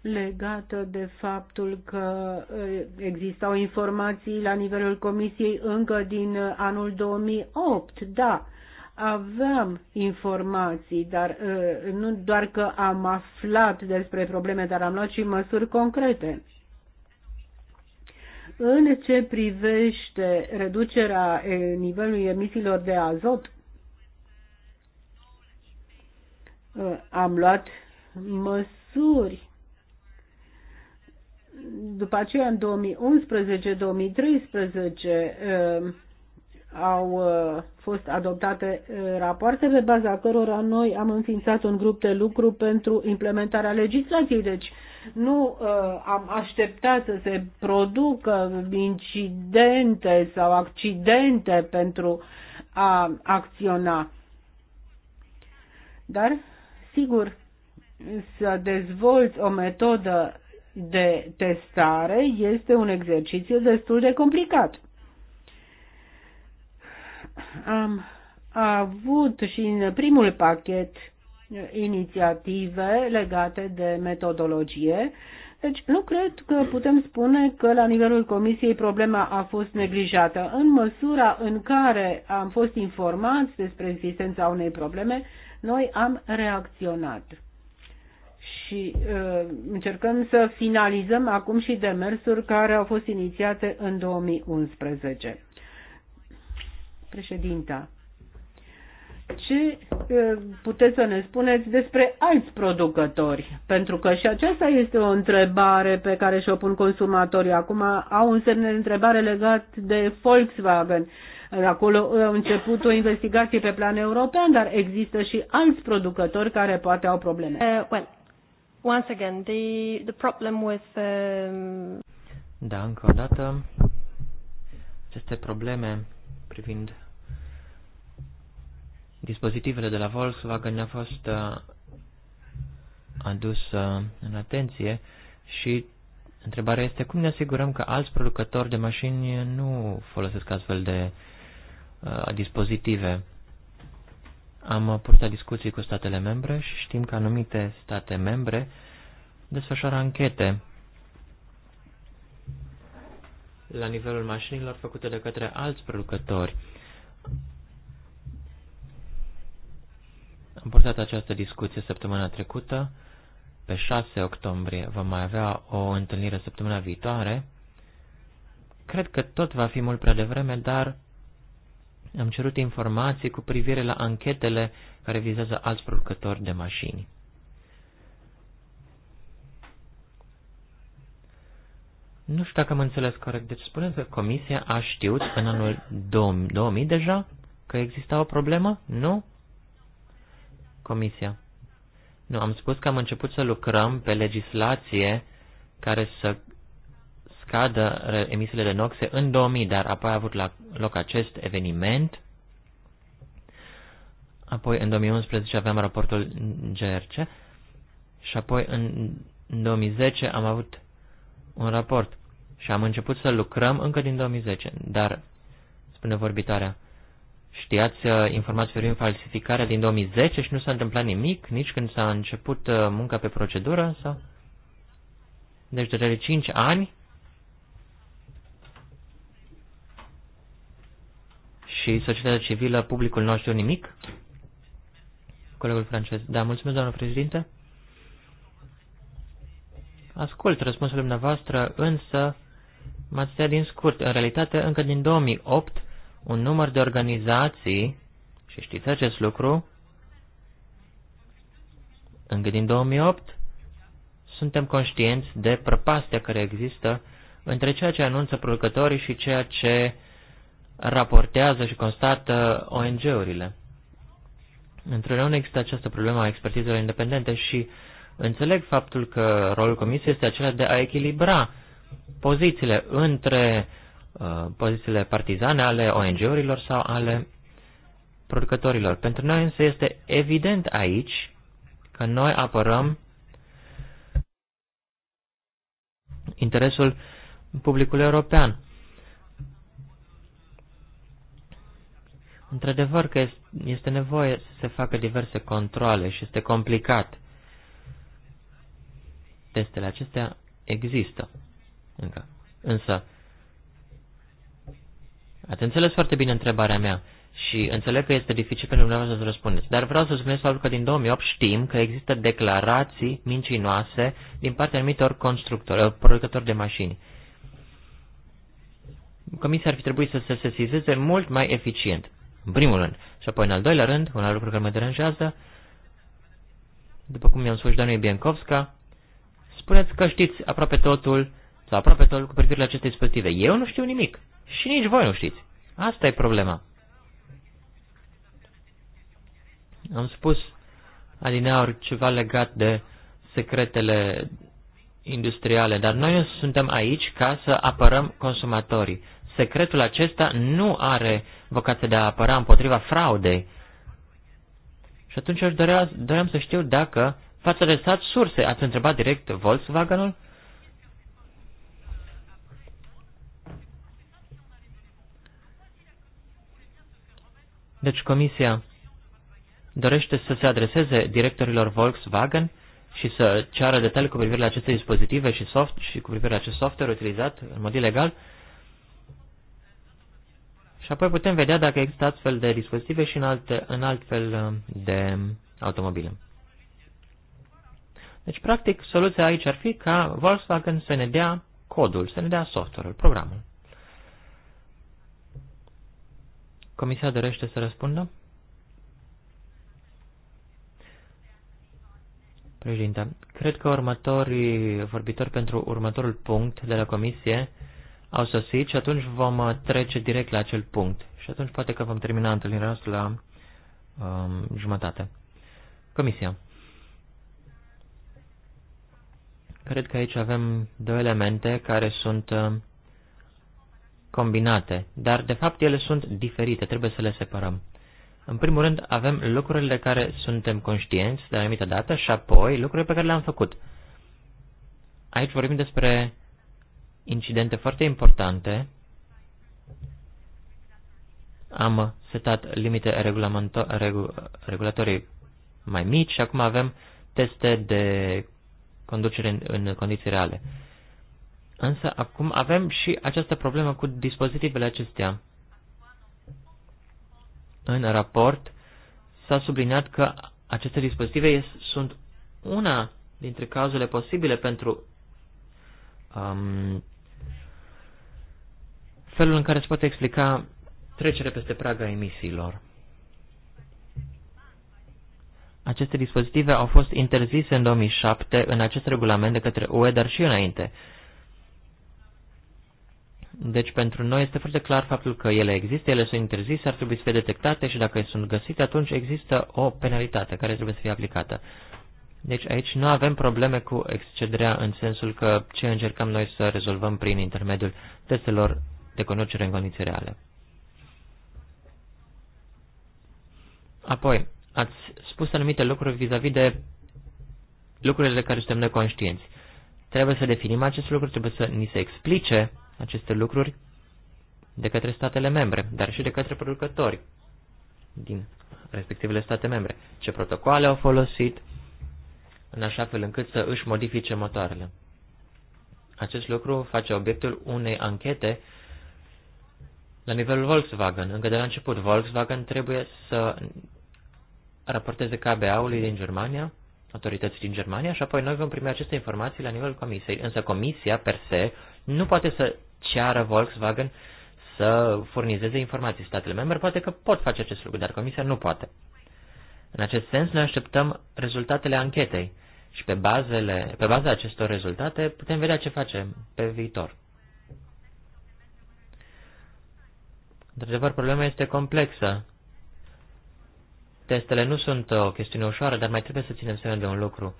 legată de faptul că existau informații la nivelul Comisiei încă din uh, anul 2008. Da, aveam informații, dar uh, nu doar că am aflat despre probleme, dar am luat și măsuri concrete. În ce privește reducerea eh, nivelului emisiilor de azot, uh, am luat măsuri. După aceea, în 2011-2013, au uh, fost adoptate uh, rapoarte pe baza cărora noi am înființat un grup de lucru pentru implementarea legislației. Deci nu uh, am așteptat să se producă incidente sau accidente pentru a acționa. Dar, sigur, să dezvolți o metodă de testare este un exercițiu destul de complicat. Am avut și în primul pachet inițiative legate de metodologie. Deci nu cred că putem spune că la nivelul comisiei problema a fost neglijată. În măsura în care am fost informați despre existența unei probleme, noi am reacționat. Și uh, încercăm să finalizăm acum și demersuri care au fost inițiate în 2011. Președinta, ce puteți să ne spuneți despre alți producători? Pentru că și aceasta este o întrebare pe care și-o pun consumatorii. Acum au un semn de întrebare legat de Volkswagen. Acolo a început o investigație pe plan european, dar există și alți producători care poate au probleme. Uh, well, once again, the, the problem with... Um... Da, încă o dată, aceste probleme privind dispozitivele de la Volkswagen ne-a fost uh, adusă uh, în atenție și întrebarea este cum ne asigurăm că alți producători de mașini nu folosesc astfel de uh, dispozitive. Am uh, purtat discuții cu statele membre și știm că anumite state membre desfășoară anchete la nivelul mașinilor făcute de către alți producători. Am purtat această discuție săptămâna trecută, pe 6 octombrie. Vom mai avea o întâlnire săptămâna viitoare. Cred că tot va fi mult prea devreme, dar am cerut informații cu privire la anchetele care vizează alți producători de mașini. Nu știu dacă am înțeles corect. Deci spuneți că comisia a știut în anul 2000 deja că exista o problemă? Nu? Comisia. Nu, am spus că am început să lucrăm pe legislație care să scadă emisiile de noxe în 2000, dar apoi a avut la loc acest eveniment. Apoi în 2011 aveam raportul GRC și apoi în 2010 am avut un raport și am început să lucrăm încă din 2010, dar, spune vorbitoarea, știați uh, informații privind falsificarea din 2010 și nu s-a întâmplat nimic, nici când s-a început uh, munca pe procedură? sau? Deci de cele 5 ani și societatea civilă, publicul nostru nimic? Colegul francez. Da, mulțumesc, doamnă președinte. Ascult răspunsul dumneavoastră, însă m-ați tăiat din scurt. În realitate, încă din 2008, un număr de organizații, și știți acest lucru, încă din 2008, suntem conștienți de prăpastea care există între ceea ce anunță producătorii și ceea ce raportează și constată ONG-urile. Într-un există această problemă a expertizelor independente și uh, Înțeleg faptul că rolul comisiei este acela de a echilibra pozițiile între uh, pozițiile partizane ale ONG-urilor sau ale producătorilor. Pentru noi însă este evident aici că noi apărăm interesul publicului european. Într-adevăr că este nevoie să se facă diverse controle și este complicat. Testele acestea există încă. Însă, ați înțeles foarte bine întrebarea mea și înțeleg că este dificil pentru dumneavoastră să răspundeți, dar vreau să spuneți faptul că din 2008 știm că există declarații mincinoase din partea anumitor constructori, producători de mașini. Comisia ar fi trebuit să se sesizeze mult mai eficient, în primul rând. Și apoi, în al doilea rând, un alt lucru care mă deranjează, după cum mi am spus doamnei Biancovska, spuneți că știți aproape totul sau aproape totul cu privire la aceste dispozitive. Eu nu știu nimic și nici voi nu știți. Asta e problema. Am spus adineauri ceva legat de secretele industriale, dar noi suntem aici ca să apărăm consumatorii. Secretul acesta nu are vocație de a apăra împotriva fraudei. Și atunci aș dorea, doream să știu dacă V-ați adresat surse, ați întrebat direct Volkswagenul? Deci comisia dorește să se adreseze directorilor Volkswagen și să ceară detalii cu privire la aceste dispozitive și, soft, și cu privire la acest software utilizat în mod ilegal. Și apoi putem vedea dacă există astfel de dispozitive și în, alte, în altfel de automobile. Deci, practic, soluția aici ar fi ca Volkswagen să ne dea codul, să ne dea software-ul, programul. Comisia dorește să răspundă? Președinte, cred că următorii vorbitori pentru următorul punct de la comisie au sosit și atunci vom uh, trece direct la acel punct. Și atunci poate că vom termina întâlnirea noastră la um, jumătate. Comisia. Cred că aici avem două elemente care sunt uh, combinate, dar de fapt ele sunt diferite, trebuie să le separăm. În primul rând avem lucrurile de care suntem conștienți de la anumită dată și apoi lucrurile pe care le-am făcut. Aici vorbim despre incidente foarte importante. Am setat limite regulatorii mai mici și acum avem teste de conducere în, în condiții reale. Însă acum avem și această problemă cu dispozitivele acestea. În raport s-a subliniat că aceste dispozitive sunt una dintre cazurile posibile pentru um, felul în care se poate explica trecerea peste praga emisiilor. Aceste dispozitive au fost interzise în 2007 în acest regulament de către UE, dar și înainte. Deci pentru noi este foarte clar faptul că ele există, ele sunt interzise, ar trebui să fie detectate și dacă sunt găsite, atunci există o penalitate care trebuie să fie aplicată. Deci aici nu avem probleme cu excederea în sensul că ce încercăm noi să rezolvăm prin intermediul testelor de conducere în condiții reale. Apoi, ați spus anumite lucruri vis-a-vis -vis de lucrurile de care suntem neconștienți. Trebuie să definim acest lucru, trebuie să ni se explice aceste lucruri de către statele membre, dar și de către producători din respectivele state membre. Ce protocoale au folosit, în așa fel încât să își modifice motoarele. Acest lucru face obiectul unei anchete la nivelul Volkswagen. Încă de la început, Volkswagen trebuie să raporteze KBA-ului din Germania, autorității din Germania, și apoi noi vom primi aceste informații la nivelul comisiei. Însă comisia, per se, nu poate să ceară Volkswagen să furnizeze informații statele membre. Poate că pot face acest lucru, dar comisia nu poate. În acest sens, noi așteptăm rezultatele anchetei și pe, bazele, pe baza acestor rezultate putem vedea ce facem pe viitor. Într-adevăr, problema este complexă Testele nu sunt uh, o chestiune ușoară, dar mai trebuie să ținem seama de un lucru.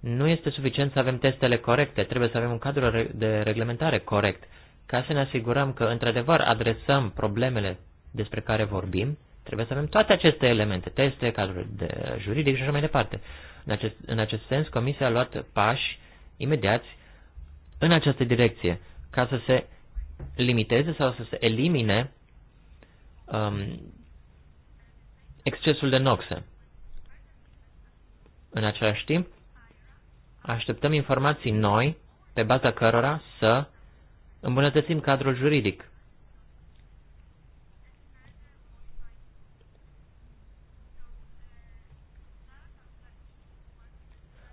Nu este suficient să avem testele corecte, trebuie să avem un cadru de reglementare corect, ca să ne asigurăm că, într-adevăr, adresăm problemele despre care vorbim, trebuie să avem toate aceste elemente, teste, cadrul de juridic și așa mai departe. În acest, în acest sens, Comisia a luat pași imediați în această direcție, ca să se limiteze sau să se elimine um, excesul de noxe. În același timp, așteptăm informații noi pe baza cărora să îmbunătățim cadrul juridic.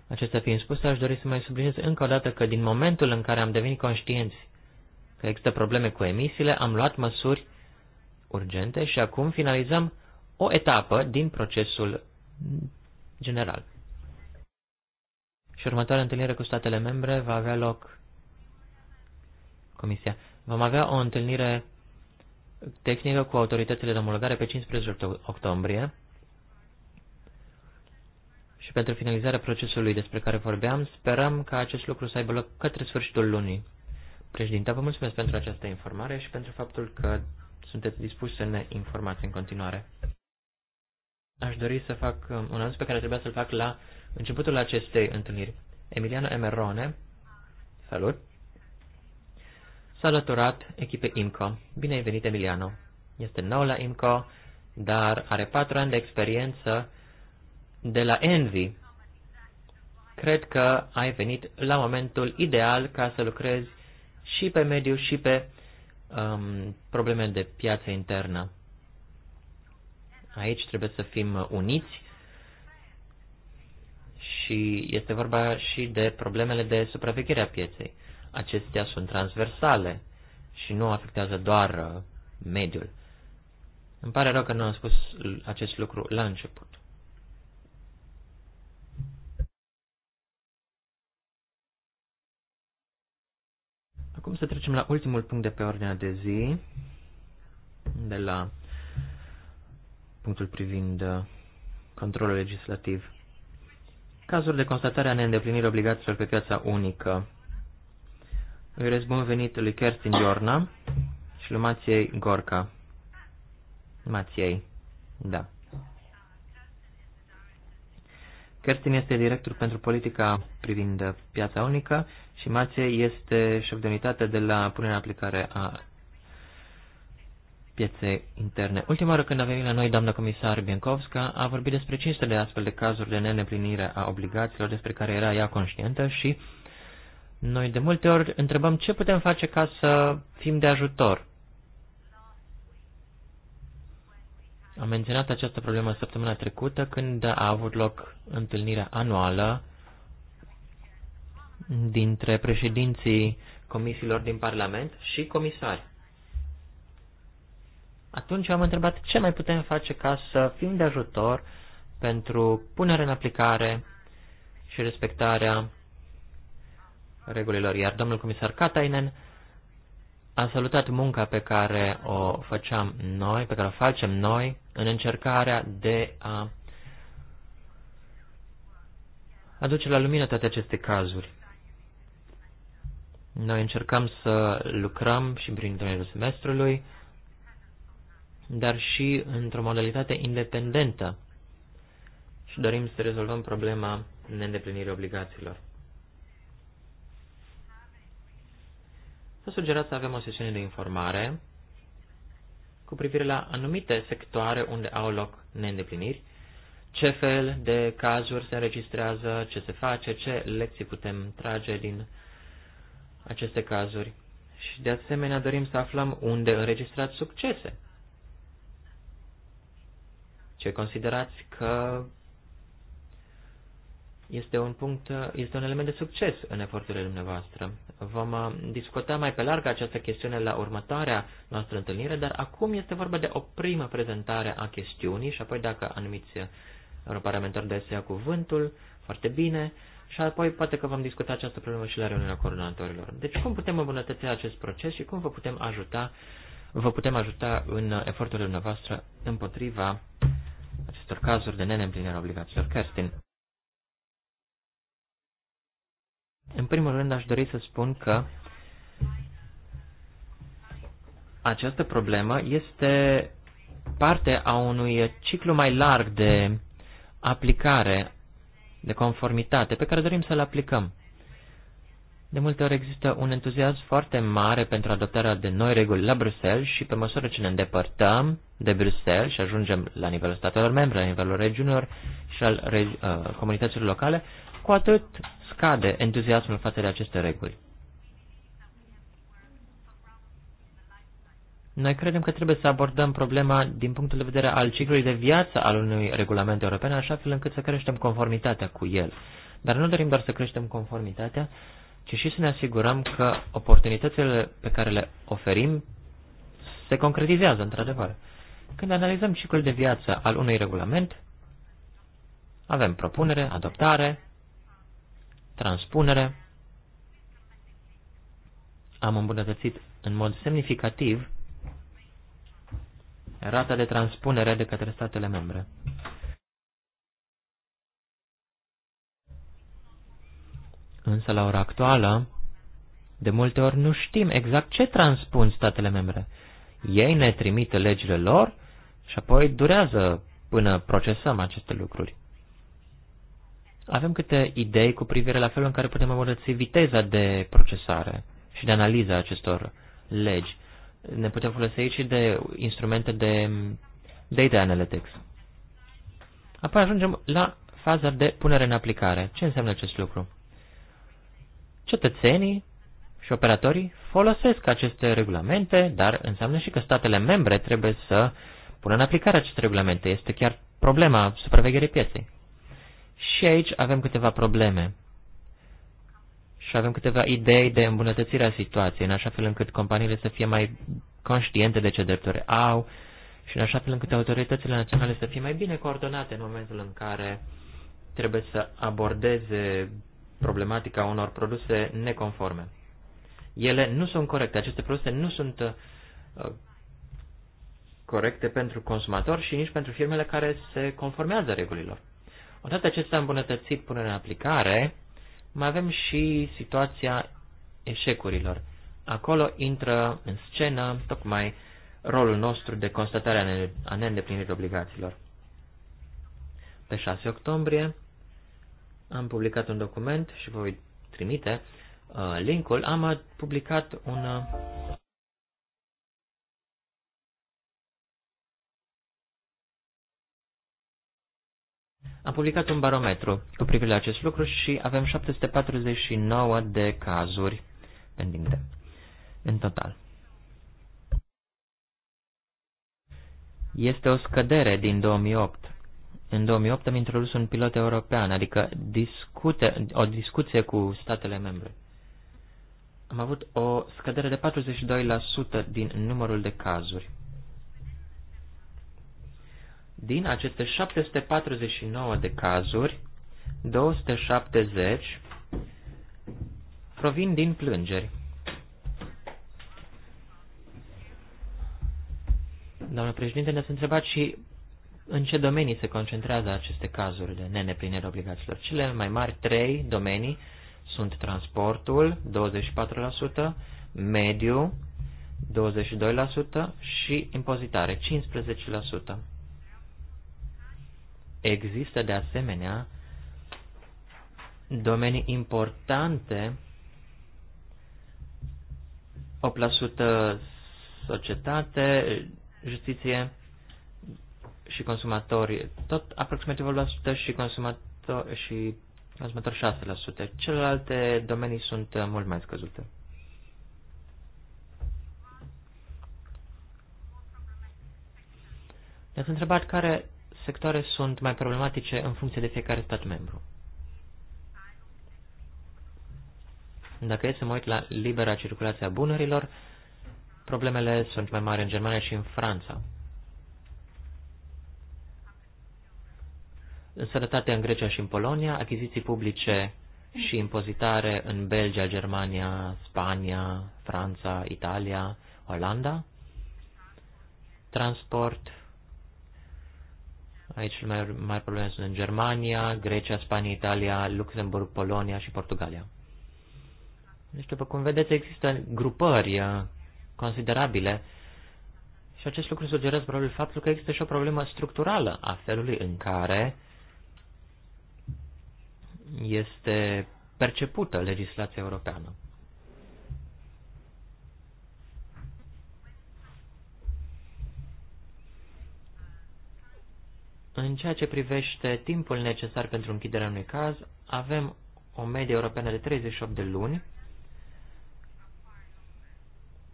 Acestea fiind spuse, aș dori să mai subliniez încă o dată că din momentul în care am devenit conștienți că există probleme cu emisiile, am luat măsuri urgente și acum finalizăm o etapă din procesul general. Și următoarea întâlnire cu statele membre va avea loc Comisia. Vom avea o întâlnire tehnică cu autoritățile de omologare pe 15 octombrie și pentru finalizarea procesului despre care vorbeam, sperăm ca acest lucru să aibă loc către sfârșitul lunii. Președinte, vă mulțumesc pentru această informare și pentru faptul că sunteți dispuși să ne informați în continuare aș dori să fac um, un anunț pe care trebuia să-l fac la începutul acestei întâlniri. Emiliano Emerone, salut, s-a alăturat echipei IMCO. Bine ai venit, Emiliano! Este nou la IMCO, dar are patru ani de experiență de la Envy. Cred că ai venit la momentul ideal ca să lucrezi și pe mediu și pe um, probleme de piață internă. Aici trebuie să fim uniți și este vorba și de problemele de supraveghere a pieței. Acestea sunt transversale și nu afectează doar uh, mediul. Îmi pare rău că nu am spus acest lucru la început. Acum să trecem la ultimul punct de pe ordinea de zi, de la punctul privind uh, controlul legislativ. Cazuri de constatare a neîndeplinirii obligațiilor pe piața unică. Îi urez bun venit lui Kerstin Giorna și lui Mației Gorca. Mației, da. Kerstin este director pentru politica privind piața unică și Mație este șef de unitate de la punerea în aplicare a piețe interne. Ultima oară când a venit la noi doamna comisar Biencovska a vorbit despre 500 de astfel de cazuri de neneplinire a obligațiilor despre care era ea conștientă și noi de multe ori întrebăm ce putem face ca să fim de ajutor. Am menționat această problemă săptămâna trecută când a avut loc întâlnirea anuală dintre președinții comisiilor din Parlament și comisari. Atunci am întrebat ce mai putem face ca să fim de ajutor pentru punerea în aplicare și respectarea regulilor. Iar domnul comisar Katainen a salutat munca pe care o făceam noi, pe care o facem noi, în încercarea de a aduce la lumină toate aceste cazuri. Noi încercăm să lucrăm și prin domeniul semestrului, dar și într-o modalitate independentă și dorim să rezolvăm problema neîndeplinirii obligațiilor. Să sugerați să avem o sesiune de informare cu privire la anumite sectoare unde au loc neîndepliniri, ce fel de cazuri se înregistrează, ce se face, ce lecții putem trage din aceste cazuri. Și de asemenea dorim să aflăm unde înregistrați succese ce considerați că este un punct, este un element de succes în eforturile dumneavoastră. Vom uh, discuta mai pe larg această chestiune la următoarea noastră întâlnire, dar acum este vorba de o primă prezentare a chestiunii și apoi dacă anumiți europarlamentari de să ia cuvântul, foarte bine, și apoi poate că vom discuta această problemă și la reuniunea coordonatorilor. Deci cum putem îmbunătăți acest proces și cum vă putem ajuta, vă putem ajuta în eforturile noastre împotriva acestor cazuri de neîmplinire obligațiilor. Kerstin. În primul rând, aș dori să spun că această problemă este parte a unui ciclu mai larg de aplicare, de conformitate, pe care dorim să-l aplicăm. De multe ori există un entuziasm foarte mare pentru adoptarea de noi reguli la Bruxelles și pe măsură ce ne îndepărtăm de Bruxelles și ajungem la nivelul statelor membre, la nivelul regiunilor și al regi uh, comunităților locale, cu atât scade entuziasmul față de aceste reguli. Noi credem că trebuie să abordăm problema din punctul de vedere al ciclului de viață al unui regulament european, așa fel încât să creștem conformitatea cu el. Dar nu dorim doar să creștem conformitatea, ci și să ne asigurăm că oportunitățile pe care le oferim se concretizează într-adevăr. Când analizăm ciclul de viață al unui regulament, avem propunere, adoptare, transpunere. Am îmbunătățit în mod semnificativ rata de transpunere de către statele membre. Însă, la ora actuală, de multe ori nu știm exact ce transpun statele membre. Ei ne trimit legile lor și apoi durează până procesăm aceste lucruri. Avem câte idei cu privire la felul în care putem îmbunătăți viteza de procesare și de analiză a acestor legi. Ne putem folosi aici de instrumente de data analytics. Apoi ajungem la faza de punere în aplicare. Ce înseamnă acest lucru? Cetățenii și operatorii folosesc aceste regulamente, dar înseamnă și că statele membre trebuie să pună în aplicare aceste regulamente. Este chiar problema supravegherii pieței. Și aici avem câteva probleme și avem câteva idei de îmbunătățire a situației, în așa fel încât companiile să fie mai conștiente de ce drepturi au și în așa fel încât autoritățile naționale să fie mai bine coordonate în momentul în care trebuie să abordeze problematica unor produse neconforme. Ele nu sunt corecte, aceste produse nu sunt uh, corecte pentru consumator și nici pentru firmele care se conformează regulilor. Odată ce s-a îmbunătățit până în aplicare, mai avem și situația eșecurilor. Acolo intră în scenă tocmai rolul nostru de constatare a neîndeplinirii obligațiilor. Pe 6 octombrie am publicat un document și voi trimite uh, linkul. Am publicat un uh, Am publicat un barometru cu privire la acest lucru și avem 749 de cazuri pendinte în total. Este o scădere din 2008. În 2008 am introdus un pilot european, adică discute, o discuție cu statele membre. Am avut o scădere de 42% din numărul de cazuri. Din aceste 749 de cazuri, 270 provin din plângeri. Doamnă președinte, ne-ați întrebat și în ce domenii se concentrează aceste cazuri de neneplinere obligațiilor? Cele mai mari trei domenii sunt transportul, 24%, mediu, 22% și impozitare, 15%. Există de asemenea domenii importante, 8% societate, justiție, și consumatori, tot aproximativ 8% și consumatori, și consumator 6%. Celelalte domenii sunt uh, mult mai scăzute. Ne-ați întrebat care sectoare sunt mai problematice în funcție de fiecare stat membru. Dacă e să mă uit la libera circulație a bunurilor, problemele sunt mai mari în Germania și în Franța. sănătatea în Grecia și în Polonia, achiziții publice și impozitare în Belgia, Germania, Spania, Franța, Italia, Olanda, transport, aici cele mai mari probleme sunt în Germania, Grecia, Spania, Italia, Luxemburg, Polonia și Portugalia. Deci, după cum vedeți, există grupări uh, considerabile și acest lucru sugerează probabil faptul că există și o problemă structurală a felului în care este percepută legislația europeană. În ceea ce privește timpul necesar pentru închiderea unui caz, avem o medie europeană de 38 de luni,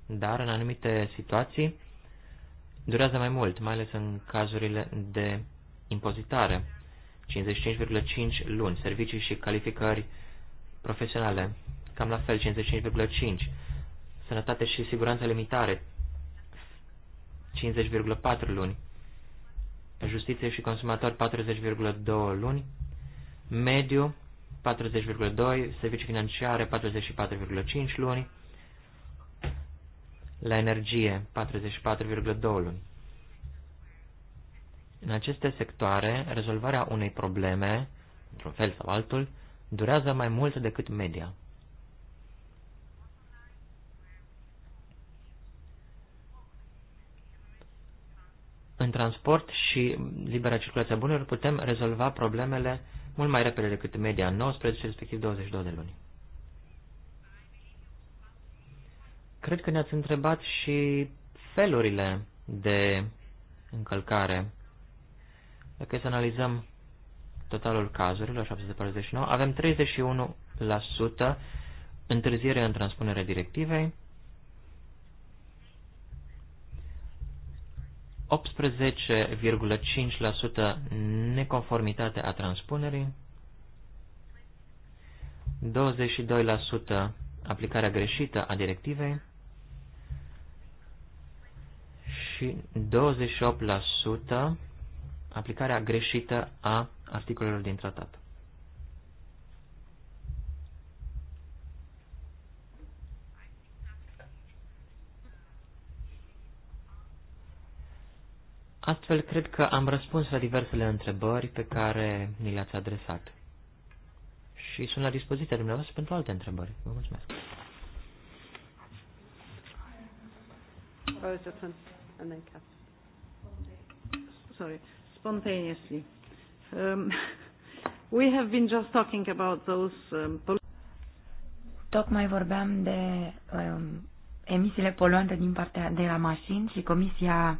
dar în anumite situații durează mai mult, mai ales în cazurile de impozitare. 55,5 luni, servicii și calificări profesionale, cam la fel, 55,5, sănătate și siguranță limitare, 50,4 luni, justiție și consumator 40,2 luni, mediu 40,2, servicii financiare 44,5 luni, la energie 44,2 luni. În aceste sectoare, rezolvarea unei probleme, într-un fel sau altul, durează mai mult decât media. În transport și libera circulație bunurilor putem rezolva problemele mult mai repede decât media, 19, respectiv 22 de luni. Cred că ne-ați întrebat și felurile de încălcare dacă să analizăm totalul cazurilor, 749, avem 31% întârziere în transpunerea directivei, 18,5% neconformitate a transpunerii, 22% aplicarea greșită a directivei și 28% aplicarea greșită a articolelor din tratat. Astfel, cred că am răspuns la diversele întrebări pe care ni le-ați adresat. Și sunt la dispoziția dumneavoastră pentru alte întrebări. Vă mulțumesc. Sorry spontaneously. Um, we have been just talking about those um, Tocmai vorbeam de um, emisiile poluante din partea de la mașini și comisia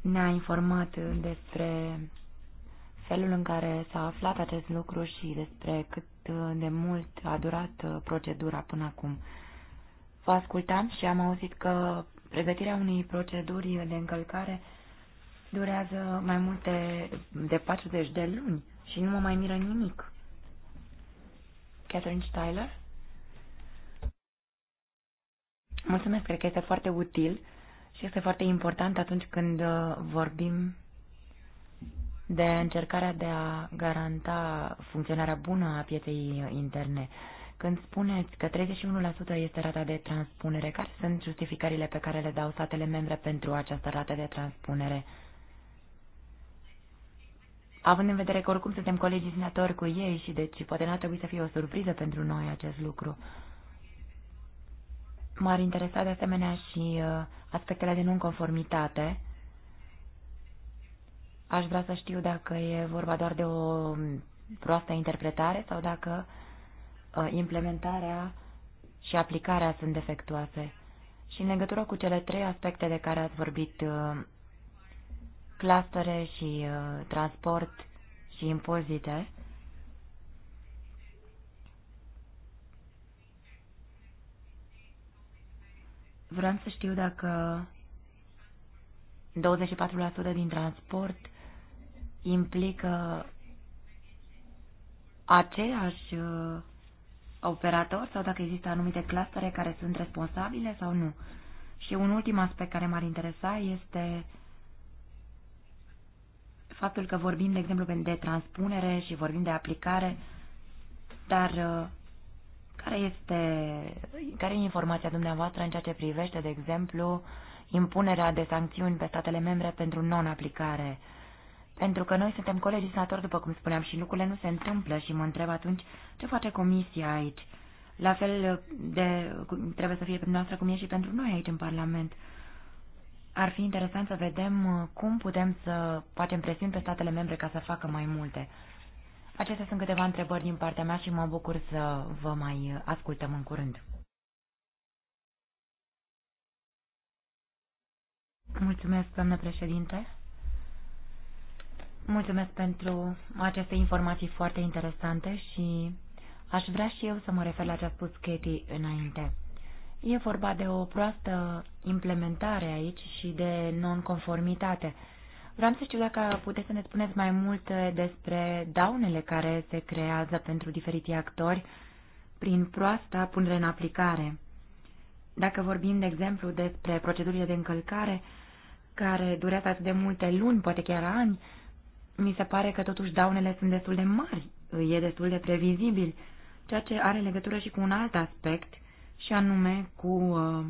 ne-a informat despre felul în care s-a aflat acest lucru și despre cât de mult a durat procedura până acum. Vă ascultam și am auzit că pregătirea unei proceduri de încălcare durează mai multe de 40 de luni și nu mă mai miră nimic. Catherine Styler? Mulțumesc, cred că este foarte util și este foarte important atunci când uh, vorbim de încercarea de a garanta funcționarea bună a pieței interne. Când spuneți că 31% este rata de transpunere, care sunt justificările pe care le dau statele membre pentru această rată de transpunere? având în vedere că oricum suntem senatori cu ei și deci poate n-ar trebui să fie o surpriză pentru noi acest lucru. M-ar interesa de asemenea și uh, aspectele de nonconformitate. Aș vrea să știu dacă e vorba doar de o um, proastă interpretare sau dacă uh, implementarea și aplicarea sunt defectuoase. Și în legătură cu cele trei aspecte de care ați vorbit uh, clastere și uh, transport și impozite. Vreau să știu dacă 24% din transport implică aceeași uh, operator sau dacă există anumite clastere care sunt responsabile sau nu. Și un ultim aspect care m-ar interesa este faptul că vorbim, de exemplu, de transpunere și vorbim de aplicare, dar uh, care este care e informația dumneavoastră în ceea ce privește, de exemplu, impunerea de sancțiuni pe statele membre pentru non-aplicare? Pentru că noi suntem colegislatori, după cum spuneam, și lucrurile nu se întâmplă și mă întreb atunci ce face comisia aici? La fel de, trebuie să fie pentru noastră cum e și pentru noi aici în Parlament. Ar fi interesant să vedem uh, cum putem să facem presiuni pe statele membre ca să facă mai multe. Acestea sunt câteva întrebări din partea mea și mă bucur să vă mai uh, ascultăm în curând. Mulțumesc, doamnă președinte. Mulțumesc pentru aceste informații foarte interesante și aș vrea și eu să mă refer la ce a spus Katie înainte. E vorba de o proastă implementare aici și de nonconformitate. Vreau să știu dacă puteți să ne spuneți mai multe despre daunele care se creează pentru diferiți actori prin proasta punere în aplicare. Dacă vorbim, de exemplu, despre procedurile de încălcare, care durează atât de multe luni, poate chiar ani, mi se pare că totuși daunele sunt destul de mari, e destul de previzibil, ceea ce are legătură și cu un alt aspect – și anume cu uh,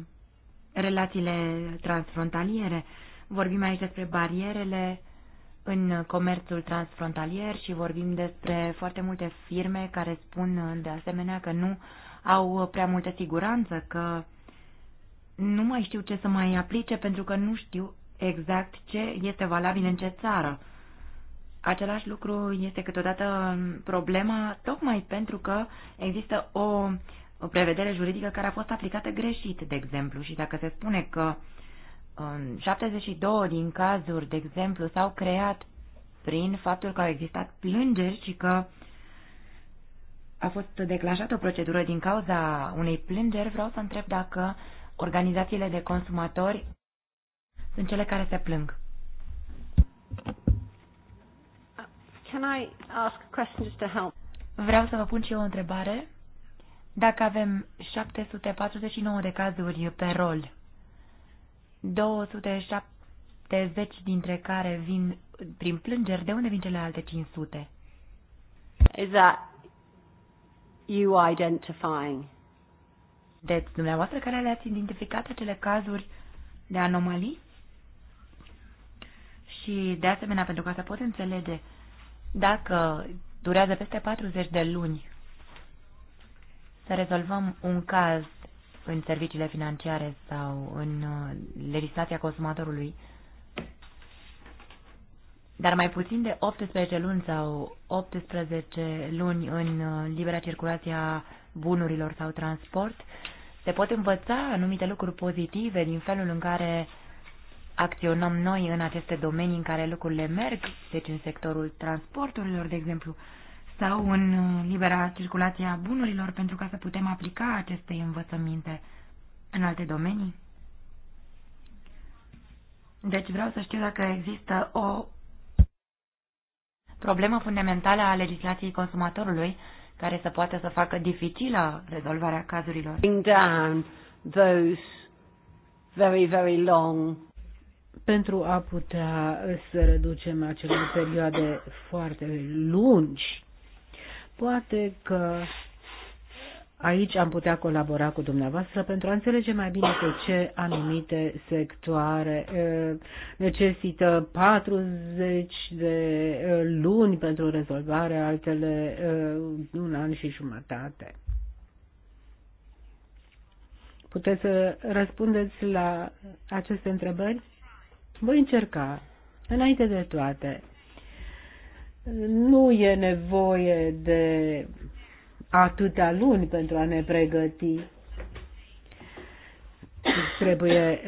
relațiile transfrontaliere. Vorbim aici despre barierele în comerțul transfrontalier și vorbim despre foarte multe firme care spun uh, de asemenea că nu au prea multă siguranță, că nu mai știu ce să mai aplice pentru că nu știu exact ce este valabil în ce țară. Același lucru este câteodată problema tocmai pentru că există o o prevedere juridică care a fost aplicată greșit, de exemplu, și dacă se spune că în 72 din cazuri, de exemplu, s-au creat prin faptul că au existat plângeri și că a fost declanșată o procedură din cauza unei plângeri, vreau să întreb dacă organizațiile de consumatori sunt cele care se plâng. Uh, can I ask a question just to help? Vreau să vă pun și eu o întrebare dacă avem 749 de cazuri pe rol, 270 dintre care vin prin plângeri, de unde vin celelalte 500? Is that you identifying? Deci, dumneavoastră care le-ați identificat acele cazuri de anomalii? Și, de asemenea, pentru ca să pot înțelege, dacă durează peste 40 de luni să rezolvăm un caz în serviciile financiare sau în uh, legislația consumatorului, dar mai puțin de 18 luni sau 18 luni în uh, libera circulație a bunurilor sau transport, se pot învăța anumite lucruri pozitive din felul în care acționăm noi în aceste domenii în care lucrurile merg, deci în sectorul transporturilor, de exemplu, sau în uh, libera circulație a bunurilor pentru ca să putem aplica aceste învățăminte în alte domenii? Deci vreau să știu dacă există o problemă fundamentală a legislației consumatorului care să poată să facă dificilă rezolvarea cazurilor. Down those very, very long pentru a putea să reducem acele perioade foarte lungi Poate că aici am putea colabora cu dumneavoastră pentru a înțelege mai bine pe ce anumite sectoare necesită 40 de luni pentru rezolvare, altele un an și jumătate. Puteți să răspundeți la aceste întrebări? Voi încerca, înainte de toate, nu e nevoie de atâtea luni pentru a ne pregăti. Trebuie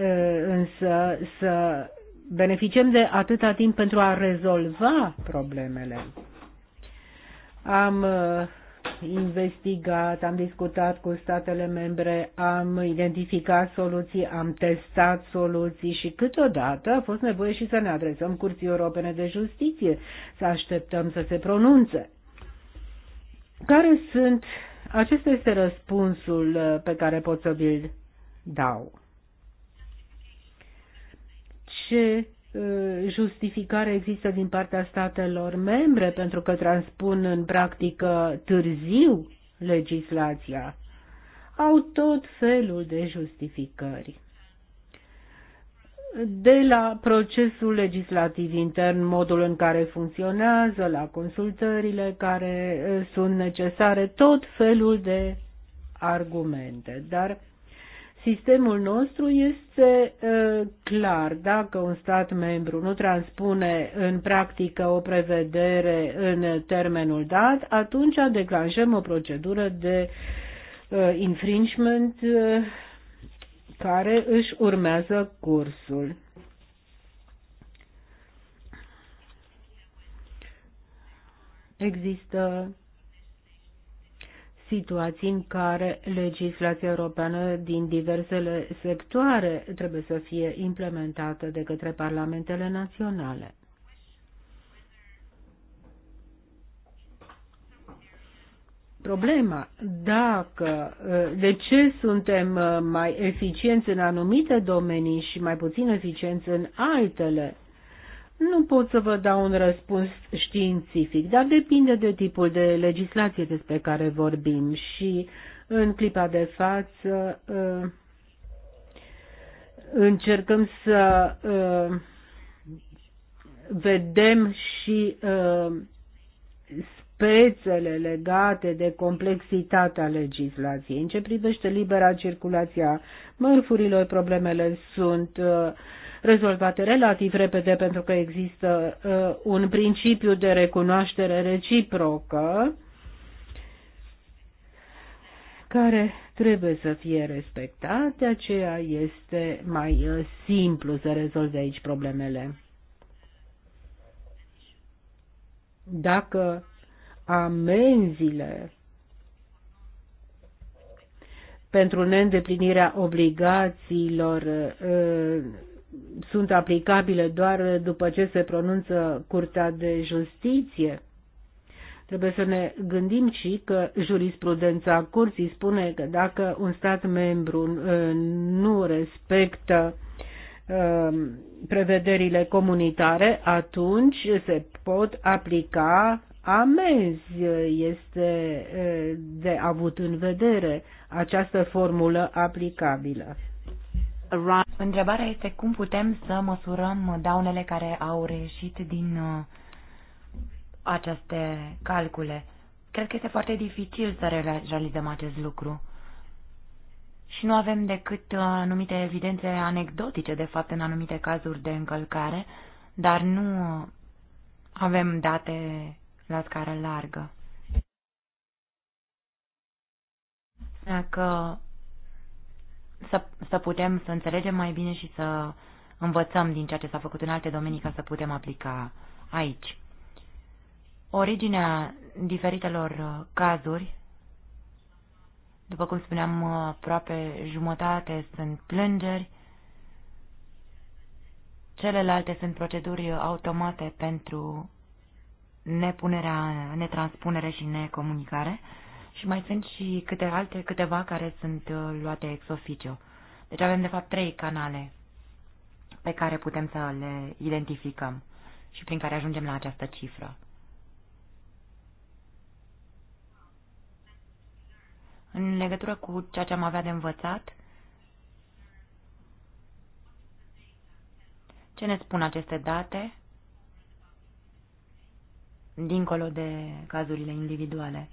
însă să beneficiem de atâta timp pentru a rezolva problemele. Am investigat, am discutat cu statele membre, am identificat soluții, am testat soluții și câteodată a fost nevoie și să ne adresăm Curții Europene de Justiție, să așteptăm să se pronunțe. Care sunt, acesta este răspunsul uh, pe care pot să vi-l dau. Ce Uh, justificare există din partea statelor membre pentru că transpun în practică târziu legislația. Au tot felul de justificări. De la procesul legislativ intern, modul în care funcționează, la consultările care uh, sunt necesare, tot felul de argumente. Dar Sistemul nostru este clar. Dacă un stat membru nu transpune în practică o prevedere în termenul dat, atunci declanșăm o procedură de infringement care își urmează cursul. Există situații în care legislația europeană din diversele sectoare trebuie să fie implementată de către parlamentele naționale. Problema dacă de ce suntem mai eficienți în anumite domenii și mai puțin eficienți în altele nu pot să vă dau un răspuns științific, dar depinde de tipul de legislație despre care vorbim și în clipa de față uh, încercăm să uh, vedem și uh, spețele legate de complexitatea legislației. În ce privește libera circulația mărfurilor, problemele sunt uh, rezolvate relativ repede pentru că există uh, un principiu de recunoaștere reciprocă care trebuie să fie respectat, de aceea este mai uh, simplu să rezolve aici problemele. Dacă amenzile pentru neîndeplinirea obligațiilor uh, sunt aplicabile doar după ce se pronunță Curtea de Justiție. Trebuie să ne gândim și că jurisprudența curții spune că dacă un stat membru uh, nu respectă uh, prevederile comunitare, atunci se pot aplica amenzi. Este uh, de avut în vedere această formulă aplicabilă. Întrebarea este cum putem să măsurăm daunele care au reieșit din uh, aceste calcule. Cred că este foarte dificil să realizăm acest lucru. Și nu avem decât uh, anumite evidențe anecdotice, de fapt, în anumite cazuri de încălcare, dar nu uh, avem date la scară largă. Dacă să, să putem să înțelegem mai bine și să învățăm din ceea ce s-a făcut în alte domenii ca să putem aplica aici. Originea diferitelor uh, cazuri, după cum spuneam, uh, aproape jumătate sunt plângeri, celelalte sunt proceduri automate pentru nepunerea, netranspunere și necomunicare, și mai sunt și câte alte câteva care sunt uh, luate ex officio. Deci avem de fapt trei canale pe care putem să le identificăm și prin care ajungem la această cifră. În legătură cu ceea ce am avea de învățat, ce ne spun aceste date, dincolo de cazurile individuale?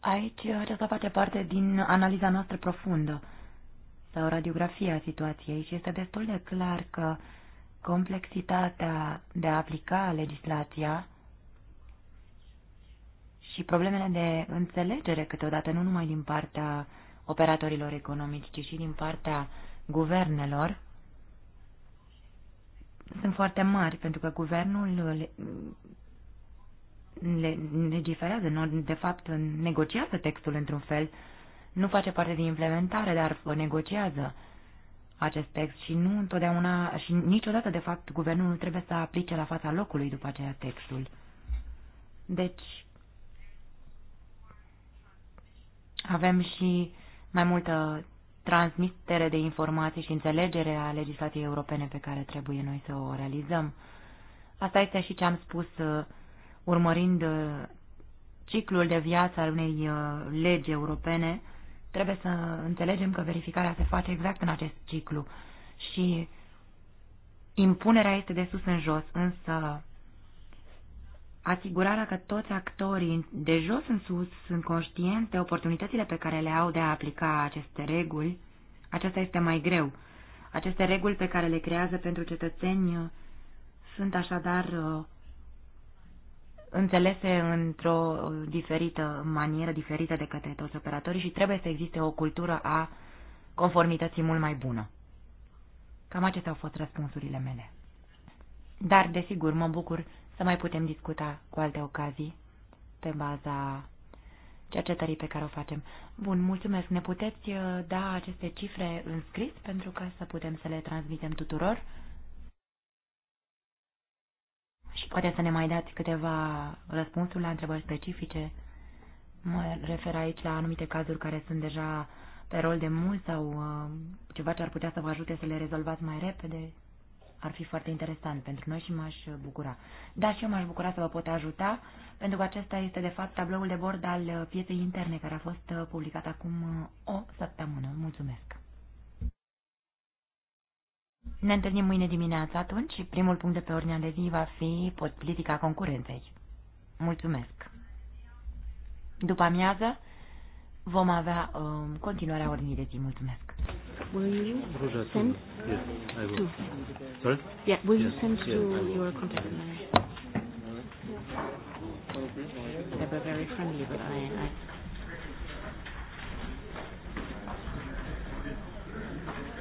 Aici uh, aceasta face parte din analiza noastră profundă sau radiografia situației și este destul de clar că complexitatea de a aplica legislația și problemele de înțelegere câteodată, nu numai din partea operatorilor economici, ci și din partea guvernelor, sunt foarte mari, pentru că guvernul legiferează, nu, de fapt negociază textul într-un fel, nu face parte din implementare, dar negociază acest text și nu întotdeauna și niciodată, de fapt, guvernul nu trebuie să aplice la fața locului după aceea textul. Deci, avem și mai multă transmitere de informații și înțelegere a legislației europene pe care trebuie noi să o realizăm. Asta este și ce am spus uh, urmărind uh, ciclul de viață al unei uh, legi europene, trebuie să înțelegem că verificarea se face exact în acest ciclu și impunerea este de sus în jos, însă asigurarea că toți actorii de jos în sus sunt conștienți de oportunitățile pe care le au de a aplica aceste reguli, aceasta este mai greu. Aceste reguli pe care le creează pentru cetățeni uh, sunt așadar înțelese într-o diferită manieră, diferită de către toți operatorii și trebuie să existe o cultură a conformității mult mai bună. Cam acestea au fost răspunsurile mele. Dar, desigur, mă bucur să mai putem discuta cu alte ocazii pe baza cercetării pe care o facem. Bun, mulțumesc. Ne puteți uh, da aceste cifre în scris pentru ca să putem să le transmitem tuturor? Și poate să ne mai dați câteva răspunsuri la întrebări specifice. Mă refer aici la anumite cazuri care sunt deja pe rol de mult sau uh, ceva ce ar putea să vă ajute să le rezolvați mai repede. Ar fi foarte interesant pentru noi și m-aș bucura. Da, și eu m-aș bucura să vă pot ajuta, pentru că acesta este, de fapt, tabloul de bord al uh, pieței interne, care a fost uh, publicat acum uh, o săptămână. Mulțumesc! Ne întâlnim mâine dimineață atunci și primul punct de pe ordinea de zi va fi politica concurenței. Mulțumesc! După amiază vom avea um, continuarea ordinii de zi. Mulțumesc! Will you send? Yes, I will. To. Sorry? Yeah, will yes. you send to yes, your contact They were very friendly, but I, I